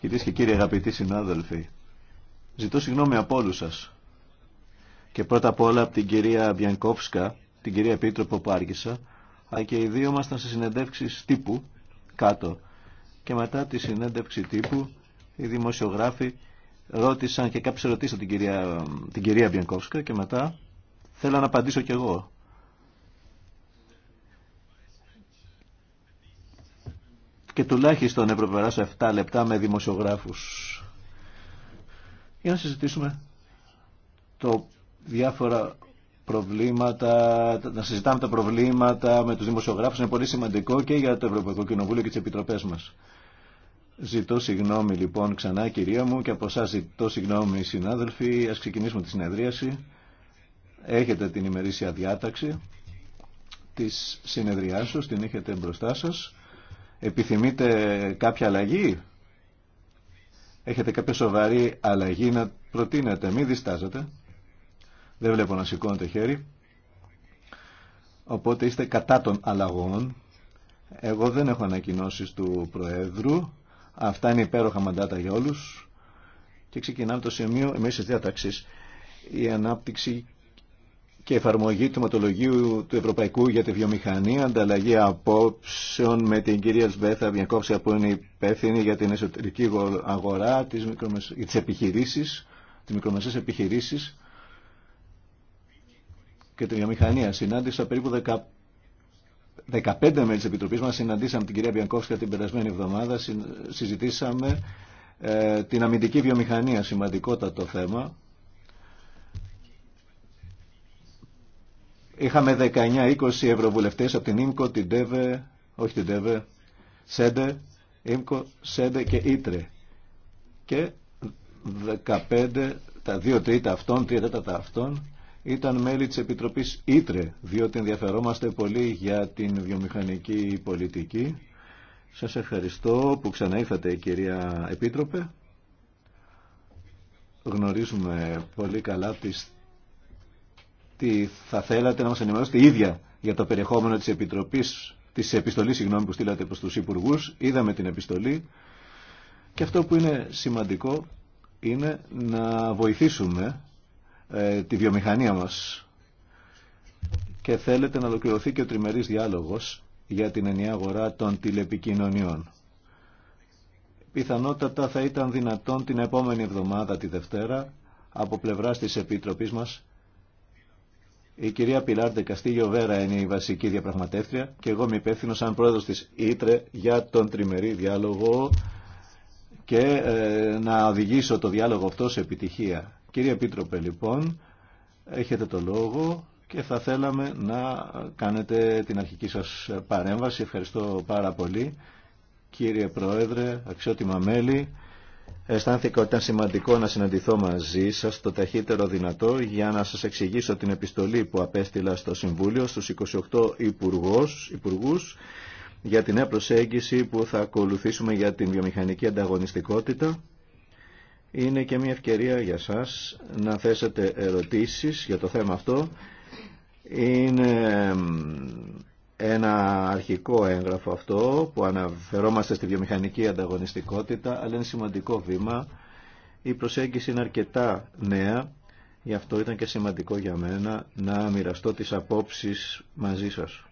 Κυρίες και κύριοι αγαπητοί συνάδελφοι, ζητώ συγγνώμη από όλους σας. Και πρώτα απ' όλα από την κυρία Μπιανκόφσκα, την κυρία Επίτροπο που άργησα, αλλά και οι δύο ήμασταν σε συνεντεύξει τύπου κάτω. Και μετά τη συνέντευξη τύπου οι δημοσιογράφοι ρώτησαν και κάποιες ρωτήσαν την κυρία, την κυρία Μπιανκόφσκα και μετά θέλω να απαντήσω κι εγώ. και τουλάχιστον έπρεπε να περάσω 7 λεπτά με δημοσιογράφους για να συζητήσουμε το διάφορα προβλήματα, να συζητάμε τα προβλήματα με τους δημοσιογράφους είναι πολύ σημαντικό και για το Ευρωπαϊκό Κοινοβούλιο και τις επιτροπές μας. Ζητώ συγγνώμη λοιπόν ξανά κυρία μου και από εσά ζητώ συγγνώμη συνάδελφοι. Ας ξεκινήσουμε τη συνεδρίαση. Έχετε την ημερήσια διάταξη της συνεδριάσεως, την έχετε μπροστά σας. Επιθυμείτε κάποια αλλαγή? Έχετε κάποια σοβαρή αλλαγή να προτείνετε. Μην διστάζετε. Δεν βλέπω να σηκώνετε χέρι. Οπότε είστε κατά των αλλαγών. Εγώ δεν έχω ανακοινώσει του Προέδρου. Αυτά είναι υπέροχα μαντάτα για όλους. Και ξεκινάμε το σημείο εμείς της διάταξης. Η ανάπτυξη και εφαρμογή του ματολογίου του Ευρωπαϊκού για τη βιομηχανία, ανταλλαγή απόψεων με την κυρία Σβέθα Μιακόψια που είναι υπεύθυνη για την εσωτερική αγορά, τις, μικρομεσ... τις επιχειρήσεις, τις μικρομεσαίες επιχειρήσεις και τη βιομηχανία. Συνάντησα περίπου 15 μέλη τη επιτροπή μας, συναντήσαμε την κυρία Μπιανκόφσκα την περασμένη εβδομάδα, συζητήσαμε ε, την αμυντική βιομηχανία, σημαντικότατο θέμα, Είχαμε 19-20 ευρωβουλευτές από την ΙΜΚΟ, την ΤΕΒΕ, όχι την ΤΕΒΕ, ΣΕΝΤΕ, ΙΜΚΟ, ΣΕΝΤΕ και ΉΤΡΕ. Και 15, τα 2 τρίτα αυτών, 3 τέταρτα αυτών, ήταν μέλη της Επιτροπής ΙΤΡΕ, διότι ενδιαφερόμαστε πολύ για την βιομηχανική πολιτική. Σας ευχαριστώ που ήρθατε, κυρία Επίτροπε. Γνωρίζουμε πολύ καλά τις ότι θα θέλατε να μας ενημερώσετε ίδια για το περιεχόμενο της Επιτροπής, της επιστολής συγγνώμη, που στείλατε προς τους Υπουργούς. Είδαμε την επιστολή και αυτό που είναι σημαντικό είναι να βοηθήσουμε ε, τη βιομηχανία μας και θέλετε να ολοκληρωθεί και ο τριμερής διάλογος για την ενιαία αγορά των τηλεπικοινωνιών. Πιθανότατα θα ήταν δυνατόν την επόμενη εβδομάδα τη Δευτέρα από πλευράς της Επιτροπής μας η κυρία Πιλάρντε Καστίγιο Βέρα είναι η βασική διαπραγματεύτρια και εγώ είμαι υπεύθυνο σαν πρόεδρος της Ήτρε για τον τριμερή διάλογο και ε, να οδηγήσω το διάλογο αυτό σε επιτυχία. Κύριε Επίτροπε, λοιπόν, έχετε το λόγο και θα θέλαμε να κάνετε την αρχική σας παρέμβαση. Ευχαριστώ πάρα πολύ. Κύριε Πρόεδρε, αξιότιμα μέλη, Αισθάνθηκα ότι ήταν σημαντικό να συναντηθώ μαζί σας το ταχύτερο δυνατό για να σας εξηγήσω την επιστολή που απέστειλα στο Συμβούλιο στους 28 υπουργούς, υπουργούς για την νέα προσέγγιση που θα ακολουθήσουμε για την βιομηχανική ανταγωνιστικότητα. Είναι και μια ευκαιρία για σας να θέσετε ερωτήσεις για το θέμα αυτό. Είναι ένα αρχικό έγγραφο αυτό που αναφερόμαστε στη βιομηχανική ανταγωνιστικότητα, αλλά είναι σημαντικό βήμα. Η προσέγγιση είναι αρκετά νέα, γι' αυτό ήταν και σημαντικό για μένα να μοιραστώ τις απόψεις μαζί σας.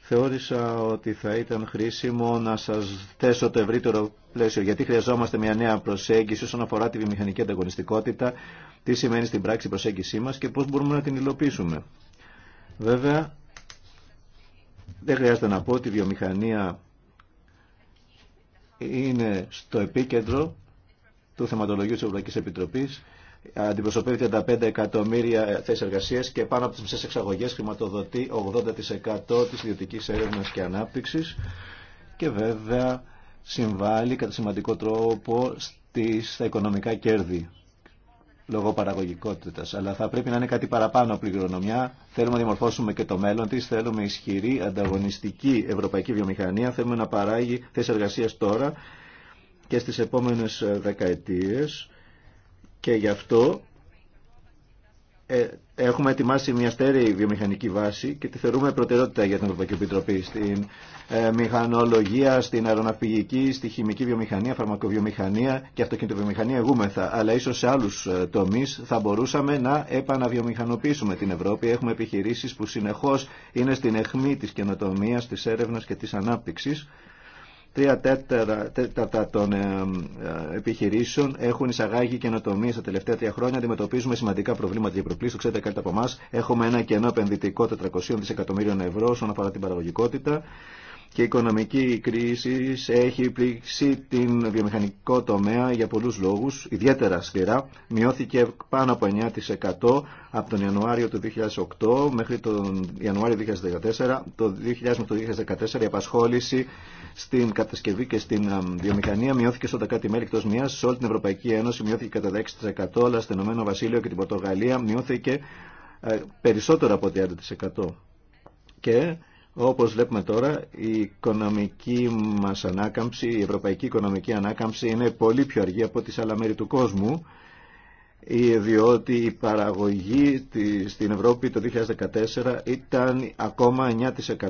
Θεώρησα ότι θα ήταν χρήσιμο να σας θέσω το ευρύτερο πλαίσιο, γιατί χρειαζόμαστε μια νέα προσέγγιση όσον αφορά τη βιομηχανική ανταγωνιστικότητα, τι σημαίνει στην πράξη η προσέγγιση μας και πώς μπορούμε να την υλοποιήσουμε. Βέβαια, δεν χρειάζεται να πω ότι η βιομηχανία είναι στο επίκεντρο του θεματολογίου της Ευρωπαϊκής Επιτροπής. Αντιπροσωπεύει 35 εκατομμύρια θέσεις εργασία και πάνω από τις μισές εξαγωγές χρηματοδοτεί 80% της ιδιωτικής έρευνας και ανάπτυξης και βέβαια συμβάλλει κατά σημαντικό τρόπο στις, στα οικονομικά κέρδη λόγω παραγωγικότητα. Αλλά θα πρέπει να είναι κάτι παραπάνω από κληρονομιά. Θέλουμε να δημορφώσουμε και το μέλλον τη, Θέλουμε ισχυρή, ανταγωνιστική ευρωπαϊκή βιομηχανία. Θέλουμε να παράγει θέσει εργασία τώρα και στι επόμενε δεκαετίε, Και γι' αυτό ε, έχουμε ετοιμάσει μια στέρεη βιομηχανική βάση και τη θεωρούμε προτεραιότητα για την Ευρωπαϊκή Επιτροπή στην ε, μηχανολογία, στην αεροναυπηγική, στη χημική βιομηχανία, φαρμακοβιομηχανία και αυτοκινητοβιομηχανία εγούμεθα. Αλλά ίσω σε άλλου ε, τομεί θα μπορούσαμε να επαναβιομηχανοποιήσουμε την Ευρώπη. Έχουμε επιχειρήσει που συνεχώ είναι στην αιχμή τη καινοτομία, τη έρευνα και τη ανάπτυξη Τρία τέταρτα των ε, ε, επιχειρήσεων έχουν εισαγάγει καινοτομίε τα τελευταία τρία χρόνια. Αντιμετωπίζουμε σημαντικά προβλήματα για προκλήσει. Το ξέρετε καλύτερα από εμά. Έχουμε ένα κενό επενδυτικό 400 δισεκατομμύριων ευρώ όσον αφορά την παραγωγικότητα και η οικονομική κρίση έχει πλήξει την βιομηχανικό τομέα για πολλούς λόγους, ιδιαίτερα σκληρά. Μειώθηκε πάνω από 9% από τον Ιανουάριο του 2008 μέχρι τον Ιανουάριο 2014. Το 2000 το 2014 η απασχόληση στην κατασκευή και στην βιομηχανία μειώθηκε στον κάτι μέλη εκτός μίας. Σε όλη την Ευρωπαϊκή Ένωση μειώθηκε κατά 6% αλλά στην Ηνωμένο Βασίλειο και την Πορτογαλία μειώθηκε ε, περισσότερο από 30% και όπως βλέπουμε τώρα, η οικονομική μας ανάκαμψη, η ευρωπαϊκή οικονομική ανάκαμψη είναι πολύ πιο αργή από τις άλλα μέρη του κόσμου, διότι η παραγωγή στην Ευρώπη το 2014 ήταν ακόμα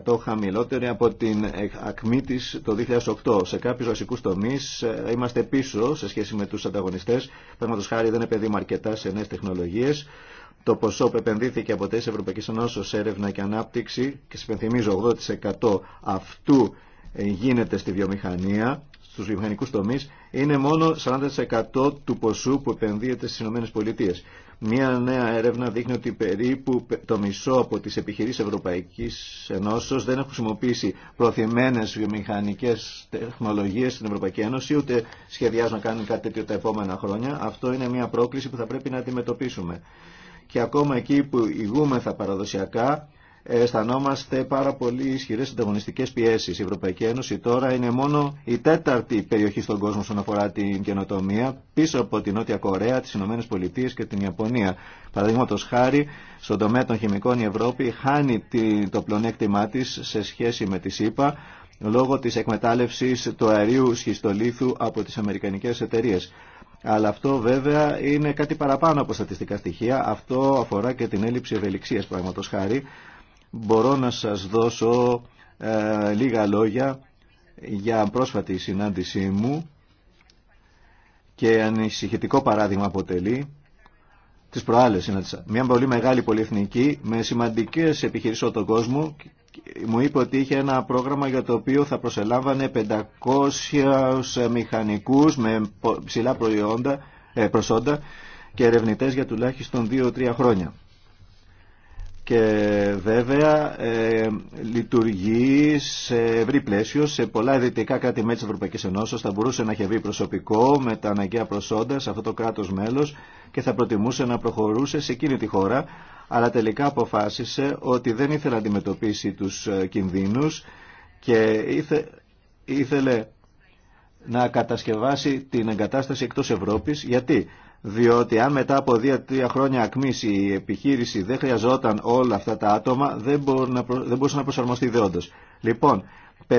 9% χαμηλότερη από την ακμή της το 2008. Σε κάποιους βασικούς τομείς ε, είμαστε πίσω σε σχέση με τους ανταγωνιστές. Πράγματος χάρη δεν επενδύουμε αρκετά σε νέες τεχνολογίες το ποσό που επενδύθηκε από τις Ευρωπαϊκές Ενώσεις σε έρευνα και ανάπτυξη και συμπενθυμίζω 8% αυτού ε, γίνεται στη βιομηχανία, στους βιομηχανικούς τομείς, είναι μόνο 40% του ποσού που επενδύεται στις ΗΠΑ. Μία νέα έρευνα δείχνει ότι περίπου το μισό από τις επιχειρήσεις Ευρωπαϊκής Ενώσεως δεν έχουν χρησιμοποιήσει προωθημένες βιομηχανικές τεχνολογίες στην Ευρωπαϊκή Ένωση, ούτε σχεδιάζουν να κάνουν κάτι τέτοιο τα επόμενα χρόνια. Αυτό είναι μια νεα ερευνα δειχνει οτι περιπου το μισο απο τις επιχειρησεις ευρωπαικης ενωσεω δεν εχουν χρησιμοποιησει προθυμένε βιομηχανικες τεχνολογιες στην ευρωπαικη ενωση ουτε σχεδιαζουν να κανουν κατι τετοιο τα επομενα χρονια αυτο ειναι μια προκληση που θα πρέπει να αντιμετωπίσουμε και ακόμα εκεί που ηγούμεθα παραδοσιακά αισθανόμαστε πάρα πολύ ισχυρές ανταγωνιστικέ πιέσει. Η Ευρωπαϊκή Ένωση τώρα είναι μόνο η τέταρτη περιοχή στον κόσμο όσον αφορά την καινοτομία, πίσω από την Νότια Κορέα, τι Πολιτείες και την Ιαπωνία. Παραδείγματο χάρη, στον τομέα των χημικών η Ευρώπη χάνει το πλονέκτημά τη σε σχέση με τη ΣΥΠΑ λόγω της εκμετάλλευσης του αερίου σχιστολίθου από τις αμερικανικές εταιρείες. Αλλά αυτό βέβαια είναι κάτι παραπάνω από στατιστικά στοιχεία. Αυτό αφορά και την έλλειψη ευελιξίας πραγματος χάρη. Μπορώ να σας δώσω ε, λίγα λόγια για πρόσφατη συνάντησή μου και ανησυχητικό παράδειγμα αποτελεί τις προάλλες συνάντησα. Μια πολύ μεγάλη πολυεθνική με σημαντικές επιχειρήσεις όλο τον κόσμο μου είπε ότι είχε ένα πρόγραμμα για το οποίο θα προσελάμβανε 500 ε, μηχανικούς με ψηλά προϊόντα, ε, προσόντα και ερευνητές για τουλάχιστον 2-3 χρόνια. Και βέβαια ε, λειτουργεί σε ευρύ πλαίσιο σε πολλά δυτικά κράτη-μέλη τη Ευρωπαϊκή Θα μπορούσε να έχει βρει προσωπικό με τα αναγκαία προσόντα σε αυτό το κράτος μέλος και θα προτιμούσε να προχωρούσε σε εκείνη τη χώρα αλλά τελικά αποφάσισε ότι δεν ήθελε να αντιμετωπίσει τους ε, κινδύνους και ήθελε να κατασκευάσει την εγκατάσταση εκτός Ευρώπης. Γιατί? Διότι αν μετά από δύο-τρία χρόνια ακμής η επιχείρηση δεν χρειαζόταν όλα αυτά τα άτομα, δεν μπορούσε να προσαρμοστεί ιδεόντως. Λοιπόν, 500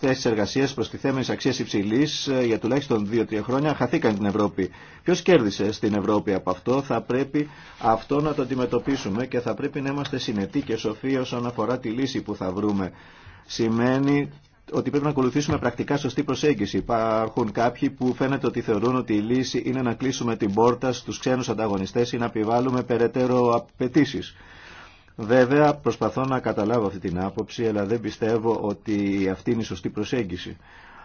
θέσει εργασία προστιθέμενη αξία υψηλή ε, για τουλάχιστον 2-3 χρόνια χαθήκαν την Ευρώπη. Ποιο κέρδισε στην Ευρώπη από αυτό, θα πρέπει αυτό να το αντιμετωπίσουμε και θα πρέπει να είμαστε συνετοί και σοφοί όσον αφορά τη λύση που θα βρούμε. Σημαίνει ότι πρέπει να ακολουθήσουμε πρακτικά σωστή προσέγγιση. Υπάρχουν κάποιοι που φαίνεται ότι θεωρούν ότι η λύση είναι να κλείσουμε την πόρτα στου ξένου ανταγωνιστέ ή να επιβάλλουμε περαιτέρω απαιτήσει. Βέβαια προσπαθώ να καταλάβω αυτή την άποψη, αλλά δεν πιστεύω ότι αυτή είναι η σωστή προσέγγιση.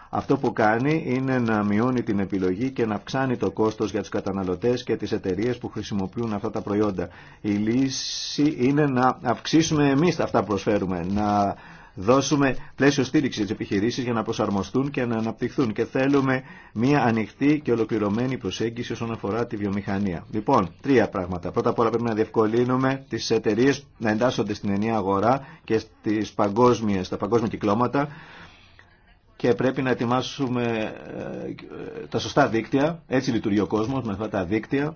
Αυτό που κάνει είναι να μειώνει την επιλογή και να αυξάνει το κόστος για τους καταναλωτές και τις εταιρείες που χρησιμοποιούν αυτά τα προϊόντα. Η λύση είναι να αυξήσουμε εμείς αυτά που προσφέρουμε, να δώσουμε πλαίσιο στήριξη στι επιχειρήσεις για να προσαρμοστούν και να αναπτυχθούν και θέλουμε μια ανοιχτή και ολοκληρωμένη προσέγγιση όσον αφορά τη βιομηχανία. Λοιπόν, τρία πράγματα. Πρώτα απ' όλα πρέπει να διευκολύνουμε τις εταιρείε να εντάσσονται στην ενιαία αγορά και στις παγκόσμιες, στα παγκόσμια κυκλώματα και πρέπει να ετοιμάσουμε ε, τα σωστά δίκτυα, έτσι λειτουργεί ο κόσμο με αυτά τα δίκτυα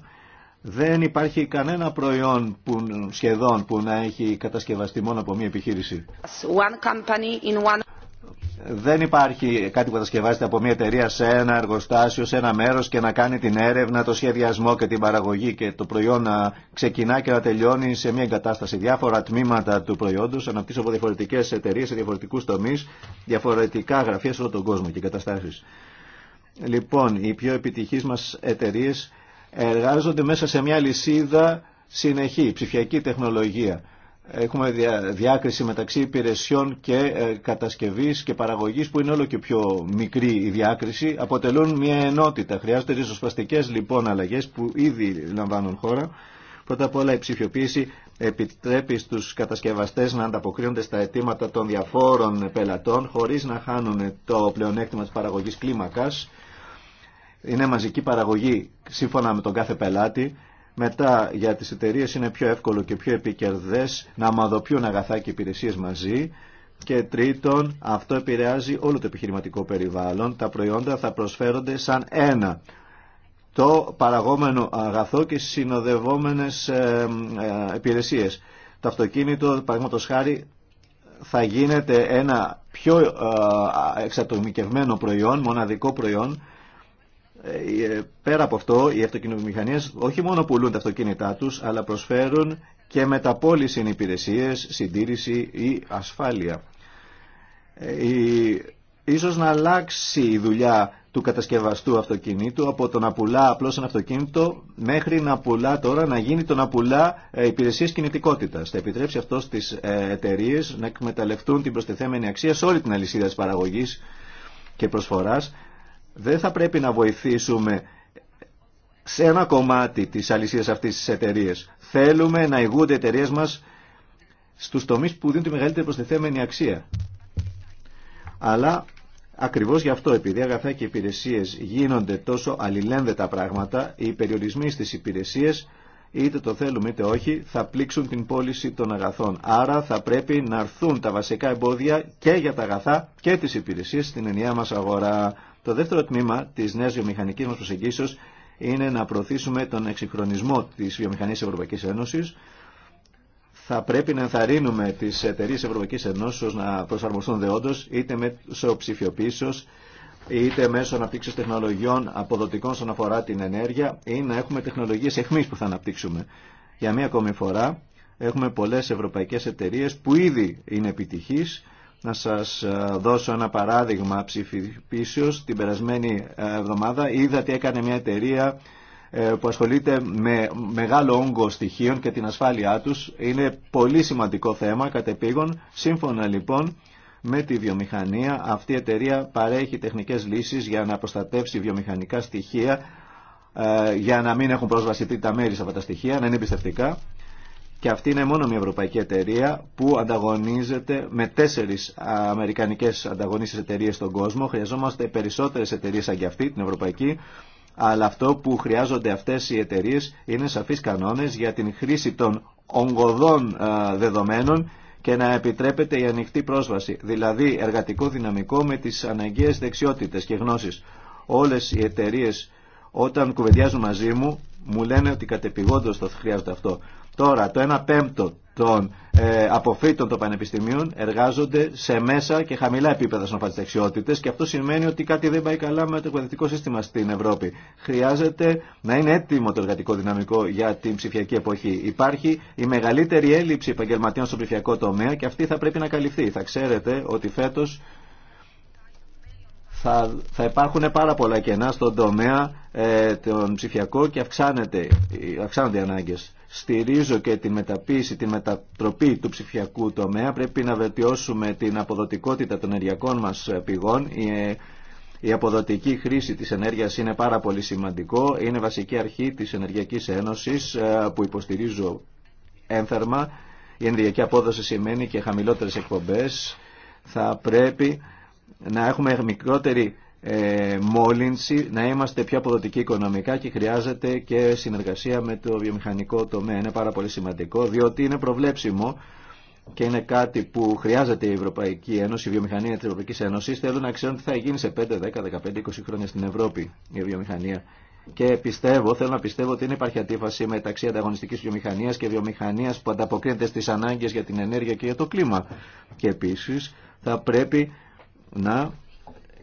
δεν υπάρχει κανένα προϊόν που, σχεδόν που να έχει κατασκευαστεί μόνο από μία επιχείρηση. One Δεν υπάρχει κάτι που κατασκευάζεται από μία εταιρεία σε ένα εργοστάσιο, σε ένα μέρος και να κάνει την έρευνα, το σχεδιασμό και την παραγωγή και το προϊόν να ξεκινά και να τελειώνει σε μία εγκατάσταση. Διάφορα τμήματα του προϊόντος αναπτύσσονται από διαφορετικές εταιρείες σε διαφορετικούς τομείς, διαφορετικά γραφεία σε όλο τον κόσμο και εγκαταστάσεις. Λοιπόν, οι πιο επιτυχείς μας εταιρείες εργάζονται μέσα σε μια λυσίδα συνεχή, ψηφιακή τεχνολογία. Έχουμε διάκριση μεταξύ υπηρεσιών και ε, κατασκευής και παραγωγής που είναι όλο και πιο μικρή η διάκριση. Αποτελούν μια ενότητα. Χρειάζονται ριζοσπαστικές λοιπόν αλλαγές που ήδη λαμβάνουν χώρα. Πρώτα απ' όλα η ψηφιοποίηση επιτρέπει στους κατασκευαστές να ανταποκρίνονται στα αιτήματα των διαφόρων πελατών χωρίς να χάνουν το πλεονέκτημα της παραγωγής κλίμακας είναι μαζική παραγωγή σύμφωνα με τον κάθε πελάτη. Μετά για τις εταιρείες είναι πιο εύκολο και πιο επικερδές να αμαδοποιούν αγαθά και υπηρεσίες μαζί. Και τρίτον, αυτό επηρεάζει όλο το επιχειρηματικό περιβάλλον. Τα προϊόντα θα προσφέρονται σαν ένα. Το παραγόμενο αγαθό και συνοδευόμενες ε, ε, υπηρεσίες. Το αυτοκίνητο, παραδείγματος χάρη, θα γίνεται ένα πιο ε, εξατομικευμένο προϊόν, μοναδικό προϊόν, ε, ε, πέρα από αυτό, οι αυτοκινητομηχανίες όχι μόνο πουλούν τα αυτοκίνητά τους, αλλά προσφέρουν και μεταπόληση υπηρεσίες, συντήρηση ή ασφάλεια. Ε, ίσως να αλλάξει η δουλειά του κατασκευαστού αυτοκινήτου από το να πουλά απλώς ένα αυτοκίνητο μέχρι να πουλά τώρα να γίνει το να πουλά υπηρεσίες κινητικότητας. Θα επιτρέψει αυτό στις εταιρείε να εκμεταλλευτούν την προστιθέμενη αξία σε όλη την αλυσίδα της παραγωγής και προσφοράς δεν θα πρέπει να βοηθήσουμε σε ένα κομμάτι της αλυσίας αυτής της εταιρεία. Θέλουμε να ηγούνται εταιρείε μας στους τομείς που δίνουν τη μεγαλύτερη προστιθέμενη αξία. Αλλά ακριβώς γι' αυτό, επειδή αγαθά και υπηρεσίες γίνονται τόσο αλληλένδετα πράγματα, οι περιορισμοί στις υπηρεσίες, είτε το θέλουμε είτε όχι, θα πλήξουν την πώληση των αγαθών. Άρα θα πρέπει να έρθουν τα βασικά εμπόδια και για τα αγαθά και τις υπηρεσίες στην ενιαία μας αγορά. Το δεύτερο τμήμα τη νέα βιομηχανική μα προσεγγίσεω είναι να προωθήσουμε τον εξυγχρονισμό τη βιομηχανία Ευρωπαϊκή Ένωση. Θα πρέπει να ενθαρρύνουμε τι εταιρείε Ευρωπαϊκή Ένωσης να προσαρμοστούν δεόντως είτε μέσω ψηφιοποίησεω είτε μέσω αναπτύξεω τεχνολογιών αποδοτικών στον αφορά την ενέργεια ή να έχουμε τεχνολογίε εχμής που θα αναπτύξουμε. Για μία ακόμη φορά έχουμε πολλέ ευρωπαϊκέ εταιρείε που ήδη είναι επιτυχεί. Να σας ε, δώσω ένα παράδειγμα ψηφίσεως. Την περασμένη ε, εβδομάδα είδα τι έκανε μια εταιρεία ε, που ασχολείται με μεγάλο όγκο στοιχείων και την ασφάλειά τους. Είναι πολύ σημαντικό θέμα κατεπήγον. Σύμφωνα λοιπόν με τη βιομηχανία αυτή η εταιρεία παρέχει τεχνικές λύσεις για να προστατεύσει βιομηχανικά στοιχεία για να μην έχουν πρόσβαση τα μέρη σε αυτά τα στοιχεία, να είναι εμπιστευτικά και αυτή είναι μόνο μια ευρωπαϊκή εταιρεία που ανταγωνίζεται με τέσσερις αμερικανικές ανταγωνίσεις εταιρείες στον κόσμο. Χρειαζόμαστε περισσότερες εταιρείες σαν και αυτή, την ευρωπαϊκή, αλλά αυτό που χρειάζονται αυτές οι εταιρείες είναι σαφείς κανόνες για την χρήση των ογκωδών ε, δεδομένων και να επιτρέπεται η ανοιχτή πρόσβαση, δηλαδή εργατικό δυναμικό με τις αναγκαίες δεξιότητες και γνώσεις. Όλες οι εταιρείες όταν κουβεντιάζουν μαζί μου μου λένε ότι κατεπηγόντως το χρειάζεται αυτό. Τώρα το 1 πέμπτο των ε, αποφύτων των πανεπιστημίων εργάζονται σε μέσα και χαμηλά επίπεδα στον δεξιότητε και αυτό σημαίνει ότι κάτι δεν πάει καλά με το εκπαιδευτικό σύστημα στην Ευρώπη. Χρειάζεται να είναι έτοιμο το εργατικό δυναμικό για την ψηφιακή εποχή. Υπάρχει η μεγαλύτερη έλλειψη επαγγελματιών στον ψηφιακό τομέα και αυτή θα πρέπει να καλυφθεί. Θα ξέρετε ότι φέτο θα, θα υπάρχουν πάρα πολλά κενά στον τομέα ε, τον ψηφιακό και αυξάνεται, αυξάνονται οι ανάγκε στηρίζω και τη μεταποίηση, τη μετατροπή του ψηφιακού τομέα. Πρέπει να βελτιώσουμε την αποδοτικότητα των ενεργειακών μας πηγών. Η αποδοτική χρήση της ενέργειας είναι πάρα πολύ σημαντικό. Είναι βασική αρχή της Ενεργειακής Ένωσης ε, που υποστηρίζω ένθερμα. Η ενεργειακή απόδοση σημαίνει και χαμηλότερες εκπομπές. Θα πρέπει να έχουμε μικρότερη ε, μόλυνση, να είμαστε πιο αποδοτικοί οικονομικά και χρειάζεται και συνεργασία με το βιομηχανικό τομέα. Είναι πάρα πολύ σημαντικό διότι είναι προβλέψιμο και είναι κάτι που χρειάζεται η Ευρωπαϊκή Ένωση, η βιομηχανία τη Ευρωπαϊκή Ένωση, Θέλουν να ξέρουν τι θα γίνει σε 5, 10, 15, 20 χρόνια στην Ευρώπη η βιομηχανία. Και πιστεύω, θέλω να πιστεύω ότι δεν υπάρχει αντίφαση μεταξύ ανταγωνιστική βιομηχανία και βιομηχανία που ανταποκρίνεται στι ανάγκε για την ενέργεια και για το κλίμα. Και επίση θα πρέπει να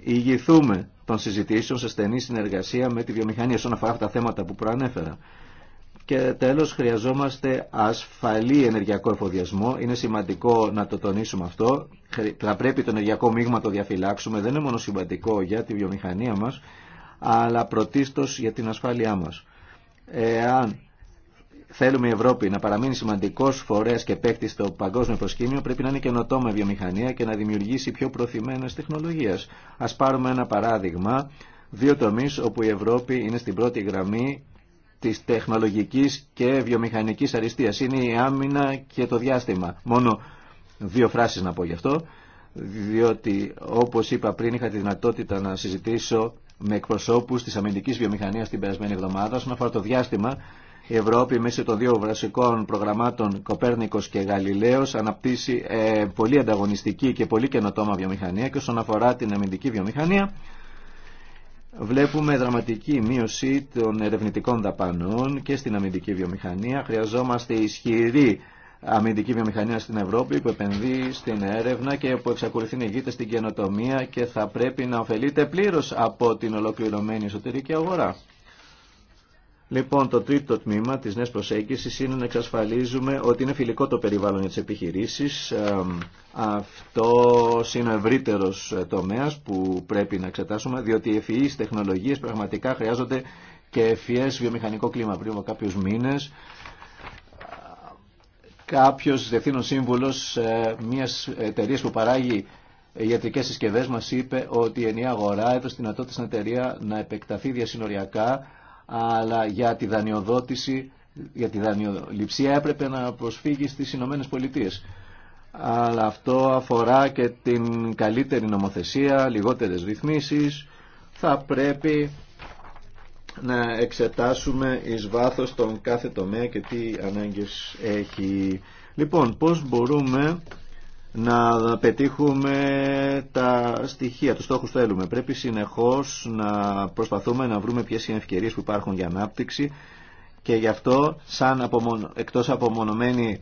ηγηθούμε των συζητήσεων σε στενή συνεργασία με τη βιομηχανία όσον αφορά αυτά τα θέματα που προανέφερα. Και τέλος χρειαζόμαστε ασφαλή ενεργειακό εφοδιασμό. Είναι σημαντικό να το τονίσουμε αυτό. Θα πρέπει το ενεργειακό μείγμα το διαφυλάξουμε. Δεν είναι μόνο σημαντικό για τη βιομηχανία μας, αλλά πρωτίστως για την ασφάλειά μας. Εάν θέλουμε η Ευρώπη να παραμείνει σημαντικό φορέα και παίκτη στο παγκόσμιο προσκήνιο, πρέπει να είναι καινοτόμα βιομηχανία και να δημιουργήσει πιο προθυμένε τεχνολογίε. Α πάρουμε ένα παράδειγμα. Δύο τομεί όπου η Ευρώπη είναι στην πρώτη γραμμή τη τεχνολογική και βιομηχανική αριστεία. Είναι η άμυνα και το διάστημα. Μόνο δύο φράσει να πω γι' αυτό. Διότι, όπω είπα πριν, είχα τη δυνατότητα να συζητήσω με εκπροσώπου τη αμυντική βιομηχανία την περασμένη εβδομάδα. Όσον αφορά το διάστημα, η Ευρώπη μέσα των δύο βρασικών προγραμμάτων Κοπέρνικος και Γαλιλαίος αναπτύσσει ε, πολύ ανταγωνιστική και πολύ καινοτόμα βιομηχανία και όσον αφορά την αμυντική βιομηχανία βλέπουμε δραματική μείωση των ερευνητικών δαπανών και στην αμυντική βιομηχανία. Χρειαζόμαστε ισχυρή αμυντική βιομηχανία στην Ευρώπη που επενδύει στην έρευνα και που εξακολουθεί να ηγείται στην καινοτομία και θα πρέπει να ωφελείται πλήρως από την ολοκληρωμένη εσωτερική αγορά. Λοιπόν, το τρίτο τμήμα τη Νέα προσέγγιση είναι να εξασφαλίζουμε ότι είναι φιλικό το περιβάλλον για τι επιχειρήσει. Αυτό είναι ο ευρύτερο ε, τομέα που πρέπει να εξετάσουμε, διότι οι ευφυεί τεχνολογίε πραγματικά χρειάζονται και ευφυέ βιομηχανικό κλίμα. Πριν από κάποιου μήνε. Κάποιο διευθύνων σύμβουλο ε, μια εταιρεία που παράγει ιατρικέ συσκευέ μα είπε ότι η ενιαία αγορά έδωσε τη δυνατότητα στην εταιρεία να επεκταθεί διασυνοριακά αλλά για τη δανειοδότηση, για τη δανειοληψία έπρεπε να προσφύγει στις Ηνωμένε Πολιτείε. Αλλά αυτό αφορά και την καλύτερη νομοθεσία, λιγότερες ρυθμίσεις. Θα πρέπει να εξετάσουμε εις βάθος τον κάθε τομέα και τι ανάγκες έχει. Λοιπόν, πώς μπορούμε να πετύχουμε τα στοιχεία, τους στόχους που θέλουμε. Πρέπει συνεχώς να προσπαθούμε να βρούμε ποιες είναι ευκαιρίες που υπάρχουν για ανάπτυξη και γι' αυτό σαν απομονω... εκτός απομονωμένη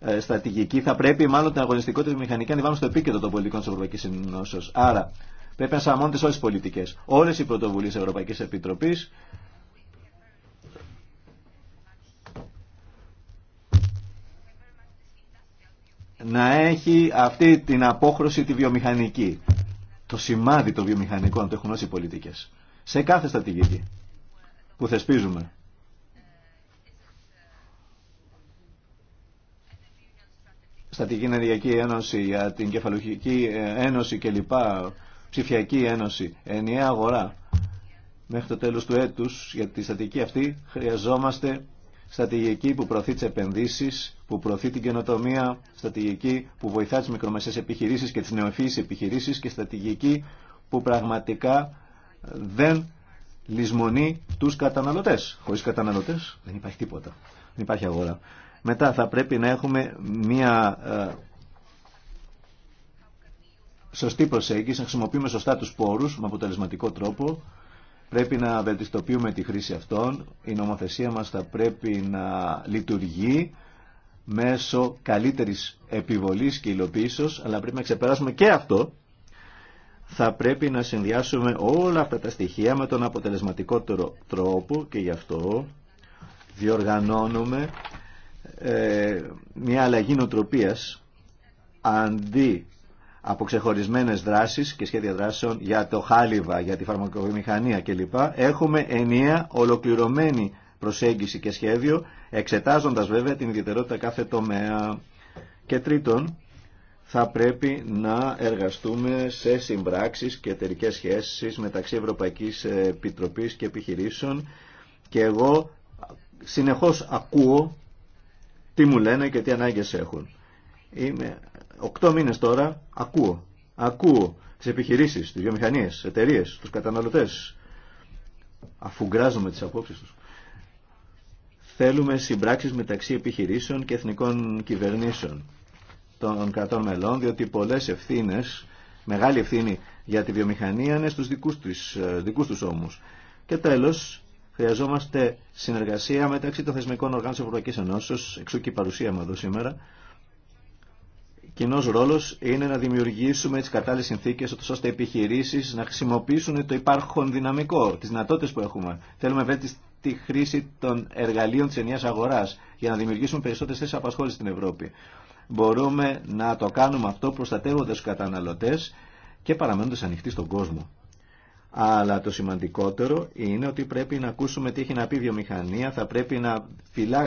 ε, στρατηγική θα πρέπει μάλλον την αγωνιστικότητα τη μηχανική να βάλουμε στο επίκεντρο των πολιτικών της Ευρωπαϊκής Ενώσεως. Άρα πρέπει να σαμώνται σε όλες τις πολιτικές. Όλες οι πρωτοβουλίες Ευρωπαϊκής Επιτροπής να έχει αυτή την απόχρωση τη βιομηχανική. Το σημάδι των βιομηχανικών το έχουν όσοι πολιτικές. Σε κάθε στρατηγική που θεσπίζουμε. Στατική Ενεργειακή Ένωση, για την Κεφαλουχική Ένωση κλπ. Ψηφιακή Ένωση, ενιαία αγορά. Μέχρι το τέλος του έτους για τη στατική αυτή χρειαζόμαστε στρατηγική που προωθεί τι επενδύσει, που προωθεί την καινοτομία, στρατηγική που βοηθά τι μικρομεσαίες επιχειρήσει και τι νεοφύει επιχειρήσει και στρατηγική που πραγματικά δεν λησμονεί του καταναλωτέ. Χωρί καταναλωτέ δεν υπάρχει τίποτα. Δεν υπάρχει αγορά. Μετά θα πρέπει να έχουμε μια ε, σωστή προσέγγιση, να χρησιμοποιούμε σωστά τους πόρους με αποτελεσματικό τρόπο, Πρέπει να βελτιστοποιούμε τη χρήση αυτών. Η νομοθεσία μας θα πρέπει να λειτουργεί μέσω καλύτερης επιβολής και υλοποίησης, αλλά πρέπει να ξεπεράσουμε και αυτό. Θα πρέπει να συνδυάσουμε όλα αυτά τα στοιχεία με τον αποτελεσματικότερο τρόπο και γι' αυτό διοργανώνουμε ε, μια αλλαγή νοτροπίας αντί από ξεχωρισμένες δράσεις και σχέδια δράσεων για το χάλιβα, για τη φαρμακοβιομηχανία κλπ. Έχουμε ενιαία ολοκληρωμένη προσέγγιση και σχέδιο, εξετάζοντας βέβαια την ιδιαιτερότητα κάθε τομέα. Και τρίτον, θα πρέπει να εργαστούμε σε συμπράξεις και εταιρικέ σχέσεις μεταξύ Ευρωπαϊκής Επιτροπής και επιχειρήσεων και εγώ συνεχώς ακούω τι μου λένε και τι ανάγκες έχουν. Είμαι Οκτώ μήνες τώρα ακούω. Ακούω τις επιχειρήσεις, τις βιομηχανίες, τις εταιρείες, τους καταναλωτές. Αφού γκράζομαι τις απόψεις τους. Θέλουμε συμπράξεις μεταξύ επιχειρήσεων και εθνικών κυβερνήσεων των κρατών μελών, διότι πολλές ευθύνες, μεγάλη ευθύνη για τη βιομηχανία είναι στους δικούς, τους, ε, δικούς τους Και τέλος, χρειαζόμαστε συνεργασία μεταξύ των θεσμικών οργάνων της Ευρωπαϊκής Ενώσεως, εξού και η παρουσία μου εδώ σήμερα, κοινό ρόλο είναι να δημιουργήσουμε τι κατάλληλε συνθήκε ώστε οι επιχειρήσει να χρησιμοποιήσουν το υπάρχον δυναμικό, τι δυνατότητε που έχουμε. Θέλουμε βέβαια τη χρήση των εργαλείων τη ενιαία αγορά για να δημιουργήσουμε περισσότερε θέσει απασχόληση στην Ευρώπη. Μπορούμε να το κάνουμε αυτό προστατεύοντα του καταναλωτέ και παραμένοντα ανοιχτοί στον κόσμο. Αλλά το σημαντικότερο είναι ότι πρέπει να ακούσουμε τι έχει να πει η βιομηχανία, θα πρέπει να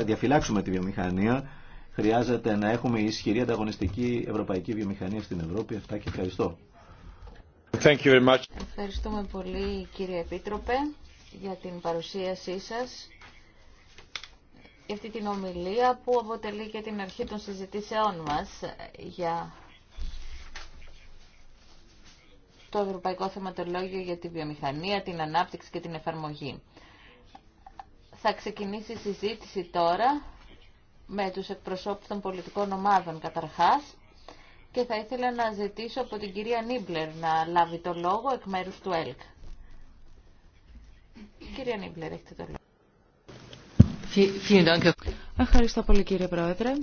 διαφυλάξουμε τη βιομηχανία χρειάζεται να έχουμε ισχυρή ανταγωνιστική ευρωπαϊκή βιομηχανία στην Ευρώπη. Αυτά και ευχαριστώ. Thank you very much. Ευχαριστούμε πολύ κύριε Επίτροπε για την παρουσίασή σας για αυτή την ομιλία που αποτελεί και την αρχή των συζητήσεών μας για το Ευρωπαϊκό Θεματολόγιο για τη Βιομηχανία, την Ανάπτυξη και την Εφαρμογή. Θα ξεκινήσει η συζήτηση τώρα με τους εκπροσώπους των πολιτικών ομάδων καταρχάς και θα ήθελα να ζητήσω από την κυρία Νίμπλερ να λάβει το λόγο εκ μέρους του ΕΛΚ. Κυρία Νίμπλερ, έχετε το λόγο. Ευχαριστώ πολύ κύριε Πρόεδρε.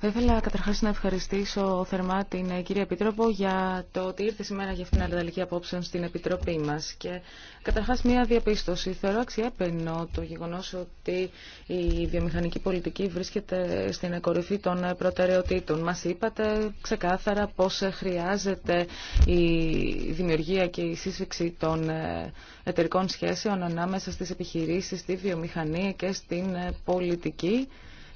Θα ήθελα καταρχά να ευχαριστήσω θερμά την ε, κυρία Επίτροπο για το ότι ήρθε σήμερα για αυτήν την αλληλεγγυη απόψεων στην Επιτροπή μα. Και καταρχά μία διαπίστωση. Θεωρώ αξιέπαινο το γεγονό ότι η βιομηχανική πολιτική βρίσκεται στην κορυφή των προτεραιοτήτων. Μα είπατε ξεκάθαρα πώ χρειάζεται η δημιουργία και η σύσφυξη των ε, εταιρικών σχέσεων ανάμεσα στι επιχειρήσει, στη βιομηχανία και στην ε, πολιτική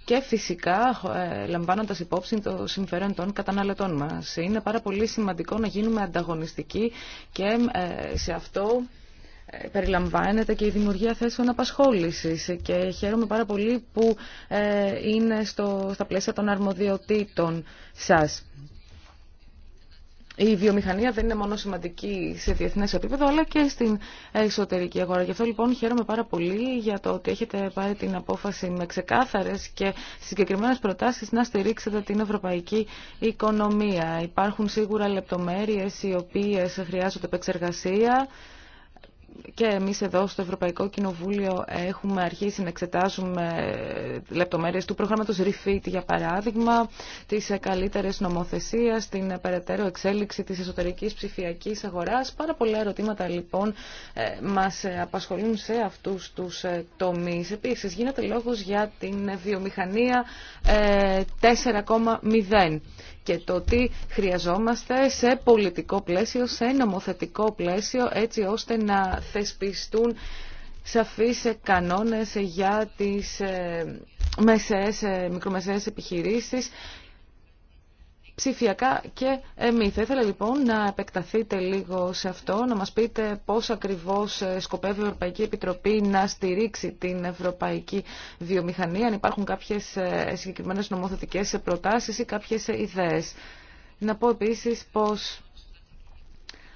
και φυσικά ε, λαμβάνοντας υπόψη το συμφέρον των καταναλωτών μας. Είναι πάρα πολύ σημαντικό να γίνουμε ανταγωνιστικοί και ε, σε αυτό ε, περιλαμβάνεται και η δημιουργία θέσεων απασχόλησης και χαίρομαι πάρα πολύ που είναι στο, στα πλαίσια των αρμοδιοτήτων σας η βιομηχανία δεν είναι μόνο σημαντική σε διεθνέ επίπεδο, αλλά και στην εσωτερική αγορά. Γι' αυτό λοιπόν χαίρομαι πάρα πολύ για το ότι έχετε πάρει την απόφαση με ξεκάθαρε και συγκεκριμένε προτάσει να στηρίξετε την ευρωπαϊκή οικονομία. Υπάρχουν σίγουρα λεπτομέρειε οι οποίε χρειάζονται επεξεργασία και εμείς εδώ στο Ευρωπαϊκό Κοινοβούλιο έχουμε αρχίσει να εξετάζουμε λεπτομέρειες του προγράμματος REFIT για παράδειγμα, τις καλύτερες νομοθεσίες, την περαιτέρω εξέλιξη της εσωτερικής ψηφιακής αγοράς. Πάρα πολλά ερωτήματα λοιπόν ε, μας απασχολούν σε αυτούς τους ε, τομείς. Επίσης γίνεται λόγος για την βιομηχανία 4,0 ε, και το τι χρειαζόμαστε σε πολιτικό πλαίσιο, σε νομοθετικό πλαίσιο έτσι ώστε να θεσπιστούν σαφείς κανόνες για τις ε, μεσαίες, ε, μικρομεσαίες επιχειρήσεις ψηφιακά και εμεί. Θα ήθελα λοιπόν να επεκταθείτε λίγο σε αυτό, να μας πείτε πώς ακριβώς ε, σκοπεύει η Ευρωπαϊκή Επιτροπή να στηρίξει την ευρωπαϊκή βιομηχανία, αν υπάρχουν κάποιες συγκεκριμένες νομοθετικές προτάσεις ή κάποιες ιδέες. Να πω επίσης πως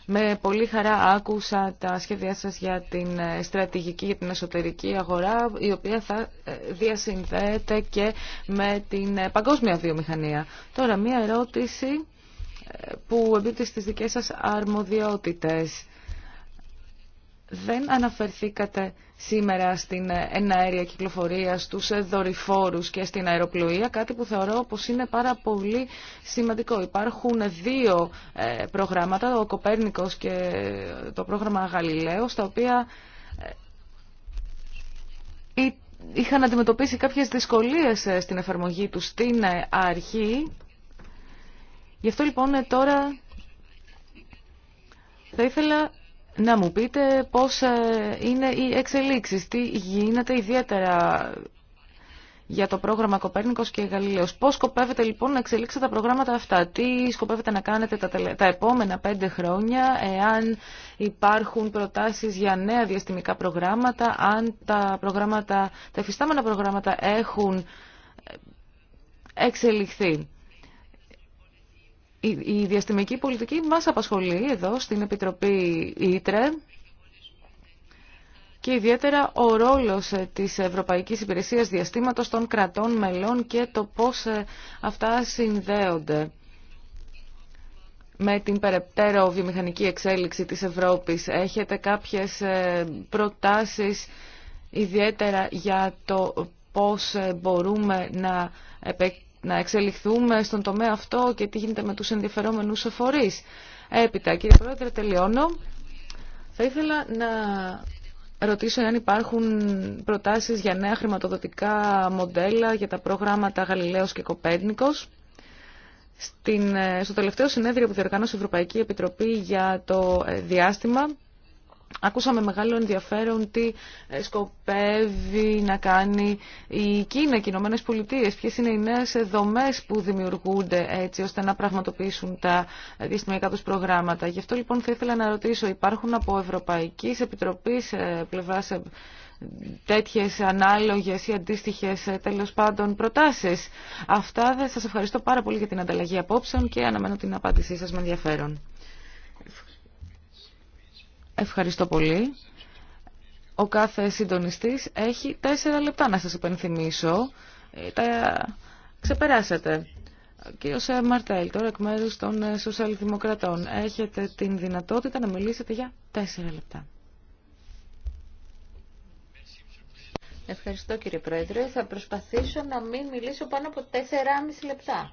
με πολύ χαρά άκουσα τα σχέδιά σας για την ε, στρατηγική για την εσωτερική αγορά, η οποία θα ε, διασυνδέεται και με την ε, παγκόσμια βιομηχανία. Τώρα, μία ερώτηση που εμπίπτει στις δικές σας αρμοδιότητες δεν αναφερθήκατε σήμερα στην εναέρια κυκλοφορία, στους δορυφόρους και στην αεροπλοεία, κάτι που θεωρώ πως είναι πάρα πολύ σημαντικό. Υπάρχουν δύο ε, προγράμματα, ο Κοπέρνικος και το πρόγραμμα Γαλιλαίος, τα οποία ε, είχαν αντιμετωπίσει κάποιες δυσκολίες ε, στην εφαρμογή του στην αρχή. Γι' αυτό λοιπόν τώρα θα ήθελα να μου πείτε πώς ε, είναι οι εξελίξεις, τι γίνεται ιδιαίτερα για το πρόγραμμα Κοπέρνικος και Γαλιλαίος. Πώς σκοπεύετε λοιπόν να εξελίξετε τα προγράμματα αυτά, τι σκοπεύετε να κάνετε τα, τα επόμενα πέντε χρόνια, εάν υπάρχουν προτάσεις για νέα διαστημικά προγράμματα, αν τα, προγράμματα, τα εφιστάμενα προγράμματα έχουν ε, εξελιχθεί η διαστημική πολιτική μας απασχολεί εδώ στην Επιτροπή Ήτρε και ιδιαίτερα ο ρόλος ε, της Ευρωπαϊκής Υπηρεσίας Διαστήματος των κρατών μελών και το πώς ε, αυτά συνδέονται με την περαιτέρω βιομηχανική εξέλιξη της Ευρώπης. Έχετε κάποιες ε, προτάσεις ιδιαίτερα για το πώς μπορούμε να επεκτείνουμε να εξελιχθούμε στον τομέα αυτό και τι γίνεται με τους ενδιαφερόμενους φορείς. Έπειτα, κύριε Πρόεδρε, τελειώνω. Θα ήθελα να ρωτήσω αν υπάρχουν προτάσεις για νέα χρηματοδοτικά μοντέλα για τα προγράμματα Γαλιλαίος και Κοπέρνικος. Στην, ε, στο τελευταίο συνέδριο που διοργάνωσε η Ευρωπαϊκή Επιτροπή για το ε, διάστημα, Ακούσαμε μεγάλο ενδιαφέρον τι ε, σκοπεύει να κάνει η Κίνα και οι Ηνωμένε Πολιτείε. Ποιε είναι οι νέε δομέ που δημιουργούνται έτσι ώστε να πραγματοποιήσουν τα διαστημιακά του προγράμματα. Γι' αυτό λοιπόν θα ήθελα να ρωτήσω, υπάρχουν από Ευρωπαϊκή Επιτροπή ε, πλευρά ε, τέτοιε ανάλογε ή αντίστοιχε τέλο πάντων προτάσει. Αυτά σα ευχαριστώ πάρα πολύ για την ανταλλαγή απόψεων και αναμένω την απάντησή σα με ενδιαφέρον. Ευχαριστώ πολύ. Ο κάθε συντονιστής έχει τέσσερα λεπτά να σας υπενθυμίσω. Ε, τα ξεπεράσατε. Κύριο Μαρτέλ, τώρα εκ μέρους των ε, Σοσιαλδημοκρατών, έχετε την δυνατότητα να μιλήσετε για τέσσερα λεπτά. Ευχαριστώ κύριε Πρόεδρε. Θα προσπαθήσω να μην μιλήσω πάνω από μισή λεπτά.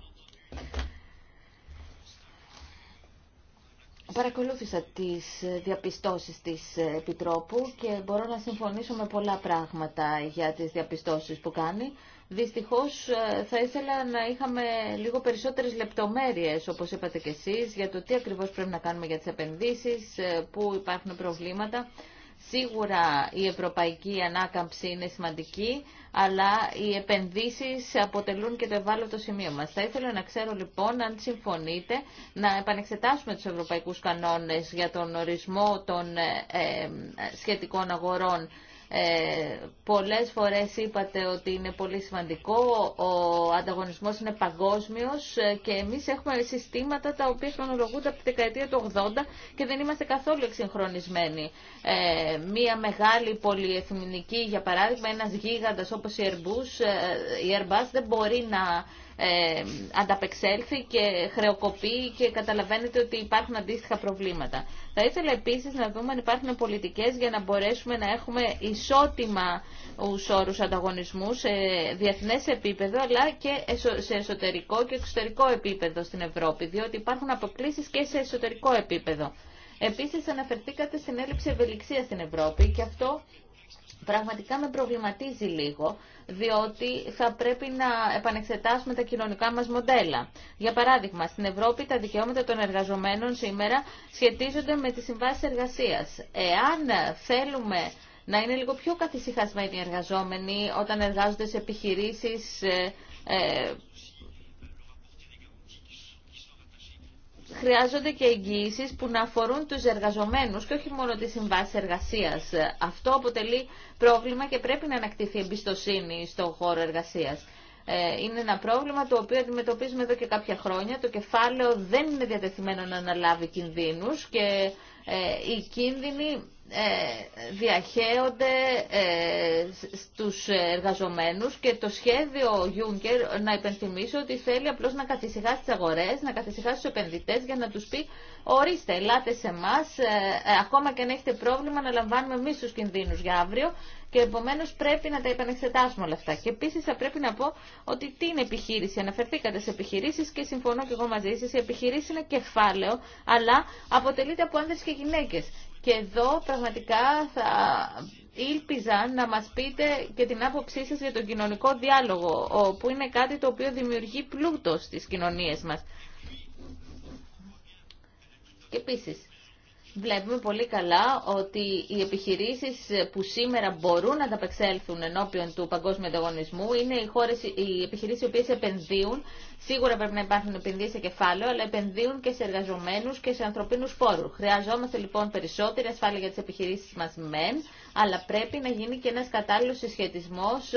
Παρακολούθησα τις ε, διαπιστώσεις της ε, Επιτρόπου και μπορώ να συμφωνήσω με πολλά πράγματα για τις διαπιστώσεις που κάνει. Δυστυχώς ε, θα ήθελα να είχαμε λίγο περισσότερες λεπτομέρειες, όπως είπατε και εσείς, για το τι ακριβώς πρέπει να κάνουμε για τις επενδύσεις, πού υπάρχουν προβλήματα. Σίγουρα η ευρωπαϊκή ανάκαμψη είναι σημαντική, αλλά οι επενδύσεις αποτελούν και το ευάλωτο σημείο μας. Θα ήθελα να ξέρω λοιπόν αν συμφωνείτε να επανεξετάσουμε τους ευρωπαϊκούς κανόνες για τον ορισμό των ε, ε, σχετικών αγορών ε, πολλές φορές είπατε ότι είναι πολύ σημαντικό, ο ανταγωνισμός είναι παγκόσμιος ε, και εμείς έχουμε συστήματα τα οποία χρονολογούνται από τη δεκαετία του 80 και δεν είμαστε καθόλου εξυγχρονισμένοι. Ε, μία μεγάλη πολυεθνική, για παράδειγμα, ένας γίγαντας όπως η Airbus, ε, η Airbus δεν μπορεί να ε, ανταπεξέλθει και χρεοκοπεί και καταλαβαίνετε ότι υπάρχουν αντίστοιχα προβλήματα. Θα ήθελα επίσης να δούμε αν υπάρχουν πολιτικές για να μπορέσουμε να έχουμε ισότιμα ουσόρους ανταγωνισμού σε διεθνές επίπεδο αλλά και σε εσωτερικό και εξωτερικό επίπεδο στην Ευρώπη, διότι υπάρχουν αποκλήσεις και σε εσωτερικό επίπεδο. Επίσης αναφερθήκατε στην έλλειψη ευελιξία στην Ευρώπη και αυτό πραγματικά με προβληματίζει λίγο, διότι θα πρέπει να επανεξετάσουμε τα κοινωνικά μας μοντέλα. Για παράδειγμα, στην Ευρώπη τα δικαιώματα των εργαζομένων σήμερα σχετίζονται με τις συμβάσεις εργασίας. Εάν θέλουμε να είναι λίγο πιο καθησυχασμένοι οι εργαζόμενοι όταν εργάζονται σε επιχειρήσεις ε, ε, χρειάζονται και εγγύησεις που να αφορούν τους εργαζομένους και όχι μόνο τη συμβάση εργασίας. Αυτό αποτελεί πρόβλημα και πρέπει να ανακτηθεί εμπιστοσύνη στον χώρο εργασίας. Ε, είναι ένα πρόβλημα το οποίο αντιμετωπίζουμε εδώ και κάποια χρόνια. Το κεφάλαιο δεν είναι διατεθειμένο να αναλάβει κινδύνους και ε, οι κίνδυνοι ε, διαχέονται στους εργαζομένους και το σχέδιο Juncker να υπενθυμίσω ότι θέλει απλώς να καθησυχάσει τις αγορές, να καθησυχάσει τους επενδυτές για να τους πει ορίστε, ελάτε σε εμά, ακόμα και αν έχετε πρόβλημα να λαμβάνουμε εμεί τους κινδύνους για αύριο και επομένω πρέπει να τα επανεξετάσουμε όλα αυτά. Και επίση θα πρέπει να πω ότι τι είναι επιχείρηση. Αναφερθήκατε σε επιχειρήσει και συμφωνώ και εγώ μαζί σα. Η επιχειρήση είναι κεφάλαιο, αλλά αποτελείται από άνδρε και γυναίκε. Και εδώ πραγματικά θα ήλπιζα να μας πείτε και την άποψή σας για τον κοινωνικό διάλογο, που είναι κάτι το οποίο δημιουργεί πλούτο στις κοινωνίες μας. Και επίσης, βλέπουμε πολύ καλά ότι οι επιχειρήσεις που σήμερα μπορούν να ανταπεξέλθουν ενώπιον του παγκόσμιου ανταγωνισμού είναι οι, χώρες, οι επιχειρήσεις οι οποίες επενδύουν. Σίγουρα πρέπει να υπάρχουν επενδύσεις σε κεφάλαιο, αλλά επενδύουν και σε εργαζομένους και σε ανθρωπίνους πόρους. Χρειαζόμαστε λοιπόν περισσότερη ασφάλεια για τις επιχειρήσεις μας μεν, αλλά πρέπει να γίνει και ένας κατάλληλος συσχετισμός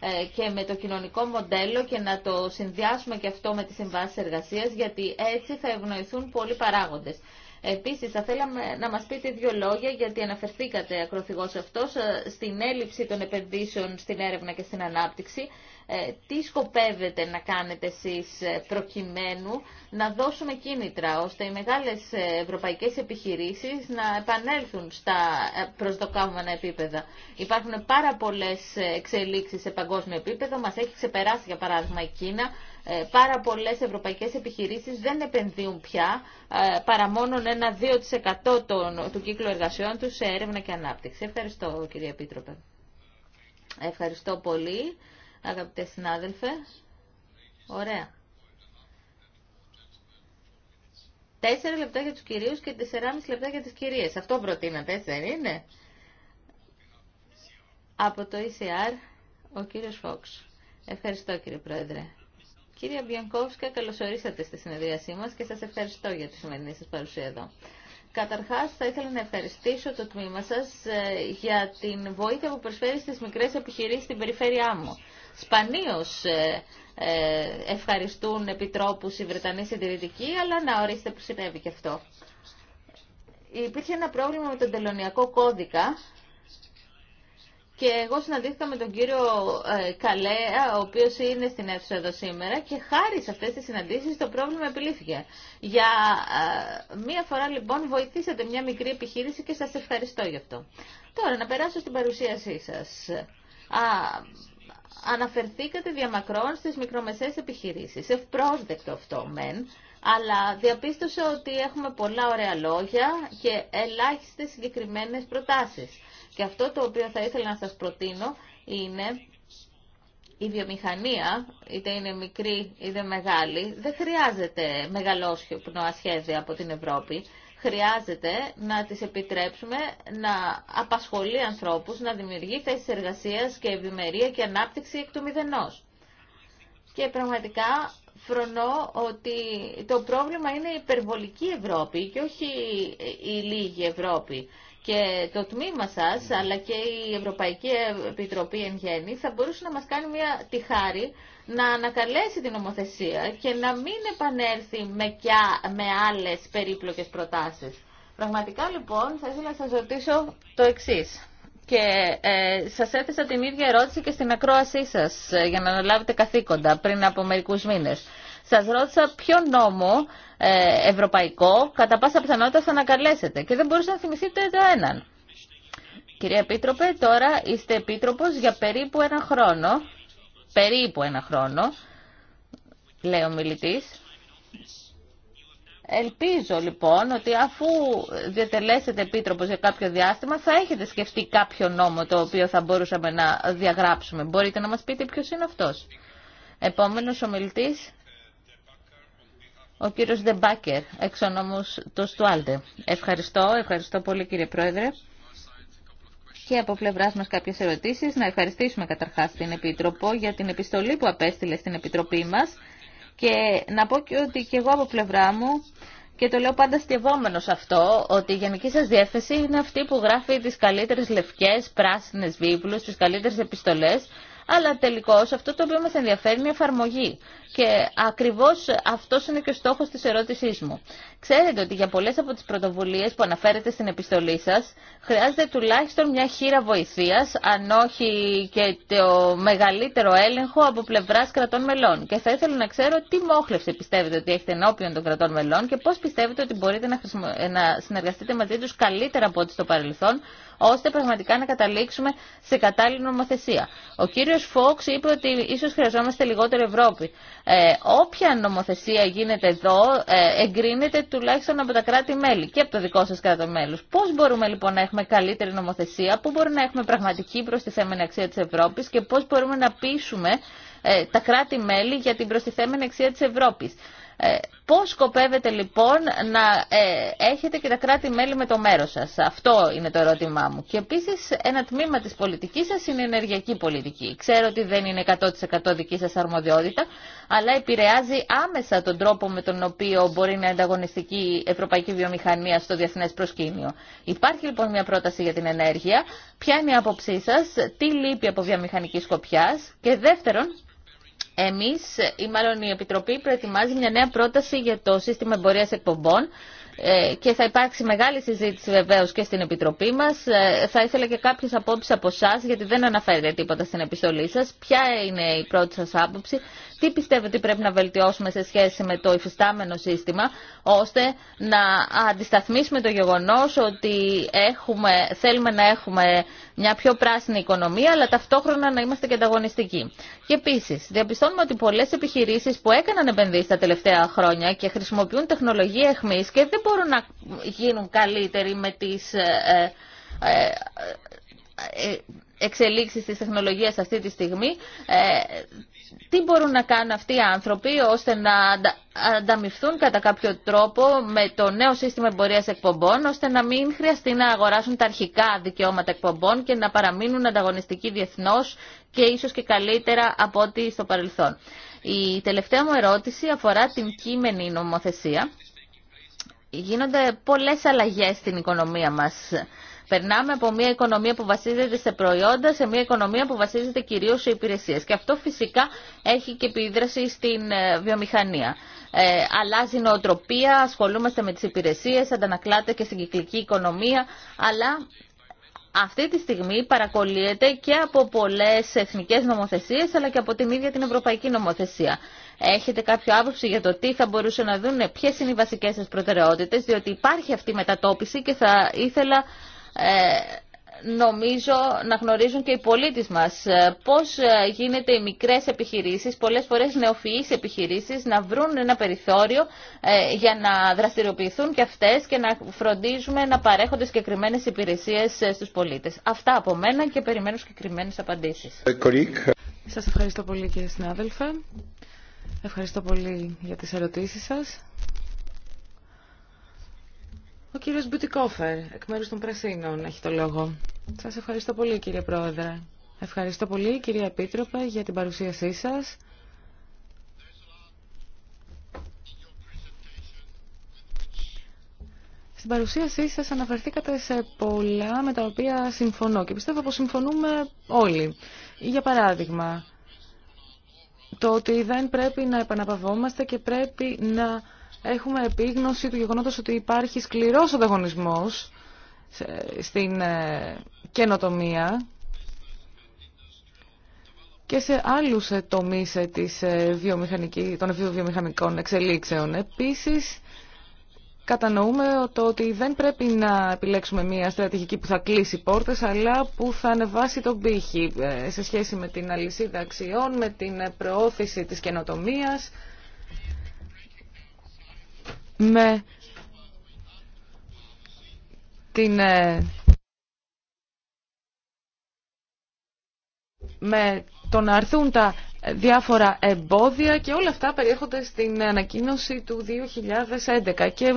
ε, και με το κοινωνικό μοντέλο και να το συνδυάσουμε και αυτό με τις συμβάσεις εργασίας, γιατί έτσι θα ευνοηθούν πολλοί παράγοντες. Επίσης, θα θέλαμε να μας πείτε δύο λόγια, γιατί αναφερθήκατε ακροθυγός αυτός, ε, στην έλλειψη των επενδύσεων στην έρευνα και στην ανάπτυξη. Ε, τι σκοπεύετε να κάνετε εσείς ε, προκειμένου να δώσουμε κίνητρα, ώστε οι μεγάλες ευρωπαϊκές επιχειρήσεις να επανέλθουν στα προσδοκάμενα επίπεδα. Υπάρχουν πάρα πολλές εξελίξεις σε παγκόσμιο επίπεδο. Μας έχει ξεπεράσει, για παράδειγμα, η Κίνα ε, πάρα πολλές ευρωπαϊκές επιχειρήσεις δεν επενδύουν πια ε, παρά μόνο ένα 2% του κύκλου εργασιών τους σε έρευνα και ανάπτυξη. Ευχαριστώ κύριε Επίτροπε. Ευχαριστώ πολύ αγαπητέ συνάδελφε. Ωραία. Τέσσερα λεπτά για τους κυρίους και τεσσεράμιση λεπτά για τις κυρίες. Αυτό προτείνατε, δεν είναι. Από το ECR, ο κύριος Φόξ. Ευχαριστώ κύριε Πρόεδρε. Κύριε Μπιανκόφσκα, ορίσατε στη συνεδρίασή μας και σας ευχαριστώ για τη σημερινή σα παρουσία εδώ. Καταρχάς, θα ήθελα να ευχαριστήσω το τμήμα σας ε, για την βοήθεια που προσφέρει στις μικρές επιχειρήσεις στην περιφέρειά μου. Σπανίω ε, ε, ευχαριστούν επιτρόπους οι Βρετανοί συντηρητικοί, αλλά να ορίστε που συνέβη και αυτό. Υπήρχε ένα πρόβλημα με τον τελωνιακό κώδικα και εγώ συναντήθηκα με τον κύριο ε, Καλέα, ο οποίος είναι στην αίθουσα εδώ σήμερα και χάρη σε αυτές τις συναντήσεις το πρόβλημα επιλύθηκε. Για ε, μία φορά λοιπόν βοηθήσατε μια μικρή επιχείρηση και σας ευχαριστώ γι' αυτό. Τώρα να περάσω στην παρουσίασή σας. αναφερθήκατε διαμακρών στις μικρομεσαίες επιχειρήσεις. Ευπρόσδεκτο αυτό μεν, αλλά διαπίστωσα ότι έχουμε πολλά ωραία λόγια και ελάχιστες συγκεκριμένε προτάσεις. Και αυτό το οποίο θα ήθελα να σας προτείνω είναι η βιομηχανία, είτε είναι μικρή είτε μεγάλη, δεν χρειάζεται μεγαλό σχέδιο από την Ευρώπη. Χρειάζεται να τις επιτρέψουμε να απασχολεί ανθρώπους, να δημιουργεί θέσει εργασίας και ευημερία και ανάπτυξη εκ του μηδενός. Και πραγματικά φρονώ ότι το πρόβλημα είναι η υπερβολική Ευρώπη και όχι η λίγη Ευρώπη και το τμήμα σας, αλλά και η Ευρωπαϊκή Επιτροπή εν γέννη, θα μπορούσε να μας κάνει μια τη χάρη να ανακαλέσει την νομοθεσία και να μην επανέλθει με, κιά, με άλλες περίπλοκες προτάσεις. Πραγματικά λοιπόν θα ήθελα να σας ρωτήσω το εξής. Και ε, σας έθεσα την ίδια ερώτηση και στην ακρόασή σας ε, για να αναλάβετε καθήκοντα πριν από μερικούς μήνες. Σας ρώτησα ποιο νόμο ε, ευρωπαϊκό κατά πάσα πιθανότητα θα ανακαλέσετε και δεν μπορούσα να θυμηθείτε το έναν. Κυρία Επίτροπε, τώρα είστε Επίτροπος για περίπου ένα χρόνο, περίπου ένα χρόνο, λέει ο μιλητής. Ελπίζω λοιπόν ότι αφού διατελέσετε επίτροπος για κάποιο διάστημα θα έχετε σκεφτεί κάποιο νόμο το οποίο θα μπορούσαμε να διαγράψουμε. Μπορείτε να μας πείτε ποιος είναι αυτός. Επόμενος ομιλητής, ο κύριος Δεμπάκερ, εξ ονόμους του Στουάλτε. Ευχαριστώ, ευχαριστώ πολύ κύριε Πρόεδρε. Και από πλευρά μα κάποιε ερωτήσει. Να ευχαριστήσουμε καταρχά την Επίτροπο για την επιστολή που απέστειλε στην Επιτροπή μα. Και να πω και ότι και εγώ από πλευρά μου και το λέω πάντα στιευόμενος αυτό, ότι η γενική σας διεύθυνση είναι αυτή που γράφει τις καλύτερες λευκές, πράσινες βίβλους, τις καλύτερες επιστολές, αλλά τελικώς αυτό το οποίο μας ενδιαφέρει είναι η εφαρμογή. Και ακριβώς αυτό είναι και ο στόχος της ερώτησής μου. Ξέρετε ότι για πολλές από τις πρωτοβουλίες που αναφέρετε στην επιστολή σας χρειάζεται τουλάχιστον μια χείρα βοηθείας, αν όχι και το μεγαλύτερο έλεγχο από πλευράς κρατών μελών. Και θα ήθελα να ξέρω τι μόχλευση πιστεύετε ότι έχετε ενώπιον των κρατών μελών και πώς πιστεύετε ότι μπορείτε να, να συνεργαστείτε μαζί τους καλύτερα από ό,τι στο παρελθόν, ώστε πραγματικά να καταλήξουμε σε κατάλληλη νομοθεσία. Ο κύριος Φόξ είπε ότι ίσως χρειαζόμαστε λιγότερο Ευρώπη. Ε, όποια νομοθεσία γίνεται εδώ ε, εγκρίνεται τουλάχιστον από τα κράτη-μέλη και από το δικό σας κράτο μελους Πώς μπορούμε λοιπόν να έχουμε καλύτερη νομοθεσία, πού μπορούμε να έχουμε πραγματική προστιθέμενη αξία της Ευρώπης και πώς μπορούμε να πείσουμε ε, τα κράτη-μέλη για την προστιθέμενη αξία της Ευρώπης. Ε, πώς σκοπεύετε λοιπόν να ε, έχετε και τα κράτη-μέλη με το μέρος σας. Αυτό είναι το ερώτημά μου. Και επίσης ένα τμήμα της πολιτικής σας είναι η ενεργειακή πολιτική. Ξέρω ότι δεν είναι 100% δική σας αρμοδιότητα, αλλά επηρεάζει άμεσα τον τρόπο με τον οποίο μπορεί να ανταγωνιστική η ευρωπαϊκή βιομηχανία στο διεθνές προσκήνιο. Υπάρχει λοιπόν μια πρόταση για την ενέργεια. Ποια είναι η άποψή σας, τι λείπει από βιομηχανική σκοπιά και δεύτερον, εμείς, ή μάλλον η Επιτροπή, προετοιμάζει μια νέα πρόταση για το σύστημα εμπορίας εκπομπών ε, και θα υπάρξει μεγάλη συζήτηση βεβαίω και στην Επιτροπή μα. Ε, θα ήθελα και κάποιε απόψει από εσά, γιατί δεν αναφέρετε τίποτα στην επιστολή σα. Ποια είναι η πρώτη σα άποψη, τι πιστεύετε ότι πρέπει να βελτιώσουμε σε σχέση με το υφιστάμενο σύστημα, ώστε να αντισταθμίσουμε το γεγονό ότι έχουμε, θέλουμε να έχουμε μια πιο πράσινη οικονομία, αλλά ταυτόχρονα να είμαστε και ανταγωνιστικοί. Και επίση, διαπιστώνουμε ότι πολλέ επιχειρήσει που έκαναν επενδύσει τα τελευταία χρόνια και χρησιμοποιούν τεχνολογία εχμή και μπορούν να γίνουν καλύτεροι με τις ε, ε, ε, εξελίξεις της τεχνολογίας αυτή τη στιγμή, τι μπορούν να κάνουν αυτοί οι άνθρωποι ώστε να ανταμυφθούν κατά κάποιο τρόπο με το νέο σύστημα εμπορίας εκπομπών, ώστε να μην χρειαστεί να αγοράσουν τα αρχικά δικαιώματα εκπομπών και να παραμείνουν ανταγωνιστικοί διεθνώς και ίσως και καλύτερα από ό,τι στο παρελθόν. Η τελευταία μου ερώτηση αφορά την κείμενη νομοθεσία γίνονται πολλές αλλαγές στην οικονομία μας. Περνάμε από μια οικονομία που βασίζεται σε προϊόντα σε μια οικονομία που βασίζεται κυρίως σε υπηρεσίες. Και αυτό φυσικά έχει και επίδραση στην ε, βιομηχανία. Ε, αλλάζει νοοτροπία, ασχολούμαστε με τις υπηρεσίες, αντανακλάται και στην κυκλική οικονομία, αλλά αυτή τη στιγμή παρακολύεται και από πολλές εθνικές νομοθεσίες αλλά και από την ίδια την ευρωπαϊκή νομοθεσία. Έχετε κάποιο άποψη για το τι θα μπορούσε να δουν, ποιες είναι οι βασικές σας προτεραιότητες, διότι υπάρχει αυτή η μετατόπιση και θα ήθελα... Ε, νομίζω να γνωρίζουν και οι πολίτες μας ε, πώς ε, γίνεται οι μικρές επιχειρήσεις, πολλές φορές νεοφυείς επιχειρήσεις να βρουν ένα περιθώριο ε, για να δραστηριοποιηθούν και αυτές και να φροντίζουμε να παρέχονται συγκεκριμένε υπηρεσίες στους πολίτες. Αυτά από μένα και περιμένω συγκεκριμένε απαντήσεις. Σας ευχαριστώ πολύ κύριε συνάδελφε. Ευχαριστώ πολύ για τις ερωτήσεις σας. Ο κύριος Μπουτικόφερ, εκ μέρους των Πρασίνων, έχει το λόγο. Σας ευχαριστώ πολύ κύριε Πρόεδρε. Ευχαριστώ πολύ κυρία Επίτροπε για την παρουσίασή σας. Στην παρουσίασή σας αναφερθήκατε σε πολλά με τα οποία συμφωνώ και πιστεύω πως συμφωνούμε όλοι. Για παράδειγμα, το ότι δεν πρέπει να επαναπαυόμαστε και πρέπει να έχουμε επίγνωση του γεγονότος ότι υπάρχει σκληρός ανταγωνισμός ε, στην ε, καινοτομία και σε άλλους ε, τομείς των βιομηχανικών εξελίξεων. Επίσης, κατανοούμε ότι δεν πρέπει να επιλέξουμε μια στρατηγική που θα κλείσει πόρτες, αλλά που θα ανεβάσει τον πύχη ε, σε σχέση με την αλυσίδα αξιών, με την προώθηση της καινοτομίας, με την... Ε, με το να αρθούν τα διάφορα εμπόδια και όλα αυτά περιέχονται στην ανακοίνωση του 2011 και ε,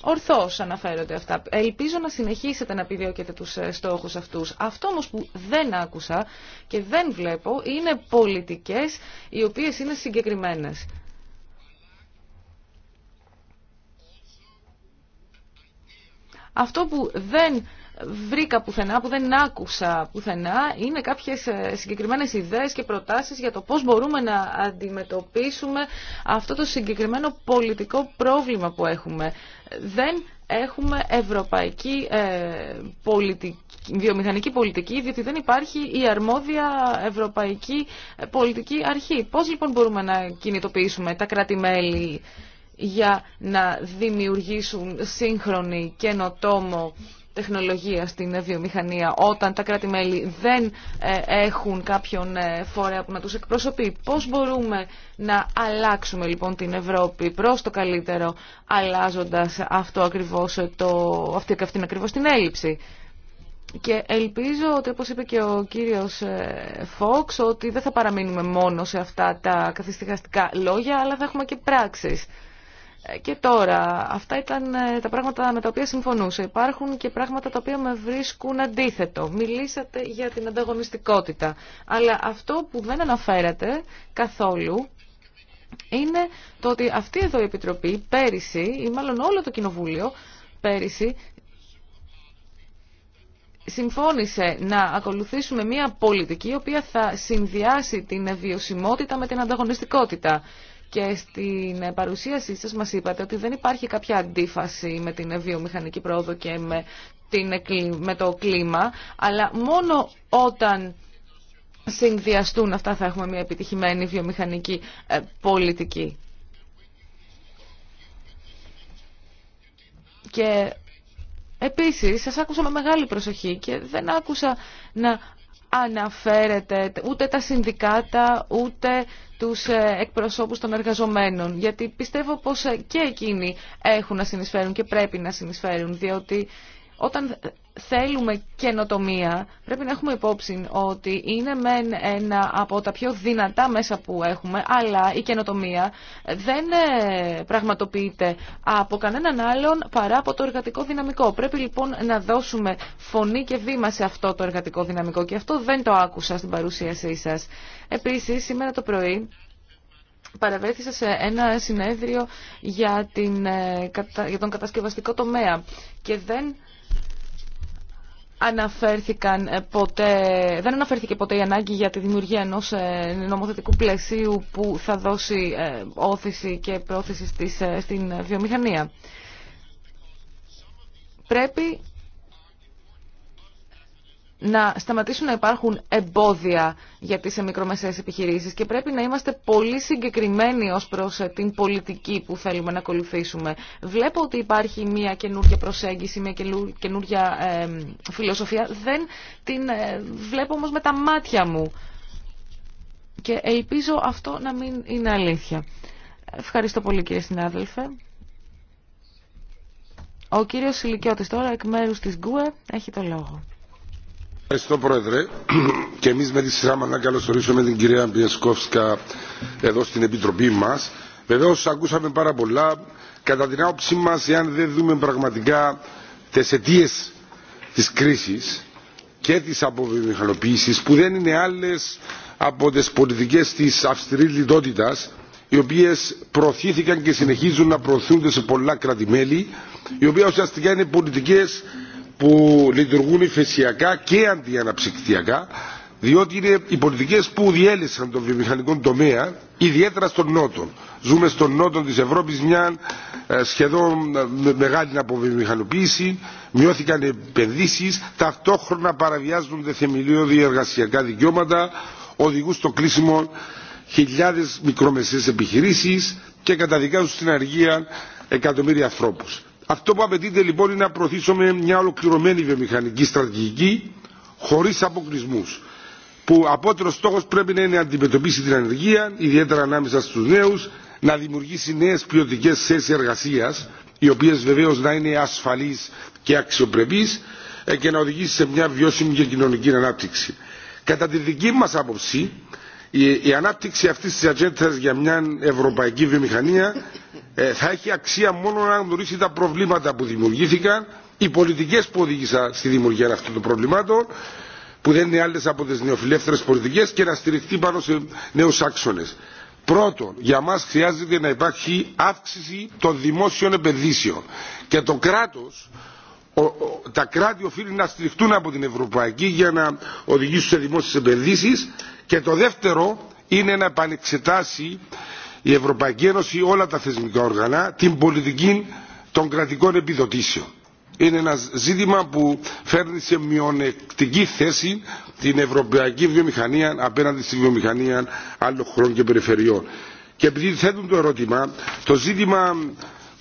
ορθώς αναφέρονται αυτά. Ελπίζω να συνεχίσετε να επιδιώκετε τους ε, στόχους αυτούς. Αυτό όμως που δεν άκουσα και δεν βλέπω είναι πολιτικές οι οποίες είναι συγκεκριμένες. Αυτό που δεν βρήκα πουθενά, που δεν άκουσα πουθενά, είναι κάποιες ε, συγκεκριμένες ιδέες και προτάσεις για το πώς μπορούμε να αντιμετωπίσουμε αυτό το συγκεκριμένο πολιτικό πρόβλημα που έχουμε. Δεν έχουμε ευρωπαϊκή ε, πολιτική, βιομηχανική πολιτική, διότι δεν υπάρχει η αρμόδια ευρωπαϊκή ε, πολιτική αρχή. Πώς λοιπόν μπορούμε να κινητοποιήσουμε τα κράτη-μέλη για να δημιουργήσουν σύγχρονη καινοτόμο τεχνολογία στην βιομηχανία όταν τα κράτη-μέλη δεν ε, έχουν κάποιον ε, φορέα που να τους εκπροσωπεί. Πώς μπορούμε να αλλάξουμε λοιπόν την Ευρώπη προς το καλύτερο αλλάζοντας αυτό ακριβώς ε, το, αυτή, αυτήν ακριβώς την έλλειψη. Και ελπίζω ότι όπως είπε και ο κύριος Φόξ ότι δεν θα παραμείνουμε μόνο σε αυτά τα καθιστικαστικά λόγια αλλά θα έχουμε και πράξεις και τώρα, αυτά ήταν ε, τα πράγματα με τα οποία συμφωνούσα. Υπάρχουν και πράγματα τα οποία με βρίσκουν αντίθετο. Μιλήσατε για την ανταγωνιστικότητα. Αλλά αυτό που δεν αναφέρατε καθόλου είναι το ότι αυτή εδώ η Επιτροπή πέρυσι, ή μάλλον όλο το Κοινοβούλιο πέρυσι, συμφώνησε να ακολουθήσουμε μια πολιτική η οποία θα συνδυάσει την βιωσιμότητα με την ανταγωνιστικότητα και στην παρουσίασή σας μας είπατε ότι δεν υπάρχει κάποια αντίφαση με την βιομηχανική πρόοδο και με, την, με το κλίμα, αλλά μόνο όταν συνδυαστούν αυτά θα έχουμε μια επιτυχημένη βιομηχανική ε, πολιτική. Και επίσης σας άκουσα με μεγάλη προσοχή και δεν άκουσα να αναφέρετε ούτε τα συνδικάτα ούτε τους ε, εκπροσώπους των εργαζομένων, γιατί πιστεύω πως ε, και εκείνοι έχουν να συνεισφέρουν και πρέπει να συνεισφέρουν, διότι όταν θέλουμε καινοτομία, πρέπει να έχουμε υπόψη ότι είναι μεν ένα από τα πιο δυνατά μέσα που έχουμε, αλλά η καινοτομία δεν ε, πραγματοποιείται από κανέναν άλλον παρά από το εργατικό δυναμικό. Πρέπει λοιπόν να δώσουμε φωνή και βήμα σε αυτό το εργατικό δυναμικό και αυτό δεν το άκουσα στην παρουσίασή σας. Επίσης, σήμερα το πρωί παραβέθησα σε ένα συνέδριο για, την, ε, για τον κατασκευαστικό τομέα και δεν αναφέρθηκαν ε, ποτέ, δεν αναφέρθηκε ποτέ η ανάγκη για τη δημιουργία ενός ε, νομοθετικού πλαισίου που θα δώσει ε, όθηση και πρόθεση στην βιομηχανία. Πρέπει να σταματήσουν να υπάρχουν εμπόδια για τις μικρομεσαίες επιχειρήσεις και πρέπει να είμαστε πολύ συγκεκριμένοι ως προς ε, την πολιτική που θέλουμε να ακολουθήσουμε. Βλέπω ότι υπάρχει μια καινούργια προσέγγιση, μια καινούργια φιλοσοφία. Δεν την ε, βλέπω όμως με τα μάτια μου. Και ελπίζω αυτό να μην είναι αλήθεια. Ευχαριστώ πολύ κύριε συνάδελφε. Ο κύριος Σιλικιώτης τώρα εκ μέρους της ΓΚΟΕ έχει το λόγο. Ευχαριστώ Πρόεδρε και εμείς με τη σειρά μας να καλωσορίσουμε την κυρία Μπιεσκόφσκα εδώ στην Επιτροπή μας. Βεβαίω ακούσαμε πάρα πολλά. Κατά την άποψή μας, εάν δεν δούμε πραγματικά τις αιτίε της κρίσης και της αποβιμηχανοποίησης που δεν είναι άλλες από τις πολιτικές της αυστηρής λιτότητας οι οποίες προωθήθηκαν και συνεχίζουν να προωθούνται σε πολλά κράτη-μέλη, οι οποίες ουσιαστικά είναι πολιτικές που λειτουργούν ηφαισιακά και αντιαναψυκτιακά διότι είναι οι πολιτικές που διέλυσαν τον βιομηχανικό τομέα ιδιαίτερα στον Νότο. Ζούμε στον Νότο της Ευρώπης μια ε, σχεδόν ε, μεγάλη αποβιομηχανοποίηση, μειώθηκαν επενδύσεις, ταυτόχρονα παραβιάζονται θεμελιώδη εργασιακά δικαιώματα, οδηγούν στο κλείσιμο χιλιάδες μικρομεσαίες επιχειρήσεις και καταδικάζουν στην αργία εκατομμύρια ανθρώπους. Αυτό που απαιτείται λοιπόν είναι να προωθήσουμε μια ολοκληρωμένη βιομηχανική στρατηγική χωρί αποκλεισμού, που απότερο στόχο πρέπει να είναι να αντιμετωπίσει την ανεργία, ιδιαίτερα ανάμεσα στου νέου, να δημιουργήσει νέε ποιοτικέ θέσει εργασία, οι οποίε βεβαίω να είναι ασφαλεί και αξιοπρεπεί ε, και να οδηγήσει σε μια βιώσιμη και κοινωνική ανάπτυξη. Κατά τη δική μα άποψη, η, η ανάπτυξη αυτής της ατζέντας για μια ευρωπαϊκή βιομηχανία ε, θα έχει αξία μόνο να γνωρίσει τα προβλήματα που δημιουργήθηκαν, οι πολιτικές που οδήγησαν στη δημιουργία αυτών των προβλημάτων, που δεν είναι άλλες από τις νεοφιλεύθερες πολιτικές και να στηριχτεί πάνω σε νέους άξονες. Πρώτον, για μας χρειάζεται να υπάρχει αύξηση των δημόσιων επενδύσεων και το κράτος ο, ο, τα κράτη οφείλουν να στηριχτούν από την Ευρωπαϊκή για να οδηγήσουν σε δημόσιες επενδύσεις και το δεύτερο είναι να επανεξετάσει η Ευρωπαϊκή Ένωση όλα τα θεσμικά όργανα την πολιτική των κρατικών επιδοτήσεων. Είναι ένα ζήτημα που φέρνει σε μειονεκτική θέση την ευρωπαϊκή βιομηχανία απέναντι στη βιομηχανία άλλων χωρών και περιφερειών. Και επειδή θέτουν το ερώτημα, το ζήτημα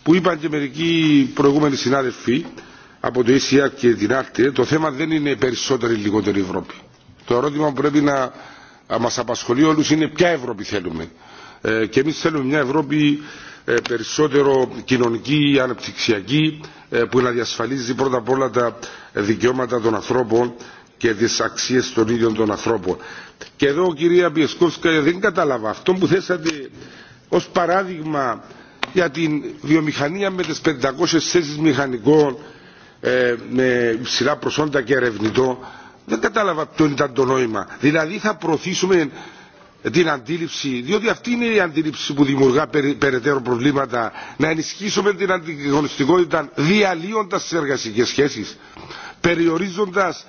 που είπαν και μερικοί προηγούμενοι συνάδελφοι από το ΙΣΙΑ και την Άρτε, το θέμα δεν είναι περισσότερη ή λιγότερη Ευρώπη. Το ερώτημα που πρέπει να μας απασχολεί όλους είναι ποια Ευρώπη θέλουμε. Ε, και εμείς θέλουμε μια Ευρώπη ε, περισσότερο κοινωνική, αναπτυξιακή ε, που να διασφαλίζει πρώτα απ' όλα τα δικαιώματα των ανθρώπων και τις αξίες των ίδιων των ανθρώπων. Και εδώ κυρία Πιεσκόφσκα δεν κατάλαβα αυτό που θέσατε ως παράδειγμα για την βιομηχανία με τις 500 θέσεις μηχανικών με υψηλά προσόντα και ερευνητών δεν κατάλαβα ποιο ήταν το νόημα. Δηλαδή θα προωθήσουμε την αντίληψη, διότι αυτή είναι η αντίληψη που δημιουργά περαιτέρω προβλήματα, να ενισχύσουμε την αντιγωνιστικότητα διαλύοντας τις εργασικές σχέσεις, περιορίζοντας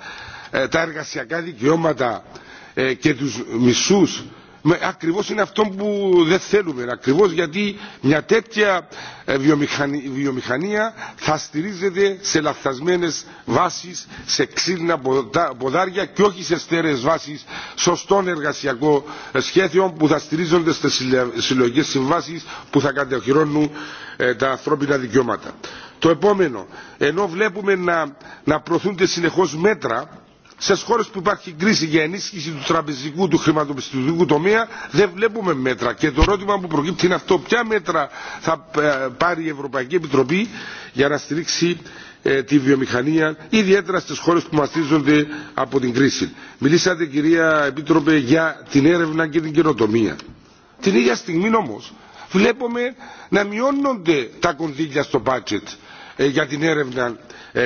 ε, τα εργασιακά δικαιώματα ε, και τους μισούς ακριβώς είναι αυτό που δεν θέλουμε ακριβώς γιατί μια τέτοια ε, βιομηχανία θα στηρίζεται σε λαθασμένες βάσεις σε ξύλινα ποδάρια και όχι σε στέρεες βάσεις σωστών εργασιακών ε, σχέδιων που θα στηρίζονται στις συλλογικές συμβάσεις που θα ε, τα ανθρώπινα δικαιώματα. Το επόμενο, ενώ βλέπουμε να, να προωθούνται συνεχώς μέτρα σε χώρε που υπάρχει κρίση για ενίσχυση του τραπεζικού, του χρηματοπιστωτικού τομέα δεν βλέπουμε μέτρα. Και το ερώτημα που προκύπτει είναι αυτό. Ποια μέτρα θα ε, πάρει η Ευρωπαϊκή Επιτροπή για να στηρίξει ε, τη βιομηχανία, ιδιαίτερα στις χώρες που μαστίζονται από την κρίση. Μιλήσατε κυρία Επίτροπε για την έρευνα και την καινοτομία. Την ίδια στιγμή όμως βλέπουμε να μειώνονται τα κονδύλια στο budget ε, για την έρευνα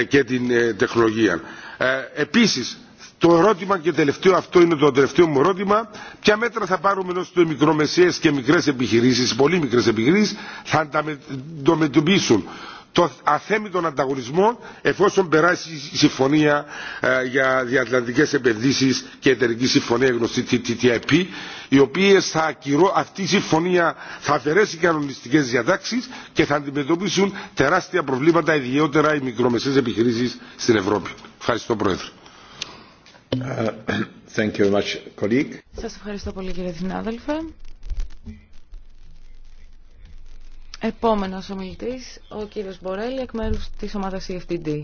και την τεχνολογία. Ε, επίσης το ερώτημα και τελευταίο αυτό είναι το τελευταίο μου ερώτημα ποια μέτρα θα πάρουμε ώστε οι μικρομεσαίες και μικρές επιχειρήσεις, πολύ μικρές επιχειρήσεις θα αντιμετωπίσουν το των ανταγωνισμών εφόσον περάσει η συμφωνία ε, για διατλαντικές επενδύσεις και εταιρική συμφωνία γνωστή TTIP οι θα ακυρώ, αυτή η συμφωνία θα αφαιρέσει κανονιστικές διατάξεις και θα αντιμετωπίσουν τεράστια προβλήματα ιδιαίτερα οι μικρομεσαίες επιχειρήσεις στην Ευρώπη. Ευχαριστώ Πρόεδρε. Ε, thank ευχαριστώ πολύ κύριε Συνάδελφε. Επόμενος ομιλητής, ο κύριος Μπορέλη, εκ μέρους της ομάδας EFTD.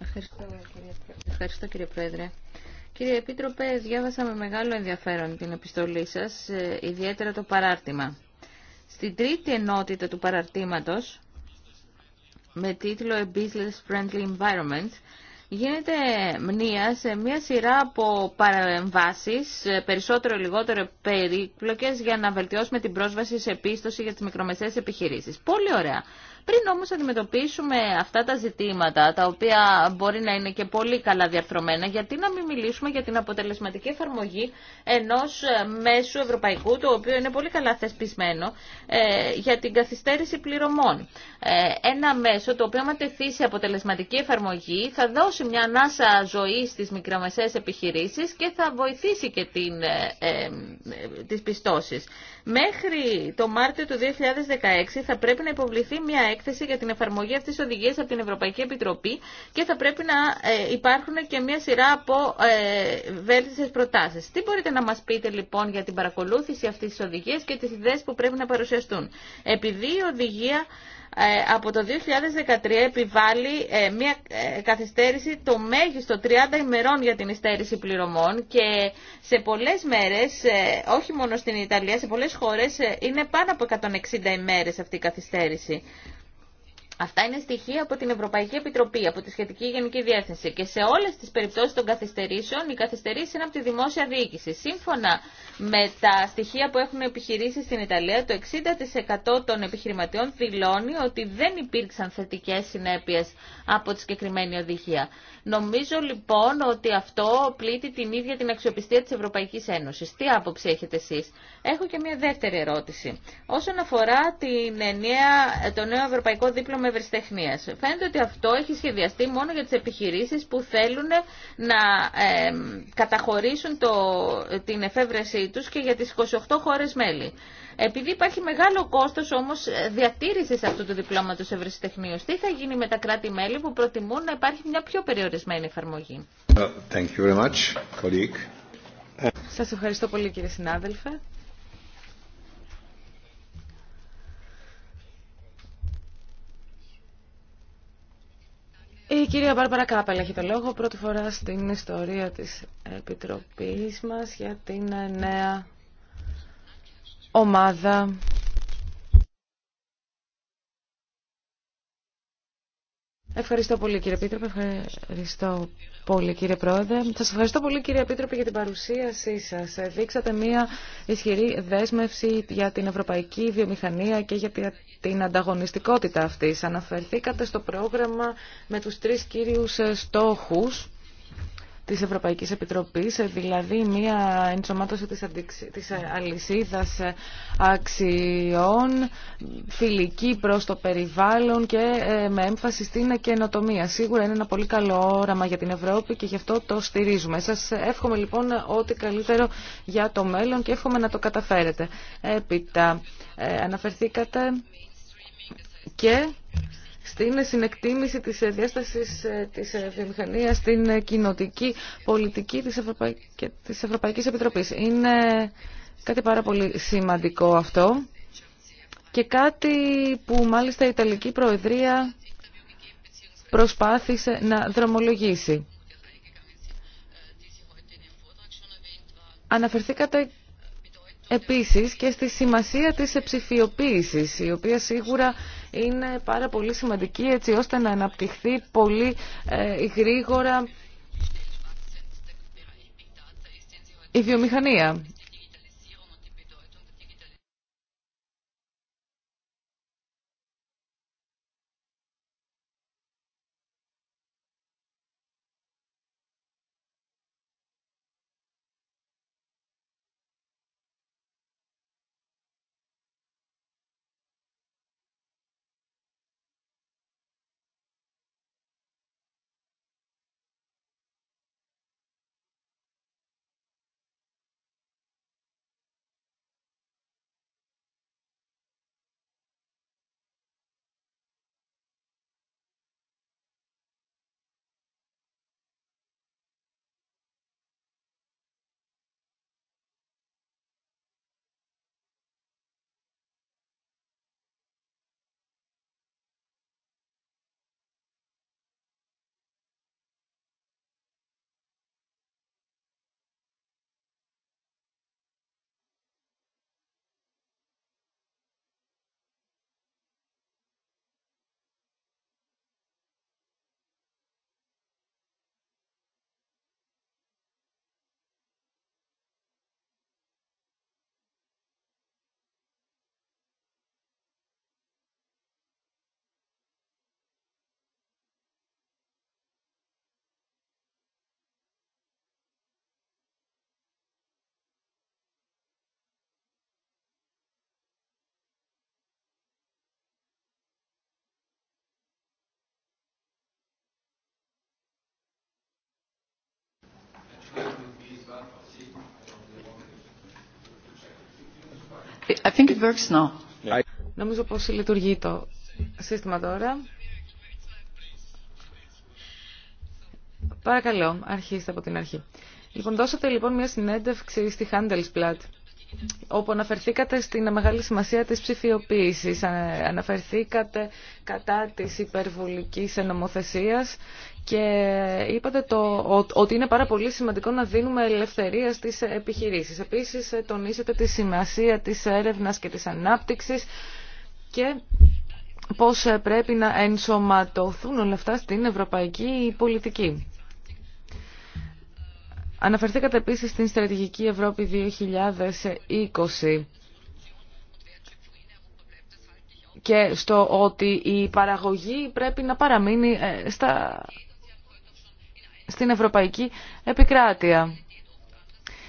Ευχαριστώ κύριε, Ευχαριστώ, κύριε Πρόεδρε. Κύριε Επίτροπε, διάβασα με μεγάλο ενδιαφέρον την επιστολή σας, ε, ιδιαίτερα το παράρτημα. Στην τρίτη ενότητα του παραρτήματος, με τίτλο «A Business Friendly Environment», γίνεται μνήα σε μια σειρά από παρεμβάσεις, ε, περισσότερο ή λιγότερο περίπλοκες, για να βελτιώσουμε την πρόσβαση σε πίστοση για τις μικρομεσαίες επιχειρήσεις. Πολύ ωραία. Πριν όμω αντιμετωπίσουμε αυτά τα ζητήματα, τα οποία μπορεί να είναι και πολύ καλά διαρθρωμένα, γιατί να μην μιλήσουμε για την αποτελεσματική εφαρμογή ενό ε, μέσου ευρωπαϊκού, το οποίο είναι πολύ καλά θεσπισμένο, ε, για την καθυστέρηση πληρωμών. Ε, ένα μέσο το οποίο, άμα τεθεί σε αποτελεσματική εφαρμογή, θα δώσει μια ανάσα ζωή στι μικρομεσαίες επιχειρήσει και θα βοηθήσει και την, ε, τις πιστώσεις. Μέχρι το Μάρτιο του 2016 θα πρέπει να υποβληθεί μια έκθεση για την εφαρμογή αυτή τη οδηγία από την Ευρωπαϊκή Επιτροπή και θα πρέπει να ε, υπάρχουν και μια σειρά από ε, βέλτιστες προτάσει. Τι μπορείτε να μα πείτε λοιπόν για την παρακολούθηση αυτή τη οδηγία και τι ιδέε που πρέπει να παρουσιαστούν. Επειδή η οδηγία ε, από το 2013 επιβάλλει μια καθυστέρηση το μέγιστο 30 ημερών για την υστέρηση πληρωμών και σε πολλές μέρες, όχι μόνο στην Ιταλία, σε πολλές χώρες είναι πάνω από 160 ημέρες αυτή η καθυστέρηση. Αυτά είναι στοιχεία από την Ευρωπαϊκή Επιτροπή, από τη σχετική Γενική Διεύθυνση. Και σε όλε τι περιπτώσει των καθυστερήσεων, οι καθυστερήσει είναι από τη δημόσια διοίκηση. Σύμφωνα με τα στοιχεία που έχουν επιχειρήσει στην Ιταλία, το 60% των επιχειρηματιών δηλώνει ότι δεν υπήρξαν θετικέ συνέπειε από τη συγκεκριμένη οδηγία. Νομίζω λοιπόν ότι αυτό πλήττει την ίδια την αξιοπιστία τη Ευρωπαϊκή Ένωση. Τι άποψη έχετε εσεί. Έχω και μια δεύτερη ερώτηση. Όσον αφορά την το νέο ευρωπαϊκό δίπλωμα Φαίνεται ότι αυτό έχει σχεδιαστεί μόνο για τι επιχειρήσει που θέλουν να καταχωρήσουν το, την εφεύρεσή του και για τι 28 χώρε μέλη. Επειδή υπάρχει μεγάλο κόστο όμω ε, διατήρηση αυτού του διπλώματο ευρεσιτεχνείου, τι θα γίνει με τα κράτη-μέλη που προτιμούν να υπάρχει μια πιο περιορισμένη εφαρμογή. Thank Σας ευχαριστώ πολύ κύριε συνάδελφε. Η κυρία Μπάρμπαρα Κάπελ έχει το λόγο πρώτη φορά στην ιστορία της Επιτροπής μας για την νέα ομάδα Ευχαριστώ πολύ κύριε Πίτροπε, ευχαριστώ πολύ κύριε Πρόεδρε. Σας ευχαριστώ πολύ κύριε Πίτροπε για την παρουσίασή σας. Δείξατε μια ισχυρή δέσμευση για την ευρωπαϊκή βιομηχανία και για την ανταγωνιστικότητα αυτής. Αναφερθήκατε στο πρόγραμμα με τους τρεις κύριους στόχους της Ευρωπαϊκής Επιτροπής, ε, δηλαδή μια ενσωμάτωση της, της ε, ε, αξιών, φιλική προς το περιβάλλον και με έμφαση στην καινοτομία. Σίγουρα είναι ένα πολύ καλό όραμα για την Ευρώπη και γι' αυτό το στηρίζουμε. Σας εύχομαι λοιπόν ό,τι καλύτερο για το μέλλον και εύχομαι να το καταφέρετε. Έπειτα αναφερθήκατε και στην συνεκτίμηση της ε, διάστασης ε, της ε, βιομηχανίας στην κοινοτική πολιτική της, Ευρωπαϊ... της Ευρωπαϊκής Επιτροπής. Είναι κάτι πάρα πολύ σημαντικό αυτό και κάτι που μάλιστα η Ιταλική Προεδρία προσπάθησε να δρομολογήσει. Αναφερθήκατε επίσης και στη σημασία της ψηφιοποίησης, η οποία σίγουρα είναι πάρα πολύ σημαντική έτσι ώστε να αναπτυχθεί πολύ ε, γρήγορα η βιομηχανία. I think it works now. Νομίζω πως λειτουργεί το σύστημα τώρα. Παρακαλώ, αρχίστε από την αρχή. Λοιπόν, δώσατε λοιπόν μια συνέντευξη στη Handelsblatt όπου αναφερθήκατε στην μεγάλη σημασία της ψηφιοποίησης, αναφερθήκατε κατά της υπερβολικής νομοθεσίας και είπατε ότι είναι πάρα πολύ σημαντικό να δίνουμε ελευθερία στις επιχειρήσεις. Επίσης τονίσατε τη σημασία της έρευνας και της ανάπτυξης και πώς πρέπει να ενσωματωθούν όλα αυτά στην ευρωπαϊκή πολιτική. Αναφερθήκατε επίσης στην στρατηγική Ευρώπη 2020 και στο ότι η παραγωγή πρέπει να παραμείνει ε, στα... στην ευρωπαϊκή επικράτεια.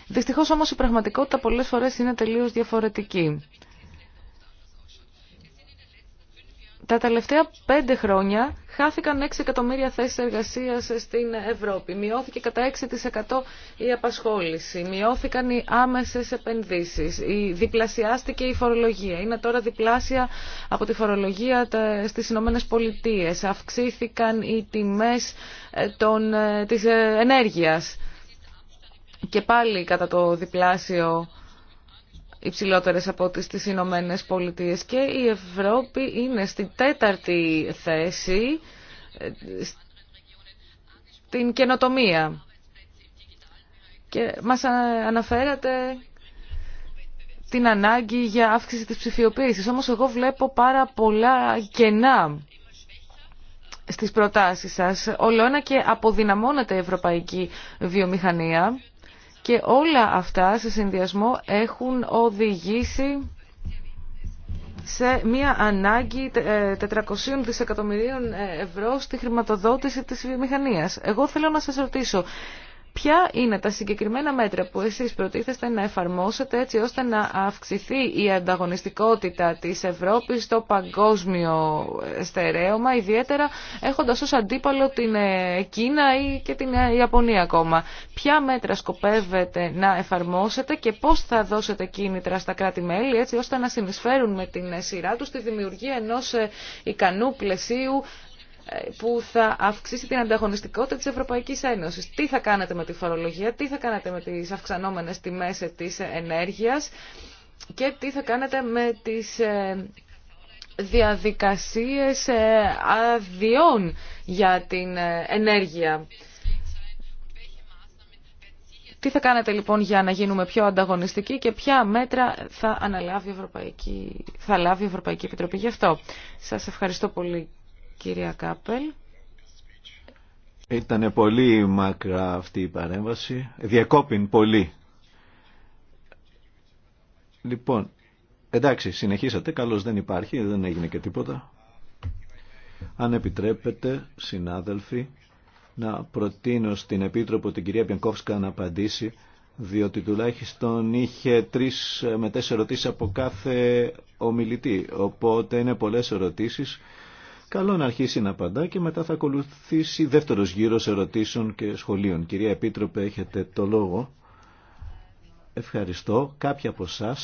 Δυστυχώς όμως η πραγματικότητα πολλές φορές είναι τελείως διαφορετική. Τα τελευταία πέντε χρόνια χάθηκαν 6 εκατομμύρια θέσεις εργασίας στην Ευρώπη. Μειώθηκε κατά 6% η απασχόληση. Μειώθηκαν οι άμεσες επενδύσεις. Η διπλασιάστηκε η φορολογία. Είναι τώρα διπλάσια από τη φορολογία στις Ηνωμένε Πολιτείε. Αυξήθηκαν οι τιμές ε, των, ε, της ε, ενέργειας. Και πάλι κατά το διπλάσιο υψηλότερες από τις στις Ηνωμένε Πολιτείε και η Ευρώπη είναι στην τέταρτη θέση ε, την καινοτομία. Και μας αναφέρατε την ανάγκη για αύξηση της ψηφιοποίησης. Όμως εγώ βλέπω πάρα πολλά κενά στις προτάσεις σας. Όλο ένα και αποδυναμώνεται η ευρωπαϊκή βιομηχανία και όλα αυτά σε συνδυασμό έχουν οδηγήσει σε μια ανάγκη 400 ε, δισεκατομμυρίων ε, ευρώ στη χρηματοδότηση της βιομηχανίας. Εγώ θέλω να σας ρωτήσω, Ποια είναι τα συγκεκριμένα μέτρα που εσείς προτίθεστε να εφαρμόσετε έτσι ώστε να αυξηθεί η ανταγωνιστικότητα της Ευρώπης στο παγκόσμιο στερέωμα, ιδιαίτερα έχοντας ως αντίπαλο την ε, Κίνα ή και την ε, Ιαπωνία ακόμα. Ποια μέτρα σκοπεύετε να εφαρμόσετε και πώς θα δώσετε κίνητρα στα κράτη-μέλη έτσι ώστε να συνεισφέρουν με την ε, σειρά τους τη δημιουργία ενός ικανού πλαισίου που θα αυξήσει την ανταγωνιστικότητα της Ευρωπαϊκής Ένωσης. Τι θα κάνετε με τη φορολογία, τι θα κάνετε με τις αυξανόμενες τιμές της ενέργειας και τι θα κάνετε με τις ε, διαδικασίες ε, αδειών για την ε, ενέργεια. Τι θα κάνετε λοιπόν για να γίνουμε πιο ανταγωνιστικοί και ποια μέτρα θα, αναλάβει η Ευρωπαϊκή, θα λάβει η Ευρωπαϊκή Επιτροπή γι' αυτό. Σας ευχαριστώ πολύ κυρία Κάπελ. Ήταν πολύ μακρά αυτή η παρέμβαση. Διακόπιν πολύ. Λοιπόν, εντάξει, συνεχίσατε. Καλώς δεν υπάρχει, δεν έγινε και τίποτα. Αν επιτρέπετε, συνάδελφοι, να προτείνω στην Επίτροπο την κυρία Πιανκόφσκα να απαντήσει, διότι τουλάχιστον είχε τρεις με τέσσερι ερωτήσεις από κάθε ομιλητή. Οπότε είναι πολλές ερωτήσεις Καλό να αρχίσει να απαντά και μετά θα ακολουθήσει δεύτερος γύρος ερωτήσεων και σχολείων. Κυρία Επίτροπε, έχετε το λόγο. Ευχαριστώ. κάποια από εσά.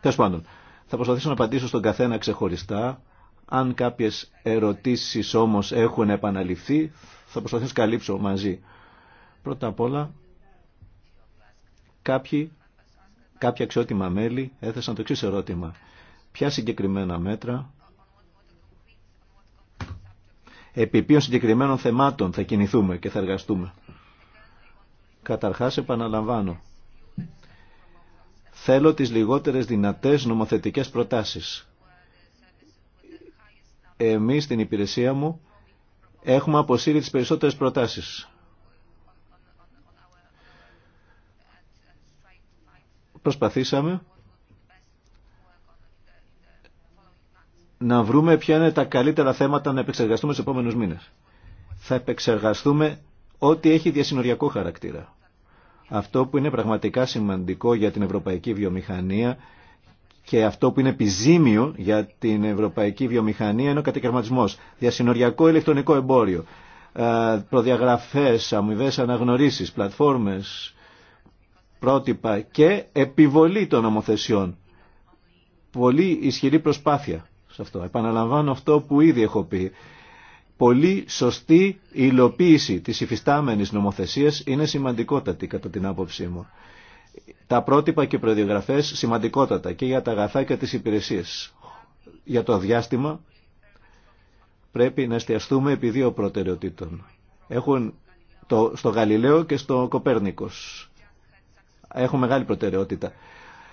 Τέλο πάντων, θα προσπαθήσω να απαντήσω στον καθένα ξεχωριστά. Αν κάποιε ερωτήσει όμω έχουν επαναληφθεί, θα προσπαθήσω να καλύψω μαζί. Πρώτα απ' όλα, κάποια αξιότιμα μέλη έθεσαν το εξή ερώτημα. Ποια συγκεκριμένα μέτρα επί ποιων συγκεκριμένων θεμάτων θα κινηθούμε και θα εργαστούμε. Καταρχάς επαναλαμβάνω. Θέλω τις λιγότερες δυνατές νομοθετικές προτάσεις. Εμείς στην υπηρεσία μου έχουμε αποσύρει τις περισσότερες προτάσεις. Προσπαθήσαμε να βρούμε ποια είναι τα καλύτερα θέματα να επεξεργαστούμε στους επόμενους μήνες. Θα επεξεργαστούμε ό,τι έχει διασυνοριακό χαρακτήρα. Αυτό που είναι πραγματικά σημαντικό για την ευρωπαϊκή βιομηχανία και αυτό που είναι επιζήμιο για την ευρωπαϊκή βιομηχανία είναι ο κατακαιρματισμός. Διασυνοριακό ηλεκτρονικό εμπόριο, ε, προδιαγραφές, αμοιβέ αναγνωρίσεις, πλατφόρμες, πρότυπα και επιβολή των νομοθεσιών. Πολύ ισχυρή προσπάθεια σε αυτό. Επαναλαμβάνω αυτό που ήδη έχω πει. Πολύ σωστή υλοποίηση της υφιστάμενης νομοθεσίας είναι σημαντικότατη κατά την άποψή μου. Τα πρότυπα και προδιογραφές σημαντικότατα και για τα αγαθά και τις υπηρεσίες. Για το διάστημα πρέπει να εστιαστούμε επί δύο προτεραιοτήτων. Έχουν το, στο Γαλιλαίο και στο Κοπέρνικος. Έχουν μεγάλη προτεραιότητα.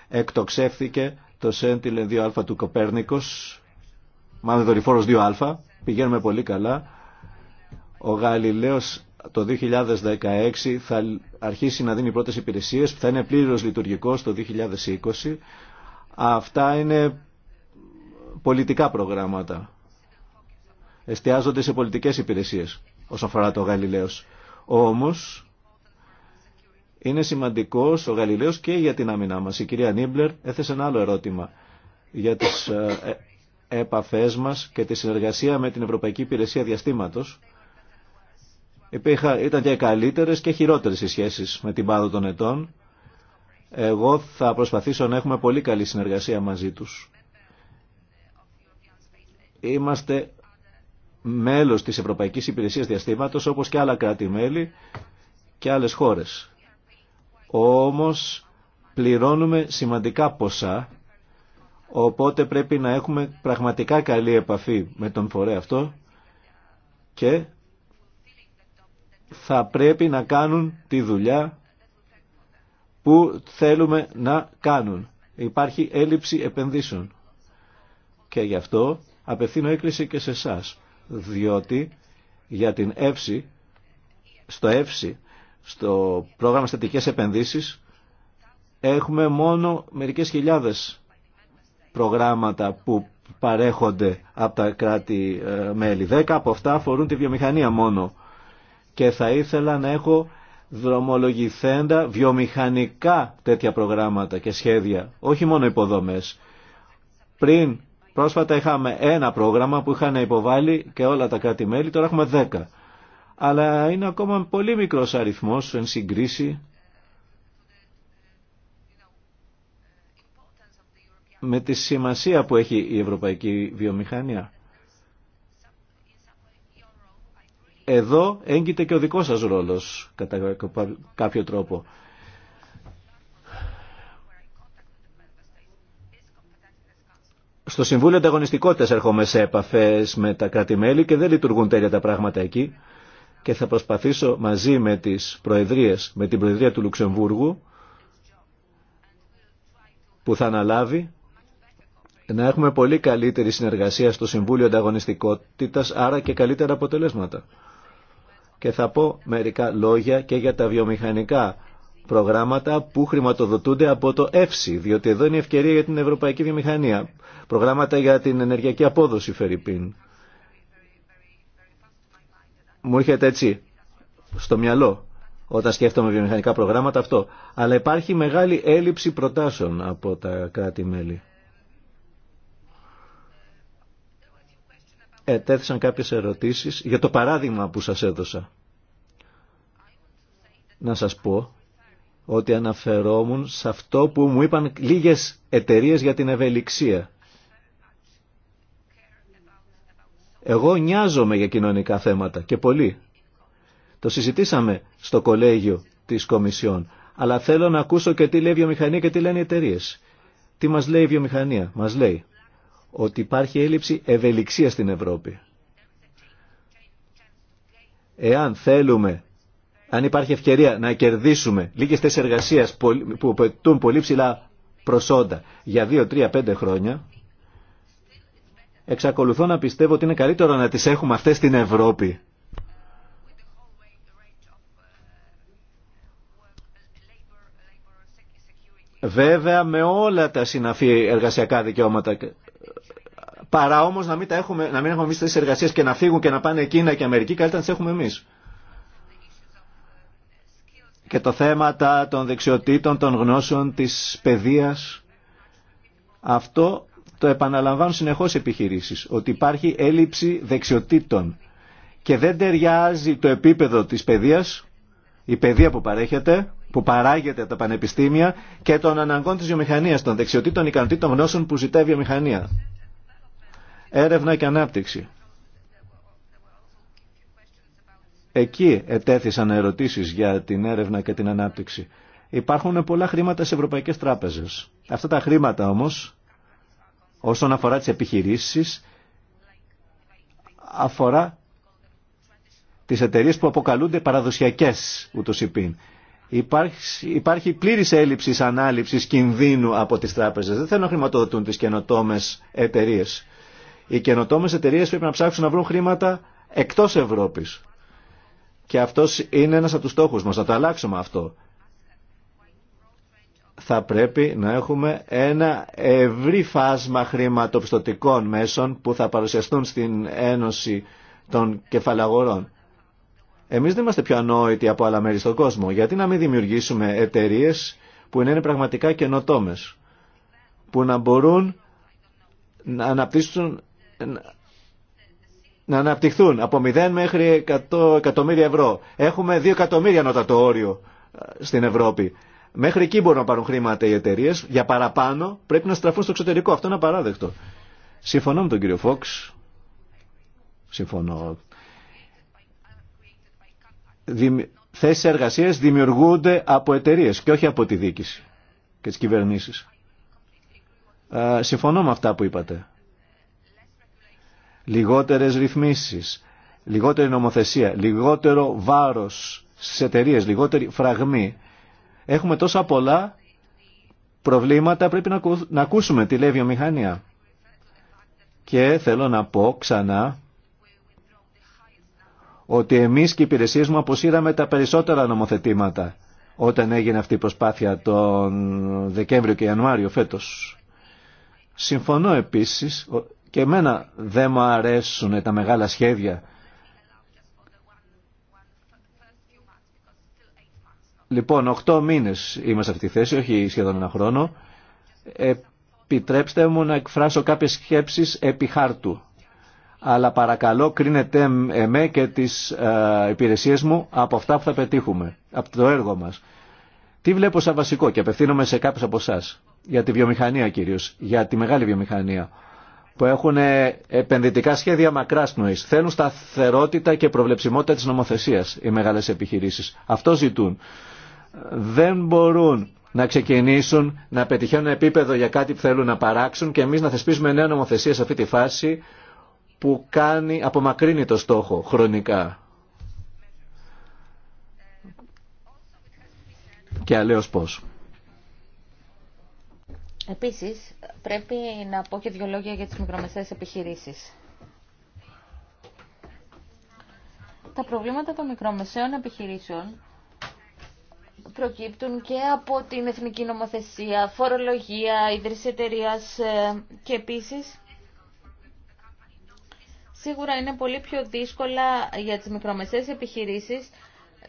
Εκτοξεύθηκε το Sentinel 2α του Κοπέρνικος μαμε δορυφόρο δορυφόρος 2α, πηγαίνουμε πολύ καλά. Ο Γαλιλαίο το 2016 θα αρχίσει να δίνει πρώτες υπηρεσίες, θα είναι πλήρω λειτουργικό το 2020. Αυτά είναι πολιτικά προγράμματα. Εστιάζονται σε πολιτικέ υπηρεσίε όσον αφορά το Γαλιλαίο. Όμω, είναι σημαντικό ο Γαλιλαίο και για την άμυνά μα. Η κυρία Νίμπλερ έθεσε ένα άλλο ερώτημα για τις ε, ε, επαφές μας και τη συνεργασία με την Ευρωπαϊκή Υπηρεσία Διαστήματος ήταν και καλύτερες και χειρότερες οι σχέσεις με την πάδο των ετών. Εγώ θα προσπαθήσω να έχουμε πολύ καλή συνεργασία μαζί τους. Είμαστε μέλος της Ευρωπαϊκής Υπηρεσίας Διαστήματος όπως και άλλα κράτη-μέλη και άλλες χώρες. Όμως πληρώνουμε σημαντικά ποσά Οπότε πρέπει να έχουμε πραγματικά καλή επαφή με τον φορέα αυτό και θα πρέπει να κάνουν τη δουλειά που θέλουμε να κάνουν. Υπάρχει έλλειψη επενδύσεων. Και γι' αυτό απευθύνω έκκληση και σε εσά, διότι για την ΕΦΣΗ, στο ΕΦΣΗ, στο πρόγραμμα στατικές επενδύσεις, έχουμε μόνο μερικές χιλιάδες προγράμματα που παρέχονται από τα κράτη-μέλη. Ε, δέκα από αυτά αφορούν τη βιομηχανία μόνο. Και θα ήθελα να έχω δρομολογηθέντα βιομηχανικά τέτοια προγράμματα και σχέδια, όχι μόνο υποδομές. Πριν πρόσφατα είχαμε ένα πρόγραμμα που είχαν υποβάλει και όλα τα κράτη-μέλη, τώρα έχουμε δέκα. Αλλά είναι ακόμα πολύ μικρός αριθμός εν συγκρίση με τη σημασία που έχει η ευρωπαϊκή βιομηχανία. Εδώ έγκυται και ο δικός σας ρόλος, κατά κάποιο τρόπο. Στο Συμβούλιο Ανταγωνιστικότητας έρχομαι σε επαφές με τα κράτη-μέλη και δεν λειτουργούν τέλεια τα πράγματα εκεί και θα προσπαθήσω μαζί με τις προεδρίες, με την Προεδρία του Λουξεμβούργου που θα αναλάβει να έχουμε πολύ καλύτερη συνεργασία στο Συμβούλιο Ανταγωνιστικότητας, άρα και καλύτερα αποτελέσματα. Και θα πω μερικά λόγια και για τα βιομηχανικά προγράμματα που χρηματοδοτούνται από το ΕΦΣΥ, διότι εδώ είναι η ευκαιρία για την ευρωπαϊκή βιομηχανία. Προγράμματα για την ενεργειακή απόδοση, Φερρυπίν. Μου έρχεται έτσι στο μυαλό όταν σκέφτομαι βιομηχανικά προγράμματα αυτό. Αλλά υπάρχει μεγάλη έλλειψη προτάσεων από τα κράτη-μέλη. ετέθησαν κάποιες ερωτήσεις για το παράδειγμα που σας έδωσα. Να σας πω ότι αναφερόμουν σε αυτό που μου είπαν λίγες εταιρείε για την ευελιξία. Εγώ νοιάζομαι για κοινωνικά θέματα και πολύ. Το συζητήσαμε στο κολέγιο της Κομισιόν, αλλά θέλω να ακούσω και τι λέει η βιομηχανία και τι λένε οι εταιρείε. Τι μας λέει η βιομηχανία, μας λέει ότι υπάρχει έλλειψη ευελιξίας στην Ευρώπη. Εάν θέλουμε, αν υπάρχει ευκαιρία να κερδίσουμε λίγες θέσεις εργασία που απαιτούν πολύ ψηλά προσόντα για 2, 3, 5 χρόνια, εξακολουθώ να πιστεύω ότι είναι καλύτερο να τις έχουμε αυτές στην Ευρώπη. Βέβαια με όλα τα συναφή εργασιακά δικαιώματα παρά όμως να μην, έχουμε, να μην έχουμε εμείς εργασίες και να φύγουν και να πάνε Κίνα και Αμερική, καλύτερα να τις έχουμε εμείς. Και το θέματα των δεξιοτήτων, των γνώσεων, της παιδείας, αυτό το επαναλαμβάνουν συνεχώς επιχειρήσεις, ότι υπάρχει έλλειψη δεξιοτήτων και δεν ταιριάζει το επίπεδο της παιδείας, η παιδεία που παρέχεται, που παράγεται από τα πανεπιστήμια και των αναγκών της βιομηχανίας, των δεξιοτήτων, ικανοτήτων γνώσεων που ζητάει η βιομηχανία έρευνα και ανάπτυξη. Εκεί ετέθησαν ερωτήσεις για την έρευνα και την ανάπτυξη. Υπάρχουν πολλά χρήματα σε ευρωπαϊκές τράπεζες. Αυτά τα χρήματα όμως, όσον αφορά τις επιχειρήσεις, αφορά τις εταιρείες που αποκαλούνται παραδοσιακές, ούτως υπήν. Υπάρχει, υπάρχει πλήρης έλλειψης ανάληψης κινδύνου από τις τράπεζες. Δεν θέλουν να χρηματοδοτούν τις καινοτόμες εταιρείες. Οι καινοτόμε εταιρείε πρέπει να ψάξουν να βρουν χρήματα εκτό Ευρώπη. Και αυτό είναι ένα από του στόχου μα, να το αλλάξουμε αυτό. Θα πρέπει να έχουμε ένα ευρύ φάσμα χρηματοπιστωτικών μέσων που θα παρουσιαστούν στην Ένωση των Κεφαλαγορών. Εμείς δεν είμαστε πιο ανόητοι από άλλα μέρη στον κόσμο. Γιατί να μην δημιουργήσουμε εταιρείε που είναι πραγματικά καινοτόμε, που να μπορούν να αναπτύσσουν να αναπτυχθούν από 0 μέχρι 100 εκατομμύρια ευρώ. Έχουμε 2 εκατομμύρια ανώτατο όριο στην Ευρώπη. Μέχρι εκεί μπορούν να πάρουν χρήματα οι εταιρείε. Για παραπάνω πρέπει να στραφούν στο εξωτερικό. Αυτό είναι απαράδεκτο. Συμφωνώ με τον κύριο Φόξ. Συμφωνώ. Θέσει εργασία δημιουργούνται από εταιρείε και όχι από τη δίκηση και τι κυβερνήσει. Συμφωνώ με αυτά που είπατε λιγότερες ρυθμίσεις, λιγότερη νομοθεσία, λιγότερο βάρος στις εταιρείε, λιγότερη φραγμή. Έχουμε τόσα πολλά προβλήματα, πρέπει να ακούσουμε τη λέει βιομηχανία. Και θέλω να πω ξανά ότι εμείς και οι υπηρεσίε μου αποσύραμε τα περισσότερα νομοθετήματα όταν έγινε αυτή η προσπάθεια τον Δεκέμβριο και Ιανουάριο φέτος. Συμφωνώ επίσης και εμένα δεν μου αρέσουν τα μεγάλα σχέδια. Λοιπόν, 8 μήνες είμαι σε αυτή τη θέση, όχι σχεδόν ένα χρόνο. Επιτρέψτε μου να εκφράσω κάποιες σκέψεις επί χάρτου. Αλλά παρακαλώ κρίνετε εμέ και τις ε, υπηρεσίες μου από αυτά που θα πετύχουμε, από το έργο μας. Τι βλέπω σαν βασικό και απευθύνομαι σε κάποιους από εσά, για τη βιομηχανία κυρίως, για τη μεγάλη βιομηχανία που έχουν ε, επενδυτικά σχέδια μακρά πνοή. Θέλουν σταθερότητα και προβλεψιμότητα τη νομοθεσία οι μεγάλε επιχειρήσει. Αυτό ζητούν. Δεν μπορούν να ξεκινήσουν να πετυχαίνουν επίπεδο για κάτι που θέλουν να παράξουν και εμεί να θεσπίσουμε νέα νομοθεσία σε αυτή τη φάση που κάνει, απομακρύνει το στόχο χρονικά. Και αλλαίως πώς. Επίσης, πρέπει να πω και δύο λόγια για τις μικρομεσαίες επιχειρήσεις. Τα προβλήματα των μικρομεσαίων επιχειρήσεων προκύπτουν και από την εθνική νομοθεσία, φορολογία, ίδρυση εταιρεία ε, και επίσης σίγουρα είναι πολύ πιο δύσκολα για τις μικρομεσαίες επιχειρήσεις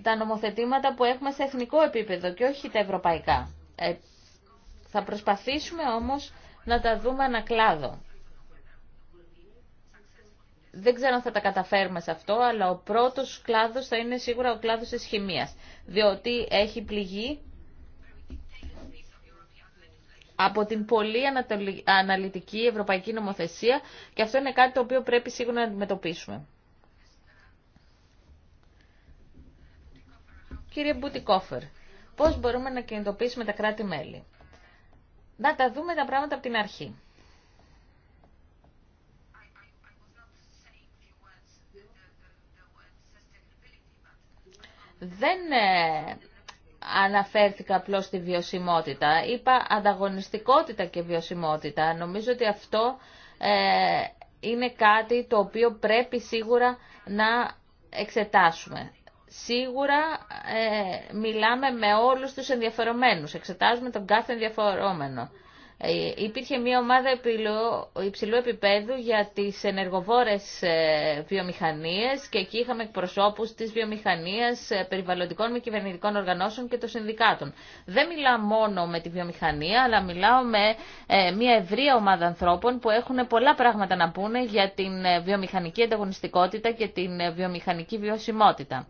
τα νομοθετήματα που έχουμε σε εθνικό επίπεδο και όχι τα ευρωπαϊκά. Ε, θα προσπαθήσουμε όμως να τα δούμε ανακλάδο. Δεν ξέρω αν θα τα καταφέρουμε σε αυτό, αλλά ο πρώτος κλάδος θα είναι σίγουρα ο κλάδος της χημίας, διότι έχει πληγή από την πολύ αναλυτική ευρωπαϊκή νομοθεσία και αυτό είναι κάτι το οποίο πρέπει σίγουρα να αντιμετωπίσουμε. Κύριε Μπουτικόφερ, πώς μπορούμε να κινητοποιήσουμε τα κράτη-μέλη να τα δούμε τα πράγματα από την αρχή. Δεν ε, αναφέρθηκα απλώς στη βιωσιμότητα. Είπα ανταγωνιστικότητα και βιωσιμότητα. Νομίζω ότι αυτό ε, είναι κάτι το οποίο πρέπει σίγουρα να εξετάσουμε σίγουρα ε, μιλάμε με όλους τους ενδιαφερομένους, εξετάζουμε τον κάθε ενδιαφερόμενο. Ε, υπήρχε μια ομάδα υψηλού επίπεδου για τις ενεργοβόρες ε, βιομηχανίες και εκεί είχαμε εκπροσώπους της βιομηχανίας, ε, περιβαλλοντικών με κυβερνητικών οργανώσεων και των συνδικάτων. Δεν μιλάω μόνο με τη βιομηχανία, αλλά μιλάω με ε, μια ευρία ομάδα ανθρώπων που έχουν πολλά πράγματα να πούνε για την βιομηχανική ανταγωνιστικότητα και την βιομηχανική βιωσιμότητα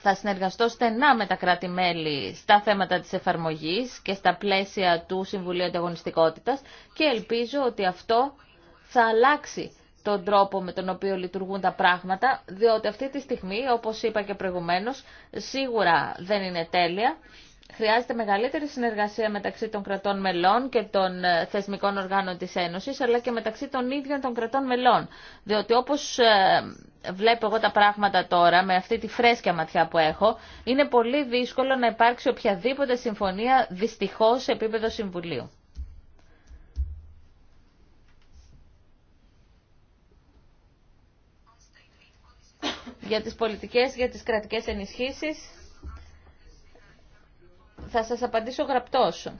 θα συνεργαστώ στενά με τα κράτη-μέλη στα θέματα της εφαρμογής και στα πλαίσια του Συμβουλίου Ανταγωνιστικότητα και ελπίζω ότι αυτό θα αλλάξει τον τρόπο με τον οποίο λειτουργούν τα πράγματα, διότι αυτή τη στιγμή, όπως είπα και προηγουμένως, σίγουρα δεν είναι τέλεια Χρειάζεται μεγαλύτερη συνεργασία μεταξύ των κρατών μελών και των ε, θεσμικών οργάνων της Ένωσης, αλλά και μεταξύ των ίδιων των κρατών μελών. Διότι όπως ε, βλέπω εγώ τα πράγματα τώρα, με αυτή τη φρέσκια ματιά που έχω, είναι πολύ δύσκολο να υπάρξει οποιαδήποτε συμφωνία δυστυχώς σε επίπεδο Συμβουλίου. Για τις πολιτικές, για τις κρατικές ενισχύσεις θα σας απαντήσω γραπτός.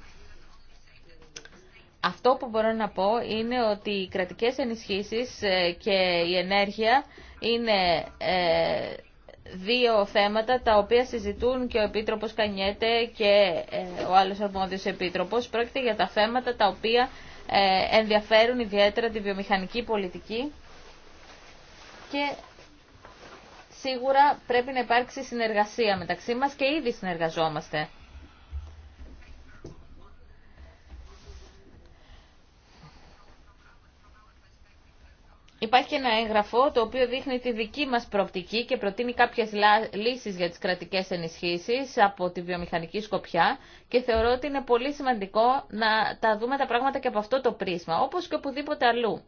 Αυτό που μπορώ να πω είναι ότι οι κρατικές ενισχύσεις ε, και η ενέργεια είναι ε, δύο θέματα τα οποία συζητούν και ο Επίτροπος Κανιέτε και ε, ο άλλος αρμόδιος Επίτροπος. Πρόκειται για τα θέματα τα οποία ενδιαφέρουν ιδιαίτερα τη βιομηχανική πολιτική και σίγουρα πρέπει να υπάρξει συνεργασία μεταξύ μας και ήδη συνεργαζόμαστε. Υπάρχει ένα έγγραφο το οποίο δείχνει τη δική μας προοπτική και προτείνει κάποιες λύσεις για τις κρατικές ενισχύσεις από τη βιομηχανική σκοπιά και θεωρώ ότι είναι πολύ σημαντικό να τα δούμε τα πράγματα και από αυτό το πρίσμα, όπως και οπουδήποτε αλλού.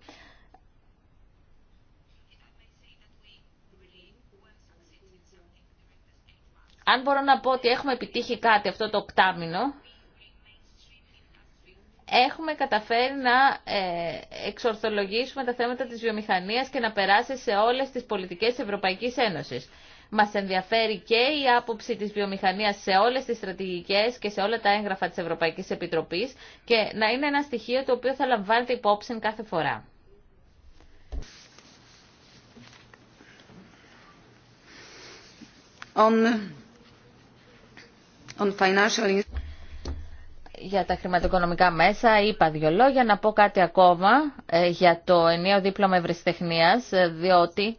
Αν μπορώ να πω ότι έχουμε επιτύχει κάτι αυτό το οκτάμινο, έχουμε καταφέρει να ε, εξορθολογήσουμε τα θέματα της βιομηχανίας και να περάσει σε όλες τις πολιτικές της Ευρωπαϊκής Ένωσης. Μας ενδιαφέρει και η άποψη της βιομηχανίας σε όλες τις στρατηγικές και σε όλα τα έγγραφα της Ευρωπαϊκής Επιτροπής και να είναι ένα στοιχείο το οποίο θα λαμβάνεται υπόψη κάθε φορά. On, on financial για τα χρηματοοικονομικά μέσα. Είπα δυο λόγια να πω κάτι ακόμα ε, για το ενίο δίπλωμα ευρεσιτεχνίας, ε, διότι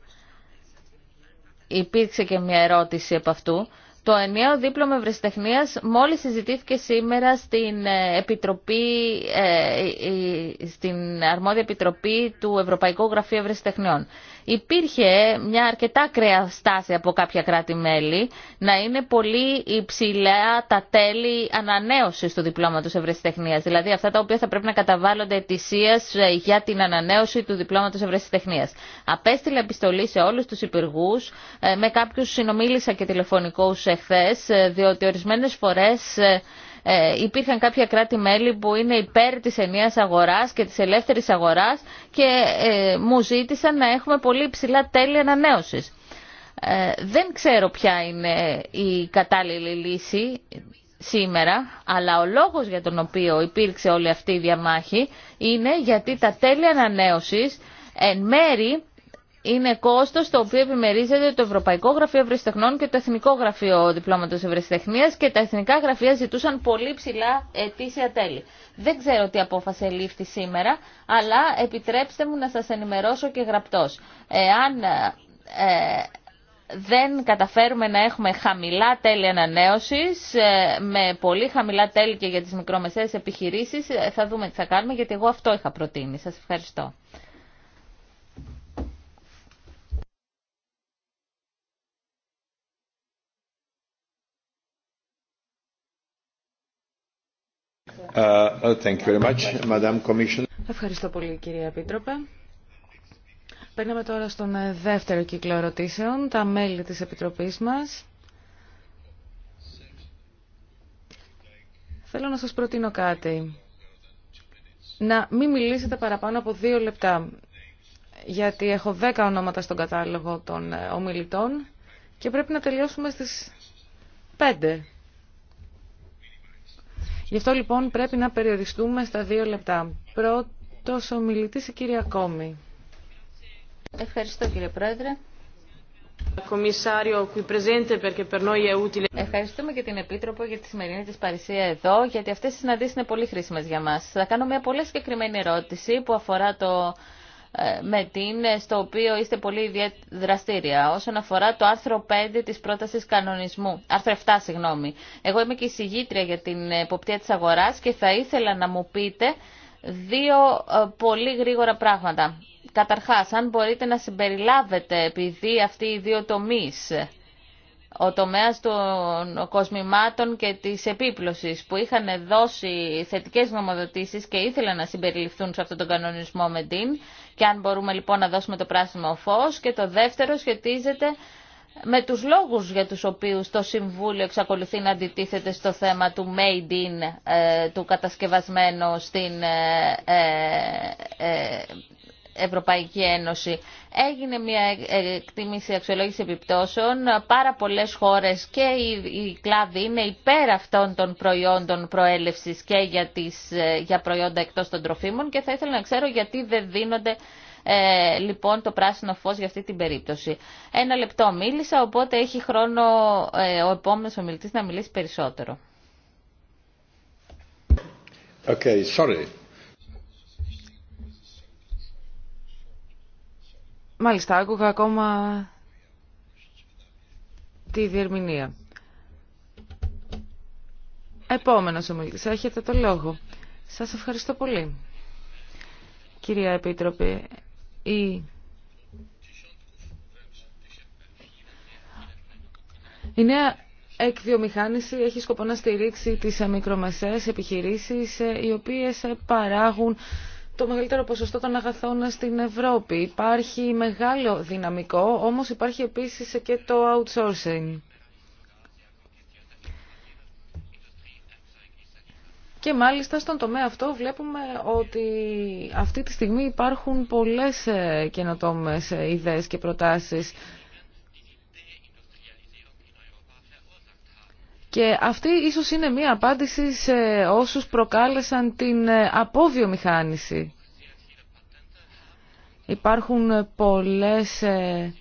υπήρξε και μια ερώτηση από αυτού. Το ενιαίο δίπλωμα ευρεσιτεχνίας μόλις συζητήθηκε σήμερα στην, ε, επιτροπή, στην αρμόδια επιτροπή του Ευρωπαϊκού Γραφείου Ευρεσιτεχνιών υπήρχε μια αρκετά κρέα στάση από κάποια κράτη-μέλη να είναι πολύ υψηλά τα τέλη ανανέωση του διπλώματο ευρεσιτεχνία. Δηλαδή αυτά τα οποία θα πρέπει να καταβάλλονται ετησίω ε, για την ανανέωση του διπλώματο ευρεσιτεχνία. Απέστειλε επιστολή σε όλου του υπουργού. Ε, με κάποιους συνομίλησα και τηλεφωνικούς εχθέ, ε, διότι ορισμένε φορέ ε, υπήρχαν κάποια κράτη-μέλη που είναι υπέρ της ενίας αγοράς και της ελεύθερης αγοράς και ε, μου ζήτησαν να έχουμε πολύ υψηλά τέλη ανανέωσης. Ε, δεν ξέρω ποια είναι η κατάλληλη λύση σήμερα, αλλά ο λόγος για τον οποίο υπήρξε όλη αυτή η διαμάχη είναι γιατί τα τέλη ανανέωσης εν μέρη είναι κόστος το οποίο επιμερίζεται το Ευρωπαϊκό Γραφείο Ευρεσιτεχνών και το Εθνικό Γραφείο Διπλώματος Ευρεσιτεχνίας και τα Εθνικά Γραφεία ζητούσαν πολύ ψηλά ετήσια τέλη. Δεν ξέρω τι απόφαση λήφθη σήμερα, αλλά επιτρέψτε μου να σας ενημερώσω και γραπτός. Εάν ε, ε δεν καταφέρουμε να έχουμε χαμηλά τέλη ανανέωσης, ε, με πολύ χαμηλά τέλη και για τις μικρομεσαίες επιχειρήσεις, ε, θα δούμε τι θα κάνουμε, γιατί εγώ αυτό είχα προτείνει. Σας ευχαριστώ. Uh, oh, Ευχαριστώ πολύ κυρία Επίτροπε. Παίρνουμε τώρα στον ε, δεύτερο κύκλο ερωτήσεων, τα μέλη της Επιτροπής μας. Θέλω να σας προτείνω κάτι. Να μην μιλήσετε παραπάνω από δύο λεπτά, γιατί έχω δέκα ονόματα στον κατάλογο των ε, ομιλητών και πρέπει να τελειώσουμε στις πέντε. Γι' αυτό λοιπόν πρέπει να περιοριστούμε στα δύο λεπτά. Πρώτος ο η κυρία Κόμη. Ευχαριστώ κύριε Πρόεδρε. Ευχαριστούμε και την Επίτροπο για τη σημερινή της παρουσία εδώ, γιατί αυτές οι συναντήσεις είναι πολύ χρήσιμες για μας. Θα κάνω μια πολύ συγκεκριμένη ερώτηση που αφορά το ε, με την, ε, στο οποίο είστε πολύ δραστήρια. Όσον αφορά το άρθρο 5 της πρότασης κανονισμού, άρθρο 7 συγγνώμη, εγώ είμαι και συγγήτρια για την εποπτεία της αγοράς και θα ήθελα να μου πείτε δύο ε, πολύ γρήγορα πράγματα. Καταρχάς, αν μπορείτε να συμπεριλάβετε, επειδή αυτοί οι δύο τομείς ο τομέας των κοσμημάτων και της επίπλωσης που είχαν δώσει θετικές νομοδοτήσεις και ήθελαν να συμπεριληφθούν σε αυτόν τον κανονισμό με την και αν μπορούμε λοιπόν να δώσουμε το πράσινο φως και το δεύτερο σχετίζεται με τους λόγους για τους οποίους το Συμβούλιο εξακολουθεί να αντιτίθεται στο θέμα του made in, ε, του κατασκευασμένου στην ε, ε, Ευρωπαϊκή Ένωση. Έγινε μια εκτίμηση αξιολόγηση επιπτώσεων. Πάρα πολλές χώρες και η κλάδοι είναι υπέρ αυτών των προϊόντων προέλευση και για, τις, για προϊόντα εκτός των τροφίμων και θα ήθελα να ξέρω γιατί δεν δίνονται ε, λοιπόν το πράσινο φως για αυτή την περίπτωση. Ένα λεπτό μίλησα, οπότε έχει χρόνο ε, ο επόμενος ομιλητής να μιλήσει περισσότερο. Okay, sorry. Μάλιστα, άκουγα ακόμα τη διερμηνία. Επόμενος ομιλητής, έχετε το λόγο. Σας ευχαριστώ πολύ. Κυρία Επίτροπη, η... η νέα εκβιομηχάνηση έχει σκοπό να στηρίξει τις μικρομεσαίες επιχειρήσεις ε, οι οποίες ε, παράγουν το μεγαλύτερο ποσοστό των αγαθών στην Ευρώπη. Υπάρχει μεγάλο δυναμικό, όμως υπάρχει επίσης και το outsourcing. Και μάλιστα στον τομέα αυτό βλέπουμε ότι αυτή τη στιγμή υπάρχουν πολλές ε, καινοτόμες ε, ιδέες και προτάσεις Και αυτή ίσως είναι μία απάντηση σε όσους προκάλεσαν την απόβιο ε, απόβιομηχάνηση. Υπάρχουν πολλές ε,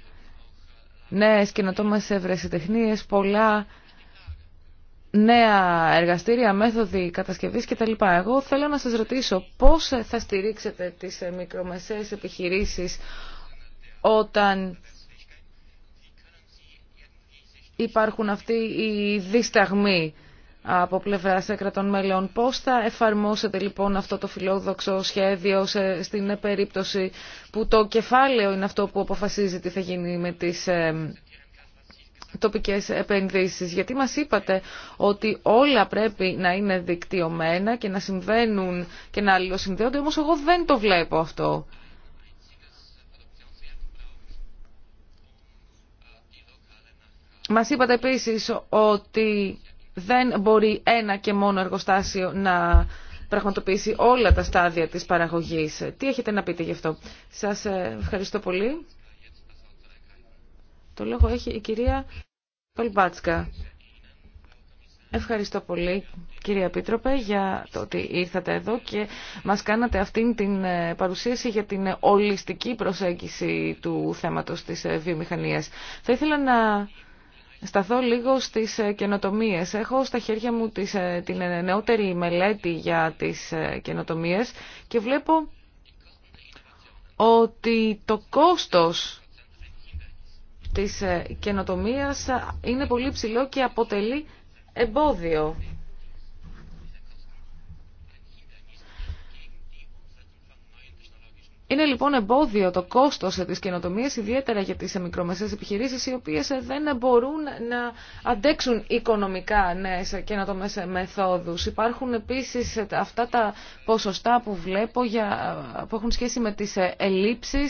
νέες καινοτόμες ευρεσιτεχνίες, πολλά νέα εργαστήρια, μέθοδοι κατασκευής κτλ. Εγώ θέλω να σας ρωτήσω πώς θα στηρίξετε τις μικρομεσαίες επιχειρήσεις όταν υπάρχουν αυτοί οι δισταγμοί από πλευρά κρατών μέλων. Πώς θα εφαρμόσετε λοιπόν αυτό το φιλόδοξο σχέδιο στην περίπτωση που το κεφάλαιο είναι αυτό που αποφασίζει τι θα γίνει με τις ε, τοπικές επενδύσεις. Γιατί μας είπατε ότι όλα πρέπει να είναι δικτυωμένα και να συμβαίνουν και να αλληλοσυνδέονται, όμως εγώ δεν το βλέπω αυτό. Μας είπατε επίσης ότι δεν μπορεί ένα και μόνο εργοστάσιο να πραγματοποιήσει όλα τα στάδια της παραγωγής. Τι έχετε να πείτε γι' αυτό. Σας ε, ευχαριστώ πολύ. Το λόγο έχει η κυρία Πολμπάτσκα. Ευχαριστώ πολύ κυρία πίτροπε για το ότι ήρθατε εδώ και μας κάνατε αυτήν την ε, παρουσίαση για την ε, ολιστική προσέγγιση του θέματος της βιομηχανίας. Θα ήθελα να σταθώ λίγο στις ε, καινοτομίες. Έχω στα χέρια μου ε, την νεότερη μελέτη για τις ε, καινοτομίες και βλέπω ότι το κόστος της καινοτομίας είναι πολύ ψηλό και αποτελεί εμπόδιο Είναι λοιπόν εμπόδιο το κόστος τη καινοτομία ιδιαίτερα για τις μικρομεσαίες επιχειρήσεις, οι οποίες δεν μπορούν να αντέξουν οικονομικά νέε καινοτομέ μεθόδους. Υπάρχουν επίσης αυτά τα ποσοστά που βλέπω για, που έχουν σχέση με τις ελλείψει.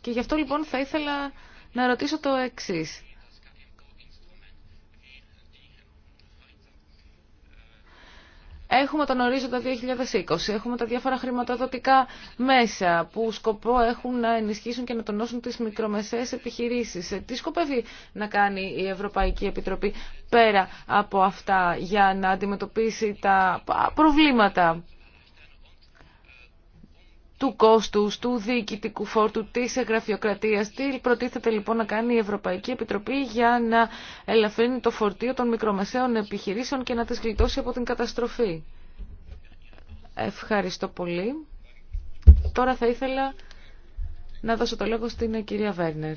και γι' αυτό λοιπόν θα ήθελα να ρωτήσω το εξής. Έχουμε τον ορίζοντα 2020, έχουμε τα διάφορα χρηματοδοτικά μέσα που σκοπό έχουν να ενισχύσουν και να τονώσουν τις μικρομεσαίες επιχειρήσεις. Τι σκοπεύει να κάνει η Ευρωπαϊκή Επιτροπή πέρα από αυτά για να αντιμετωπίσει τα προβλήματα του κόστου, του διοικητικού φόρτου, της εγγραφειοκρατία. Τι προτίθεται λοιπόν να κάνει η Ευρωπαϊκή Επιτροπή για να ελαφρύνει το φορτίο των μικρομεσαίων επιχειρήσεων και να τις γλιτώσει από την καταστροφή. Ευχαριστώ πολύ. Τώρα θα ήθελα να δώσω το λόγο στην κυρία Βέρνερ.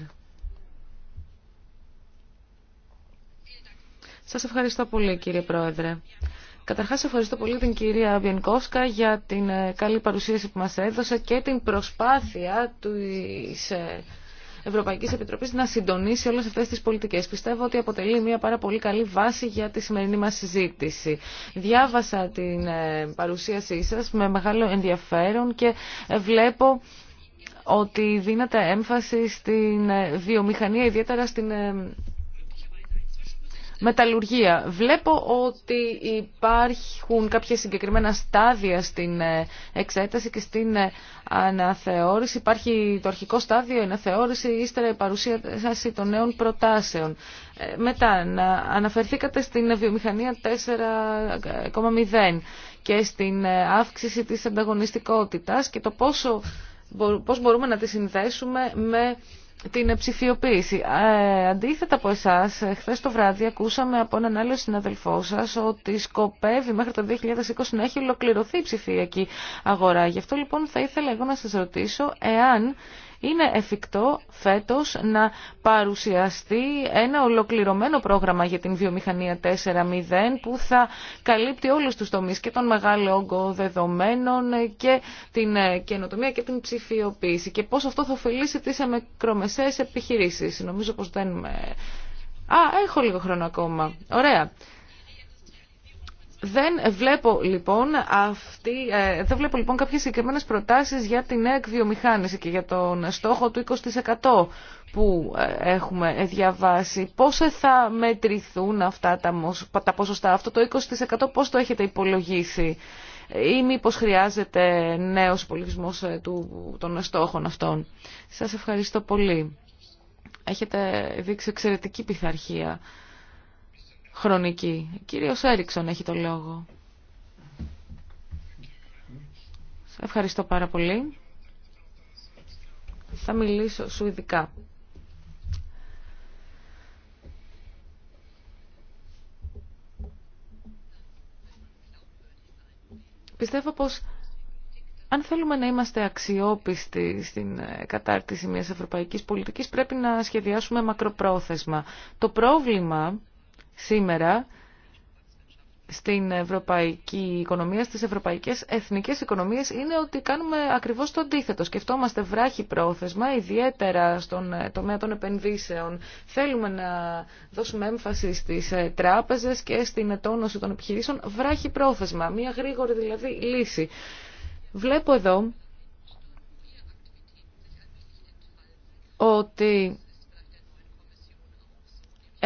Σας ευχαριστώ πολύ κύριε Πρόεδρε. Καταρχάς ευχαριστώ πολύ την κυρία Βιενκόφσκα για την ε, καλή παρουσίαση που μας έδωσε και την προσπάθεια της ε, Ευρωπαϊκής Επιτροπής να συντονίσει όλες αυτές τις πολιτικές. Πιστεύω ότι αποτελεί μια πάρα πολύ καλή βάση για τη σημερινή μας συζήτηση. Διάβασα την ε, παρουσίασή σας με μεγάλο ενδιαφέρον και βλέπω ότι δίνεται έμφαση στην βιομηχανία, ιδιαίτερα στην μεταλλουργία. Βλέπω ότι υπάρχουν κάποια συγκεκριμένα στάδια στην ε, εξέταση και στην ε, αναθεώρηση. Υπάρχει το αρχικό στάδιο, η αναθεώρηση, ύστερα η παρουσίαση των νέων προτάσεων. Ε, μετά, να αναφερθήκατε στην βιομηχανία 4,0 και στην αύξηση της ανταγωνιστικότητας και το πόσο, πώς μπορούμε να τη συνδέσουμε με την ψηφιοποίηση. Ε, αντίθετα από εσά, χθε το βράδυ ακούσαμε από έναν άλλο συναδελφό σα ότι σκοπεύει μέχρι το 2020 να έχει ολοκληρωθεί η ψηφιακή αγορά. Γι' αυτό λοιπόν θα ήθελα εγώ να σα ρωτήσω εάν είναι εφικτό φέτος να παρουσιαστεί ένα ολοκληρωμένο πρόγραμμα για την βιομηχανία 4.0 που θα καλύπτει όλους τους τομείς και τον μεγάλο όγκο δεδομένων και την ε, καινοτομία και την ψηφιοποίηση και πώς αυτό θα ωφελήσει τις μικρομεσαίες επιχειρήσεις. Νομίζω πως δεν... Α, έχω λίγο χρόνο ακόμα. Ωραία. Δεν βλέπω λοιπόν, αυτή, ε, δεν βλέπω, λοιπόν κάποιες συγκεκριμένες προτάσεις για την νέα εκβιομηχάνηση και για τον στόχο του 20% που ε, έχουμε διαβάσει. Πώς θα μετρηθούν αυτά τα, τα ποσοστά, αυτό το 20% πώς το έχετε υπολογίσει ή μήπω χρειάζεται νέος υπολογισμός ε, των στόχων αυτών. Σας ευχαριστώ πολύ. Έχετε δείξει εξαιρετική πειθαρχία χρονική. Κύριος Έριξον έχει το λόγο. Ευχαριστώ πάρα πολύ. Θα μιλήσω σου ειδικά. Πιστεύω πως αν θέλουμε να είμαστε αξιόπιστοι στην ε, κατάρτιση μιας ευρωπαϊκής πολιτικής πρέπει να σχεδιάσουμε μακροπρόθεσμα. Το πρόβλημα σήμερα στην ευρωπαϊκή οικονομία, στις ευρωπαϊκές εθνικές οικονομίες είναι ότι κάνουμε ακριβώς το αντίθετο. Σκεφτόμαστε βράχη πρόθεσμα, ιδιαίτερα στον ε, τομέα των επενδύσεων. Θέλουμε να δώσουμε έμφαση στις ε, τράπεζες και στην ετόνωση των επιχειρήσεων βράχη πρόθεσμα, μια γρήγορη δηλαδή λύση. Βλέπω εδώ ότι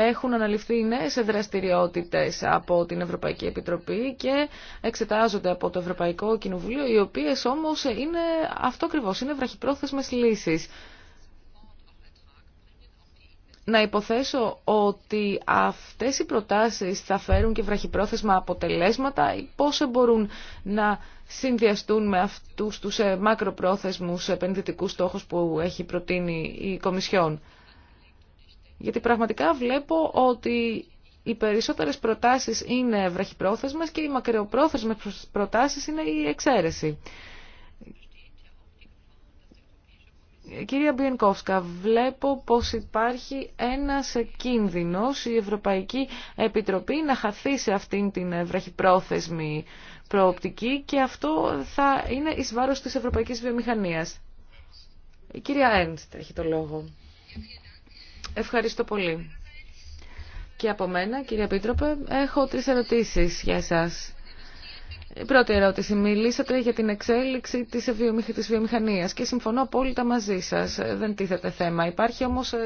έχουν αναλυφθεί νέες δραστηριότητες από την Ευρωπαϊκή Επιτροπή και εξετάζονται από το Ευρωπαϊκό Κοινοβουλίο, οι οποίες όμως είναι αυτό ακριβώ, είναι βραχυπρόθεσμες λύσεις. Να υποθέσω ότι αυτές οι προτάσεις θα φέρουν και βραχυπρόθεσμα αποτελέσματα ή πώς μπορούν να συνδυαστούν με αυτούς τους ε, μακροπρόθεσμους επενδυτικούς στόχους που έχει προτείνει η Κομισιόν. Γιατί πραγματικά βλέπω ότι οι περισσότερες προτάσεις είναι βραχυπρόθεσμες και οι μακριοπρόθεσμες προτάσεις είναι η εξαίρεση. Κυρία Μπιενκόφσκα, βλέπω πως υπάρχει ένας κίνδυνος η Ευρωπαϊκή Επιτροπή να χαθεί σε αυτήν την βραχυπρόθεσμη προοπτική και αυτό θα είναι εις βάρος της Ευρωπαϊκής Βιομηχανίας. Η κυρία Ένστ έχει το λόγο. Ευχαριστώ πολύ. Και από μένα, κύριε Επίτροπε, έχω τρεις ερωτήσεις για εσάς. Η πρώτη ερώτηση. Μιλήσατε για την εξέλιξη της, βιομηχ... της βιομηχανίας και συμφωνώ απόλυτα μαζί σας. Δεν τίθεται θέμα. Υπάρχει όμως ε,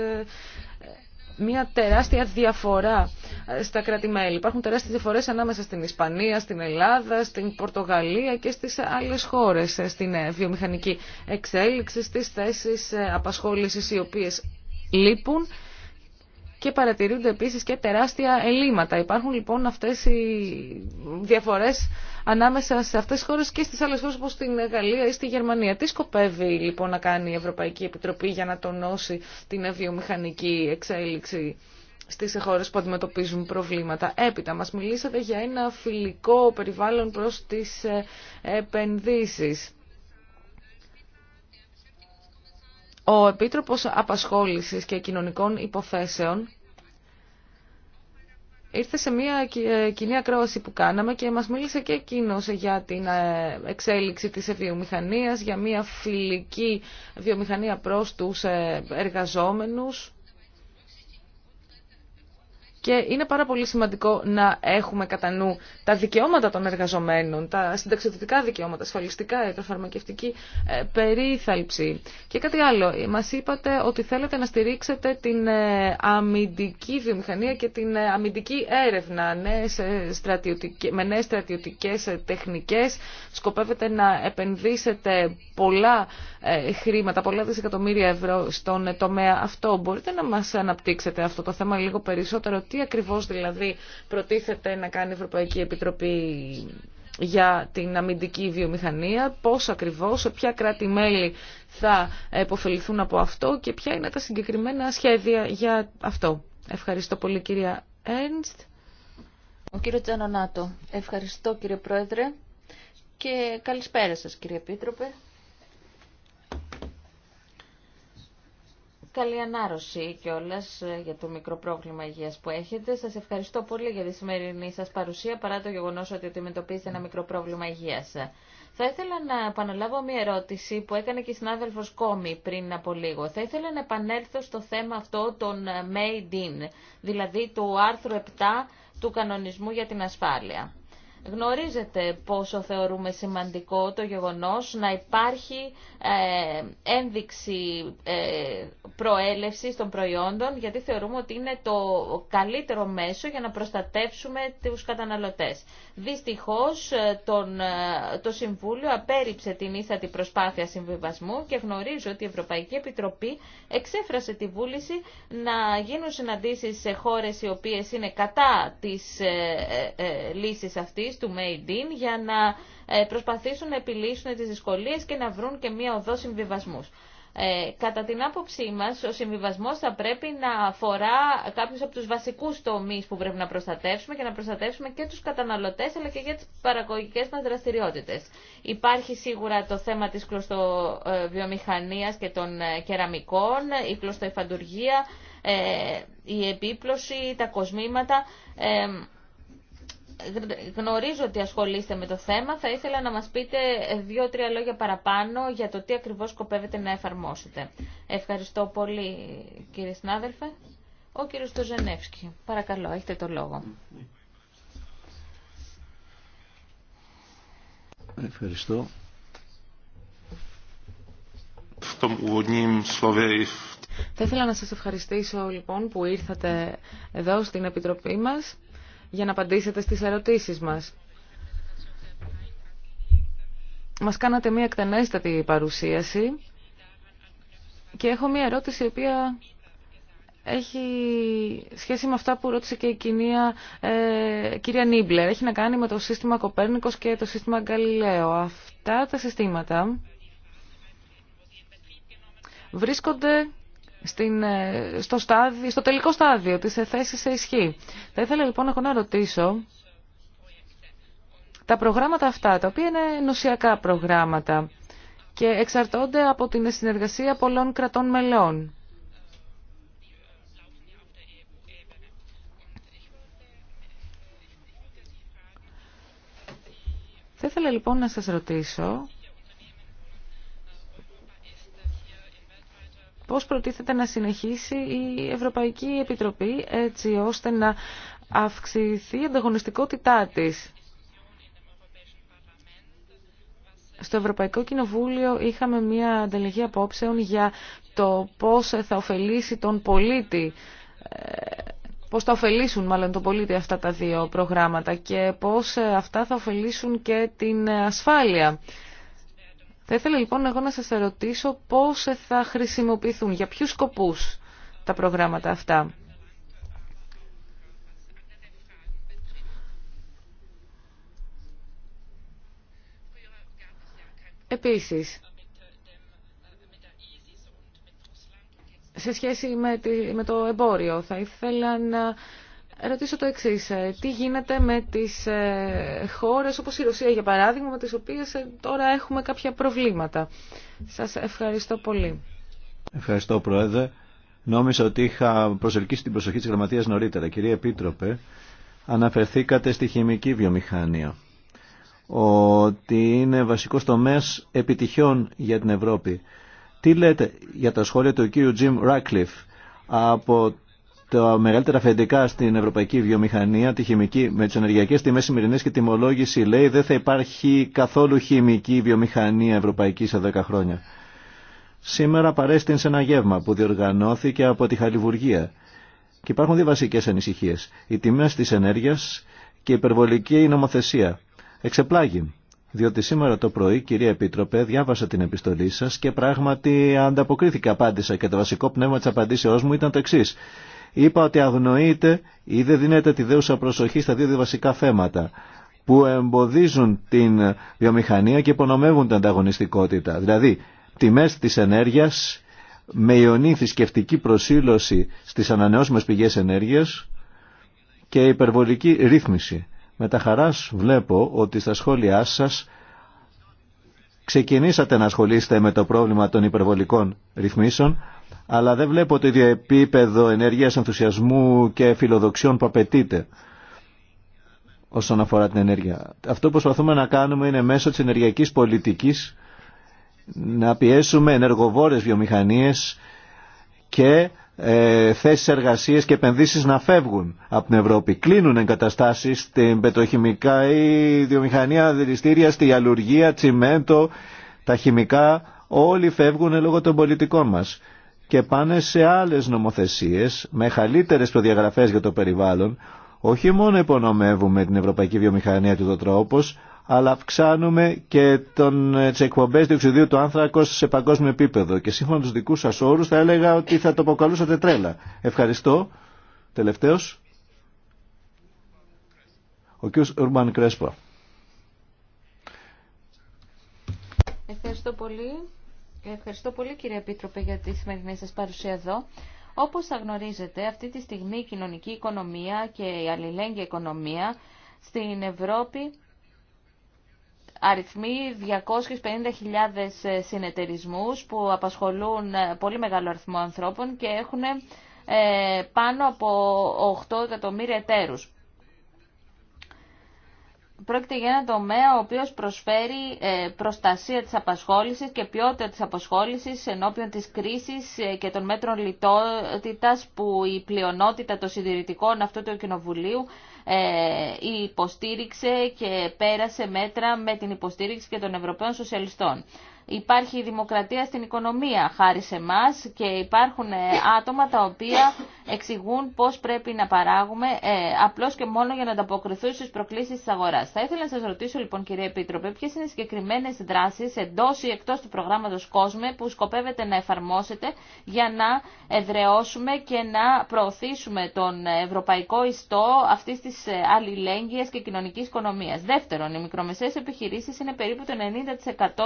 ε, μια τεράστια διαφορά ε, στα κράτη-μέλη. Υπάρχουν τεράστιες διαφορές ανάμεσα στην Ισπανία, στην Ελλάδα, στην Πορτογαλία και στις άλλες χώρες στην βιομηχανική εξέλιξη, στις θέσεις απασχόλησης οι οποίες λείπουν και παρατηρούνται επίσης και τεράστια ελλείμματα. Υπάρχουν λοιπόν αυτές οι διαφορές ανάμεσα σε αυτές τις χώρες και στις άλλες χώρες όπως στην Γαλλία ή στη Γερμανία. Τι σκοπεύει λοιπόν να κάνει η Ευρωπαϊκή Επιτροπή για να τονώσει την βιομηχανική εξέλιξη στις χώρες που αντιμετωπίζουν προβλήματα. Έπειτα μας μιλήσατε για ένα φιλικό περιβάλλον προς τις επενδύσεις. Ο Επίτροπος Απασχόλησης και Κοινωνικών Υποθέσεων ήρθε σε μια ε, κοινή ακρόαση που κάναμε και μας μίλησε και εκείνο για την ε, εξέλιξη της βιομηχανίας, για μια φιλική βιομηχανία προς τους ε, εργαζόμενους και είναι πάρα πολύ σημαντικό να έχουμε κατά νου τα δικαιώματα των εργαζομένων, τα συνταξιδοτικά δικαιώματα, ασφαλιστικά, η φαρμακευτική ε, περίθαλψη. Και κάτι άλλο, μα είπατε ότι θέλετε να στηρίξετε την ε, αμυντική βιομηχανία και την ε, αμυντική έρευνα νέες με στρατιωτικέ στρατιωτικές τεχνικέ. Σκοπεύετε να επενδύσετε πολλά χρήματα, πολλά δισεκατομμύρια ευρώ στον τομέα αυτό. Μπορείτε να μα αναπτύξετε αυτό το θέμα λίγο περισσότερο τι ακριβώς δηλαδή προτίθεται να κάνει η Ευρωπαϊκή Επιτροπή για την αμυντική βιομηχανία, πώς ακριβώς, σε ποια κράτη-μέλη θα επωφεληθούν από αυτό και ποια είναι τα συγκεκριμένα σχέδια για αυτό. Ευχαριστώ πολύ κυρία Ένστ. Ο κύριο Τζανονάτο, ευχαριστώ κύριε Πρόεδρε και καλησπέρα σας κύριε Επίτροπε. Καλή ανάρρωση κιόλα ε, για το μικρό πρόβλημα υγεία που έχετε. Σα ευχαριστώ πολύ για τη σημερινή σα παρουσία παρά το γεγονό ότι αντιμετωπίζετε ένα μικρό πρόβλημα υγεία. Θα ήθελα να επαναλάβω μια ερώτηση που έκανε και η συνάδελφο Κόμη πριν από λίγο. Θα ήθελα να επανέλθω στο θέμα αυτό των ε, Made in, δηλαδή του άρθρου 7 του κανονισμού για την ασφάλεια. Γνωρίζετε πόσο θεωρούμε σημαντικό το γεγονός να υπάρχει ε, ένδειξη ε, προέλευσης των προϊόντων, γιατί θεωρούμε ότι είναι το καλύτερο μέσο για να προστατεύσουμε τους καταναλωτές. Δυστυχώς, ε, τον, ε, το Συμβούλιο απέριψε την ίστατη προσπάθεια συμβιβασμού και γνωρίζω ότι η Ευρωπαϊκή Επιτροπή εξέφρασε τη βούληση να γίνουν συναντήσεις σε χώρες οι οποίες είναι κατά της ε, λύσης αυτής, του Made in για να ε, προσπαθήσουν να επιλύσουν τις δυσκολίες και να βρουν και μία οδό συμβιβασμούς. Ε, κατά την άποψή μας, ο συμβιβασμός θα πρέπει να αφορά κάποιους από τους βασικούς τομείς που πρέπει να προστατεύσουμε και να προστατεύσουμε και τους καταναλωτές αλλά και για τις παραγωγικές μας δραστηριότητες. Υπάρχει σίγουρα το θέμα της κλωστοβιομηχανίας ε, και των ε, κεραμικών, η κλωστοϊφαντουργία, η επίπλωση, τα κοσμήματα γνωρίζω ότι ασχολείστε με το θέμα. Θα ήθελα να μας πείτε δύο-τρία λόγια παραπάνω για το τι ακριβώς σκοπεύετε να εφαρμόσετε. Ευχαριστώ πολύ κύριε συνάδελφε. Ο κύριος Τζενεύσκη Παρακαλώ, έχετε το λόγο. Ευχαριστώ. Θα ήθελα να σας ευχαριστήσω λοιπόν που ήρθατε εδώ στην Επιτροπή μας για να απαντήσετε στις ερωτήσεις μας. Μας κάνατε μια εκτενέστατη παρουσίαση και έχω μια ερώτηση η οποία έχει σχέση με αυτά που ρώτησε και η κυρία, ε, κυρία Νίμπλερ. Έχει να κάνει με το σύστημα Κοπέρνικος και το σύστημα Γκαλιλαίο. Αυτά τα συστήματα βρίσκονται στην, ε, στο, στάδιο, στο τελικό στάδιο της θέσης σε ισχύ. Θα ήθελα λοιπόν εγώ να ρωτήσω τα προγράμματα αυτά, τα οποία είναι νοσιακά προγράμματα και εξαρτώνται από την συνεργασία πολλών κρατών μελών. Θα ήθελα λοιπόν να σας ρωτήσω πώς προτίθεται να συνεχίσει η Ευρωπαϊκή Επιτροπή έτσι ώστε να αυξηθεί η ανταγωνιστικότητά της. Στο Ευρωπαϊκό Κοινοβούλιο είχαμε μια ανταλλαγή απόψεων για το πώς θα ωφελήσει τον πολίτη ε, πώς θα ωφελήσουν μάλλον τον πολίτη αυτά τα δύο προγράμματα και πώς ε, αυτά θα ωφελήσουν και την ε, ασφάλεια θα ήθελα λοιπόν εγώ να σας ερωτήσω πώς θα χρησιμοποιηθούν, για ποιους σκοπούς τα προγράμματα αυτά. Επίσης, σε σχέση με το εμπόριο, θα ήθελα να ρωτήσω το εξή. Ε, τι γίνεται με τις ε, χώρε όπως η Ρωσία για παράδειγμα, με τις οποίες ε, τώρα έχουμε κάποια προβλήματα. Σας ευχαριστώ πολύ. Ευχαριστώ Πρόεδρε. Νόμιζα ότι είχα προσελκύσει την προσοχή της Γραμματείας νωρίτερα. Κυρία Επίτροπε, αναφερθήκατε στη χημική βιομηχανία ότι είναι βασικό τομέα επιτυχιών για την Ευρώπη. Τι λέτε για τα σχόλια του κύριου Jim Ratcliffe από τα μεγαλύτερα αφεντικά στην ευρωπαϊκή βιομηχανία, τη χημική, με τι ενεργειακέ τιμέ σημερινέ και τιμολόγηση, λέει δεν θα υπάρχει καθόλου χημική βιομηχανία ευρωπαϊκή σε 10 χρόνια. Σήμερα παρέστην σε ένα γεύμα που διοργανώθηκε από τη Χαλιβουργία. Και υπάρχουν δύο βασικέ ανησυχίε. Οι τιμέ τη ενέργεια και η υπερβολική νομοθεσία. Εξεπλάγει. Διότι σήμερα το πρωί, κυρία Επίτροπε, διάβασα την επιστολή σα και πράγματι ανταποκρίθηκα, απάντησα και το βασικό πνεύμα τη απαντήσεώ μου ήταν το εξή είπα ότι αγνοείται ή δεν δίνεται τη δέουσα προσοχή στα δύο βασικά θέματα που εμποδίζουν την βιομηχανία και υπονομεύουν την ανταγωνιστικότητα. Δηλαδή, τιμές της ενέργειας με ιονή θρησκευτική προσήλωση στις ανανεώσιμες πηγές ενέργειας και υπερβολική ρύθμιση. Με τα χαράς βλέπω ότι στα σχόλιά σας ξεκινήσατε να ασχολείστε με το πρόβλημα των υπερβολικών ρυθμίσεων αλλά δεν βλέπω το ίδιο επίπεδο ενέργειας, ενθουσιασμού και φιλοδοξιών που απαιτείται όσον αφορά την ενέργεια. Αυτό που προσπαθούμε να κάνουμε είναι μέσω της ενεργειακής πολιτικής να πιέσουμε ενεργοβόρες βιομηχανίες και ε, θέσεις και επενδύσεις να φεύγουν από την Ευρώπη. Κλείνουν εγκαταστάσεις στην πετροχημικά ή βιομηχανία δηληστήρια, στη αλλουργία, τσιμέντο, τα χημικά. Όλοι φεύγουν λόγω των πολιτικών μας και πάνε σε άλλες νομοθεσίες με χαλύτερες προδιαγραφές για το περιβάλλον, όχι μόνο υπονομεύουμε την ευρωπαϊκή βιομηχανία του τρόπος, αλλά αυξάνουμε και τον, ε, τις εκπομπές του άνθρακος σε παγκόσμιο επίπεδο. Και σύμφωνα με τους δικούς σας όρους θα έλεγα ότι θα το αποκαλούσατε τρέλα. Ευχαριστώ. Τελευταίος. Ο κ. Ουρμπαν Κρέσπα. Ευχαριστώ πολύ. Ευχαριστώ πολύ κύριε Επίτροπε για τη σημερινή σας παρουσία εδώ. Όπως θα γνωρίζετε, αυτή τη στιγμή η κοινωνική οικονομία και η αλληλέγγυα οικονομία στην Ευρώπη αριθμεί 250.000 συνεταιρισμούς που απασχολούν πολύ μεγάλο αριθμό ανθρώπων και έχουν ε, πάνω από 8 εκατομμύρια εταίρους πρόκειται για ένα τομέα ο οποίος προσφέρει ε, προστασία της απασχόλησης και ποιότητα της απασχόλησης ενώπιον της κρίσης ε, και των μέτρων λιτότητας που η πλειονότητα των συντηρητικών αυτού του κοινοβουλίου ε, υποστήριξε και πέρασε μέτρα με την υποστήριξη και των Ευρωπαίων Σοσιαλιστών υπάρχει δημοκρατία στην οικονομία χάρη σε εμά και υπάρχουν ε, άτομα τα οποία εξηγούν πώ πρέπει να παράγουμε ε, απλώς και μόνο για να ανταποκριθούν στι προκλήσει τη αγορά. Θα ήθελα να σα ρωτήσω λοιπόν κύριε Επίτροπε ποιε είναι οι συγκεκριμένε δράσεις εντός ή εκτό του προγράμματο COSME που σκοπεύετε να εφαρμόσετε για να εδραιώσουμε και να προωθήσουμε τον ευρωπαϊκό ιστό αυτή τη ε, αλληλέγγυα και κοινωνική οικονομία. Δεύτερον, οι μικρομεσαίε επιχειρήσει είναι περίπου το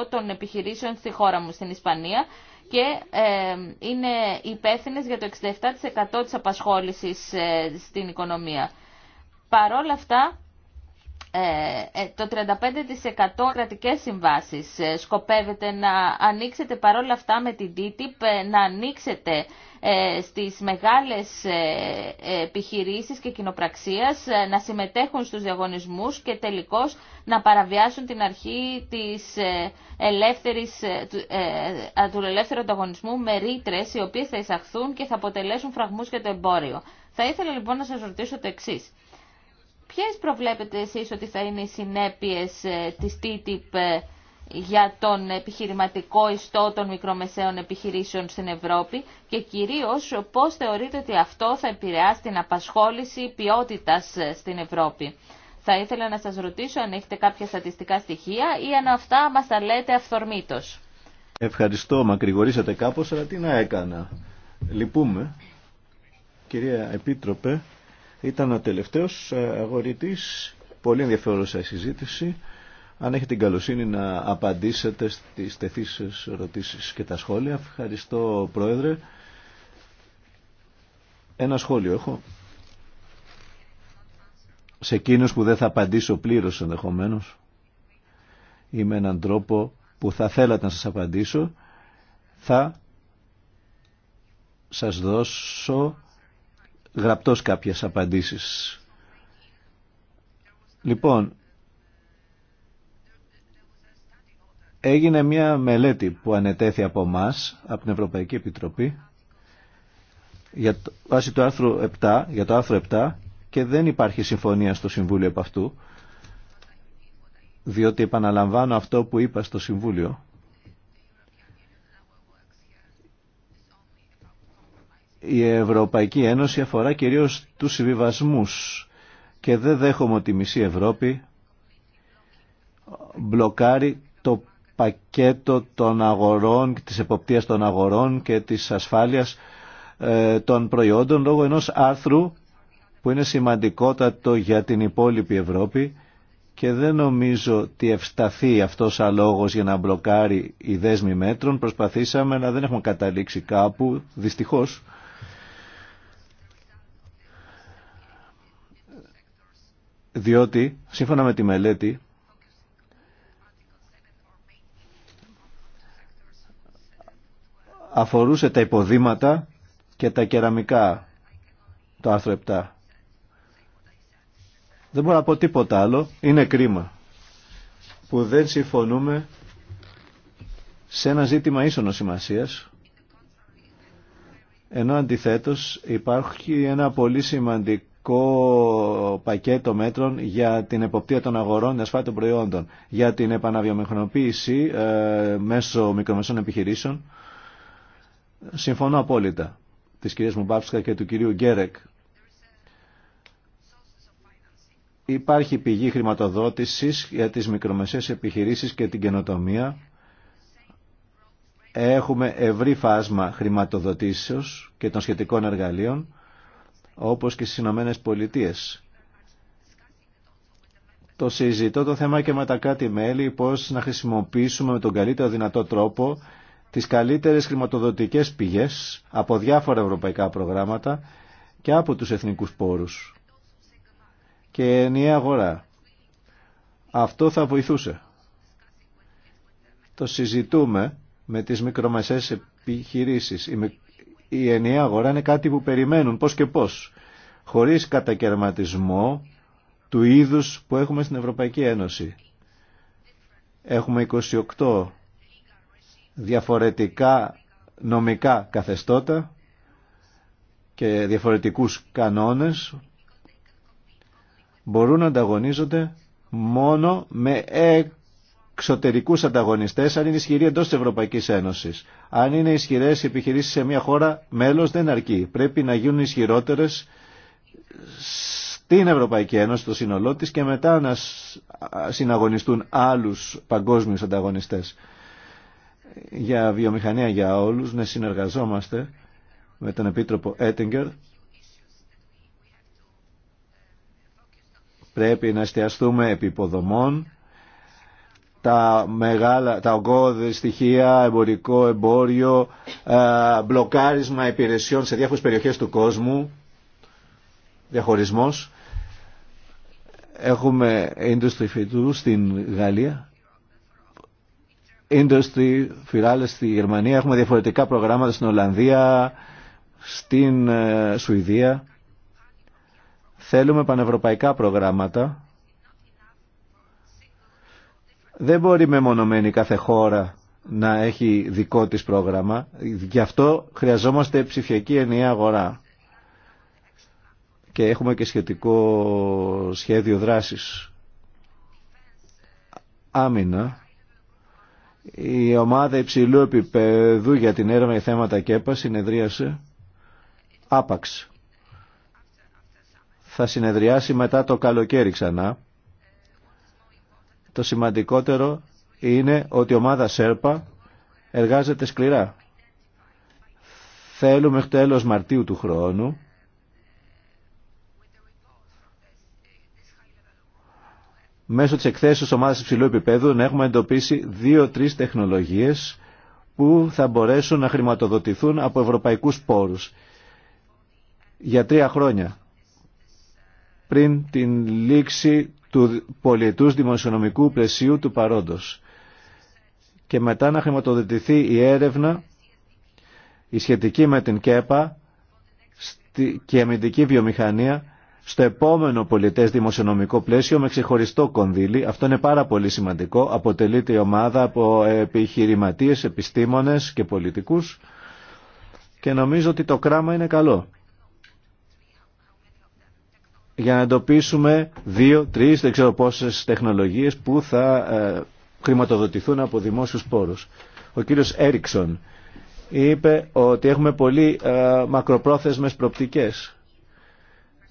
90% των επιχειρήσεων επιχειρήσεων στη χώρα μου, στην Ισπανία και ε, είναι υπεύθυνε για το 67% της απασχόλησης ε, στην οικονομία. Παρόλα αυτά, ε, ε, το 35% κρατικές συμβάσεις. Ε, σκοπεύεται να ανοίξετε παρόλα αυτά με την DTIP, να ανοίξετε στις μεγάλες επιχειρήσεις και κοινοπραξίας να συμμετέχουν στους διαγωνισμούς και τελικώς να παραβιάσουν την αρχή της ελεύθερης, του ελεύθερου ανταγωνισμού με ρήτρε οι οποίες θα εισαχθούν και θα αποτελέσουν φραγμούς για το εμπόριο. Θα ήθελα λοιπόν να σας ρωτήσω το εξής ποιες προβλέπετε εσείς ότι θα είναι οι συνέπειες ε, της TTIP ε, για τον επιχειρηματικό ιστό των μικρομεσαίων επιχειρήσεων στην Ευρώπη και κυρίως πώς θεωρείτε ότι αυτό θα επηρεάσει την απασχόληση ποιότητας ε, στην Ευρώπη. Θα ήθελα να σας ρωτήσω αν έχετε κάποια στατιστικά στοιχεία ή αν αυτά μας τα λέτε αυθορμήτως. Ευχαριστώ, μακρηγορήσατε κάπως, αλλά τι να έκανα. Λυπούμε. Κυρία Επίτροπε, ήταν ο τελευταίος ε, αγορητής. Πολύ ενδιαφέρουσα η συζήτηση. Αν έχετε την καλοσύνη να απαντήσετε στις τεθήσεις ερωτήσεις και τα σχόλια. Ευχαριστώ Πρόεδρε. Ένα σχόλιο έχω. Σε εκείνους που δεν θα απαντήσω πλήρως ενδεχομένω ή με έναν τρόπο που θα θέλατε να σας απαντήσω, θα σας δώσω γραπτός κάποιες απαντήσεις. Λοιπόν, έγινε μια μελέτη που ανετέθη από μας από την Ευρωπαϊκή Επιτροπή, για το, βάσει 7, για το άρθρο 7 και δεν υπάρχει συμφωνία στο Συμβούλιο από αυτού, διότι επαναλαμβάνω αυτό που είπα στο Συμβούλιο, η Ευρωπαϊκή Ένωση αφορά κυρίως τους συμβιβασμούς και δεν δέχομαι ότι η μισή Ευρώπη μπλοκάρει το πακέτο των αγορών, της εποπτείας των αγορών και της ασφάλειας ε, των προϊόντων λόγω ενός άρθρου που είναι σημαντικότατο για την υπόλοιπη Ευρώπη και δεν νομίζω ότι ευσταθεί αυτός αλόγος για να μπλοκάρει οι δέσμοι μέτρων. Προσπαθήσαμε να δεν έχουμε καταλήξει κάπου, δυστυχώς. διότι σύμφωνα με τη μελέτη αφορούσε τα υποδήματα και τα κεραμικά το άρθρο 7. Δεν μπορώ να πω τίποτα άλλο. Είναι κρίμα που δεν συμφωνούμε σε ένα ζήτημα ίσονος σημασίας ενώ αντιθέτως υπάρχει ένα πολύ σημαντικό βασικό πακέτο μέτρων για την εποπτεία των αγορών και προϊόντων, για την επαναβιομηχανοποίηση ε, μέσω μικρομεσών επιχειρήσεων. Συμφωνώ απόλυτα της κυρίας Μουμπάψκα και του κυρίου Γκέρεκ. Υπάρχει πηγή χρηματοδότησης για τις μικρομεσαίες επιχειρήσεις και την καινοτομία. Έχουμε ευρύ φάσμα χρηματοδοτήσεως και των σχετικών εργαλείων όπως και στις Ηνωμένε Πολιτείε. Το συζητώ το θέμα και με τα κράτη-μέλη πώς να χρησιμοποιήσουμε με τον καλύτερο δυνατό τρόπο τις καλύτερες χρηματοδοτικές πηγές από διάφορα ευρωπαϊκά προγράμματα και από τους εθνικούς πόρους και ενιαία αγορά. Αυτό θα βοηθούσε. Το συζητούμε με τις μικρομεσαίες επιχειρήσεις. Οι η ενιαία αγορά είναι κάτι που περιμένουν πώς και πώς, χωρίς κατακαιρματισμό του είδους που έχουμε στην Ευρωπαϊκή Ένωση. Έχουμε 28 διαφορετικά νομικά καθεστώτα και διαφορετικούς κανόνες μπορούν να ανταγωνίζονται μόνο με εξωτερικούς ανταγωνιστές αν είναι ισχυροί εντός της Ευρωπαϊκής Ένωσης. Αν είναι ισχυρές οι επιχειρήσεις σε μια χώρα, μέλος δεν αρκεί. Πρέπει να γίνουν ισχυρότερες στην Ευρωπαϊκή Ένωση, το σύνολό της και μετά να συναγωνιστούν άλλους παγκόσμιους ανταγωνιστές. Για βιομηχανία για όλους, να συνεργαζόμαστε με τον Επίτροπο Έτιγκερ. Πρέπει να εστιαστούμε επί υποδομών, τα μεγάλα, τα ογκώδη στοιχεία, εμπορικό εμπόριο, ε, μπλοκάρισμα υπηρεσιών σε διάφορες περιοχές του κόσμου, διαχωρισμός. Έχουμε industry φυτού στην Γαλλία, industry φυράλες στη Γερμανία, έχουμε διαφορετικά προγράμματα στην Ολλανδία, στην ε, Σουηδία. Θέλουμε πανευρωπαϊκά προγράμματα δεν μπορεί μεμονωμένη κάθε χώρα να έχει δικό της πρόγραμμα. Γι' αυτό χρειαζόμαστε ψηφιακή ενιαία αγορά. Και έχουμε και σχετικό σχέδιο δράσης. Άμυνα. Η ομάδα υψηλού επίπεδου για την έρευνα για θέματα ΚΕΠΑ συνεδρίασε άπαξ. Θα συνεδριάσει μετά το καλοκαίρι ξανά το σημαντικότερο είναι ότι η ομάδα ΣΕΡΠΑ εργάζεται σκληρά. Θέλουμε μέχρι το Μαρτίου του χρόνου μέσω της εκθέσεως ομάδας υψηλού επίπεδου να έχουμε εντοπίσει δύο-τρεις τεχνολογίες που θα μπορέσουν να χρηματοδοτηθούν από ευρωπαϊκούς πόρους για τρία χρόνια πριν την λήξη του πολιετούς δημοσιονομικού πλαισίου του παρόντος και μετά να χρηματοδοτηθεί η έρευνα η σχετική με την ΚΕΠΑ και η αμυντική βιομηχανία στο επόμενο πολιτές δημοσιονομικό πλαίσιο με ξεχωριστό κονδύλι. Αυτό είναι πάρα πολύ σημαντικό. Αποτελείται η ομάδα από επιχειρηματίες, επιστήμονες και πολιτικούς και νομίζω ότι το κράμα είναι καλό για να εντοπίσουμε δύο, τρεις, δεν ξέρω τεχνολογίες που θα ε, χρηματοδοτηθούν από δημόσιους πόρους. Ο κύριος Έριξον είπε ότι έχουμε πολύ ε, μακροπρόθεσμες προοπτικές.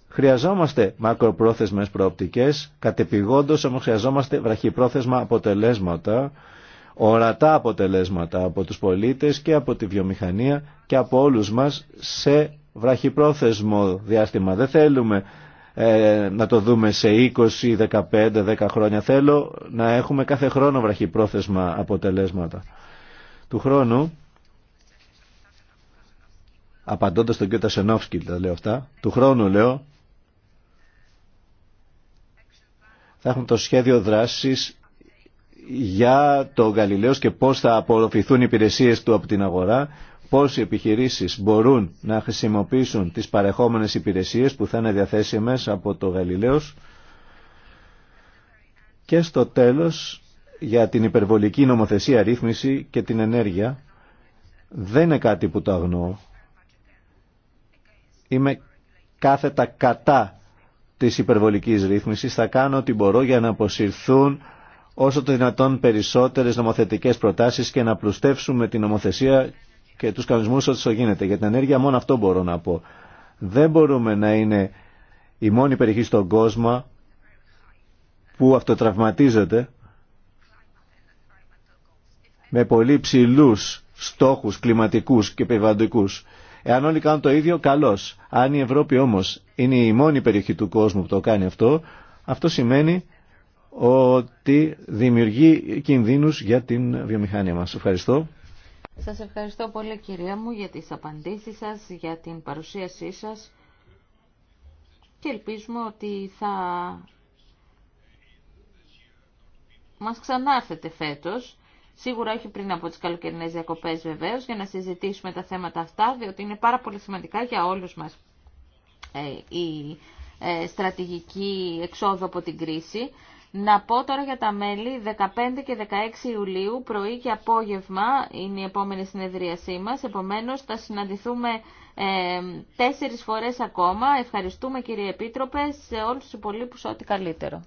Χρειαζόμαστε μακροπρόθεσμες προοπτικές, κατεπηγόντως όμως χρειαζόμαστε βραχυπρόθεσμα αποτελέσματα, ορατά αποτελέσματα από τους πολίτες και από τη βιομηχανία και από όλους μας σε βραχυπρόθεσμο διάστημα. Δεν θέλουμε ε, να το δούμε σε 20, 15, 10 χρόνια. Θέλω να έχουμε κάθε χρόνο βραχυπρόθεσμα αποτελέσματα. Του χρόνου, απαντώντας τον κ. Τασενόφσκι, τα λέω αυτά, του χρόνου λέω, θα έχουμε το σχέδιο δράσης για το Γαλιλαίος και πώς θα απορροφηθούν οι υπηρεσίες του από την αγορά, πώς οι επιχειρήσεις μπορούν να χρησιμοποιήσουν τις παρεχόμενες υπηρεσίες που θα είναι διαθέσιμες από το Γαλιλαίος και στο τέλος για την υπερβολική νομοθεσία ρύθμιση και την ενέργεια δεν είναι κάτι που το αγνοώ. Είμαι κάθετα κατά της υπερβολικής ρύθμισης. Θα κάνω ό,τι μπορώ για να αποσυρθούν όσο το δυνατόν περισσότερες νομοθετικές προτάσεις και να πλουστεύσουμε την νομοθεσία και τους κανονισμούς όσο γίνεται. Για την ενέργεια μόνο αυτό μπορώ να πω. Δεν μπορούμε να είναι η μόνη περιοχή στον κόσμο που αυτοτραυματίζεται με πολύ ψηλού στόχους κλιματικούς και περιβαλλοντικούς. Εάν όλοι κάνουν το ίδιο, καλώς. Αν η Ευρώπη όμως είναι η μόνη περιοχή του κόσμου που το κάνει αυτό, αυτό σημαίνει ότι δημιουργεί κινδύνους για την βιομηχανία μας. Ευχαριστώ. Σας ευχαριστώ πολύ κυρία μου για τις απαντήσεις σας, για την παρουσίασή σας και ελπίζουμε ότι θα μας ξανάρθετε φέτος. Σίγουρα όχι πριν από τις καλοκαιρινές διακοπές βεβαίως για να συζητήσουμε τα θέματα αυτά διότι είναι πάρα πολύ σημαντικά για όλους μας ε, η ε, στρατηγική εξόδου από την κρίση. Να πω τώρα για τα μέλη, 15 και 16 Ιουλίου, πρωί και απόγευμα είναι η επόμενη συνεδρίασή μας, επομένως θα συναντηθούμε ε, τέσσερις φορές ακόμα. Ευχαριστούμε κύριε Επίτροπε, σε όλους τους υπολείπους ό,τι καλύτερο.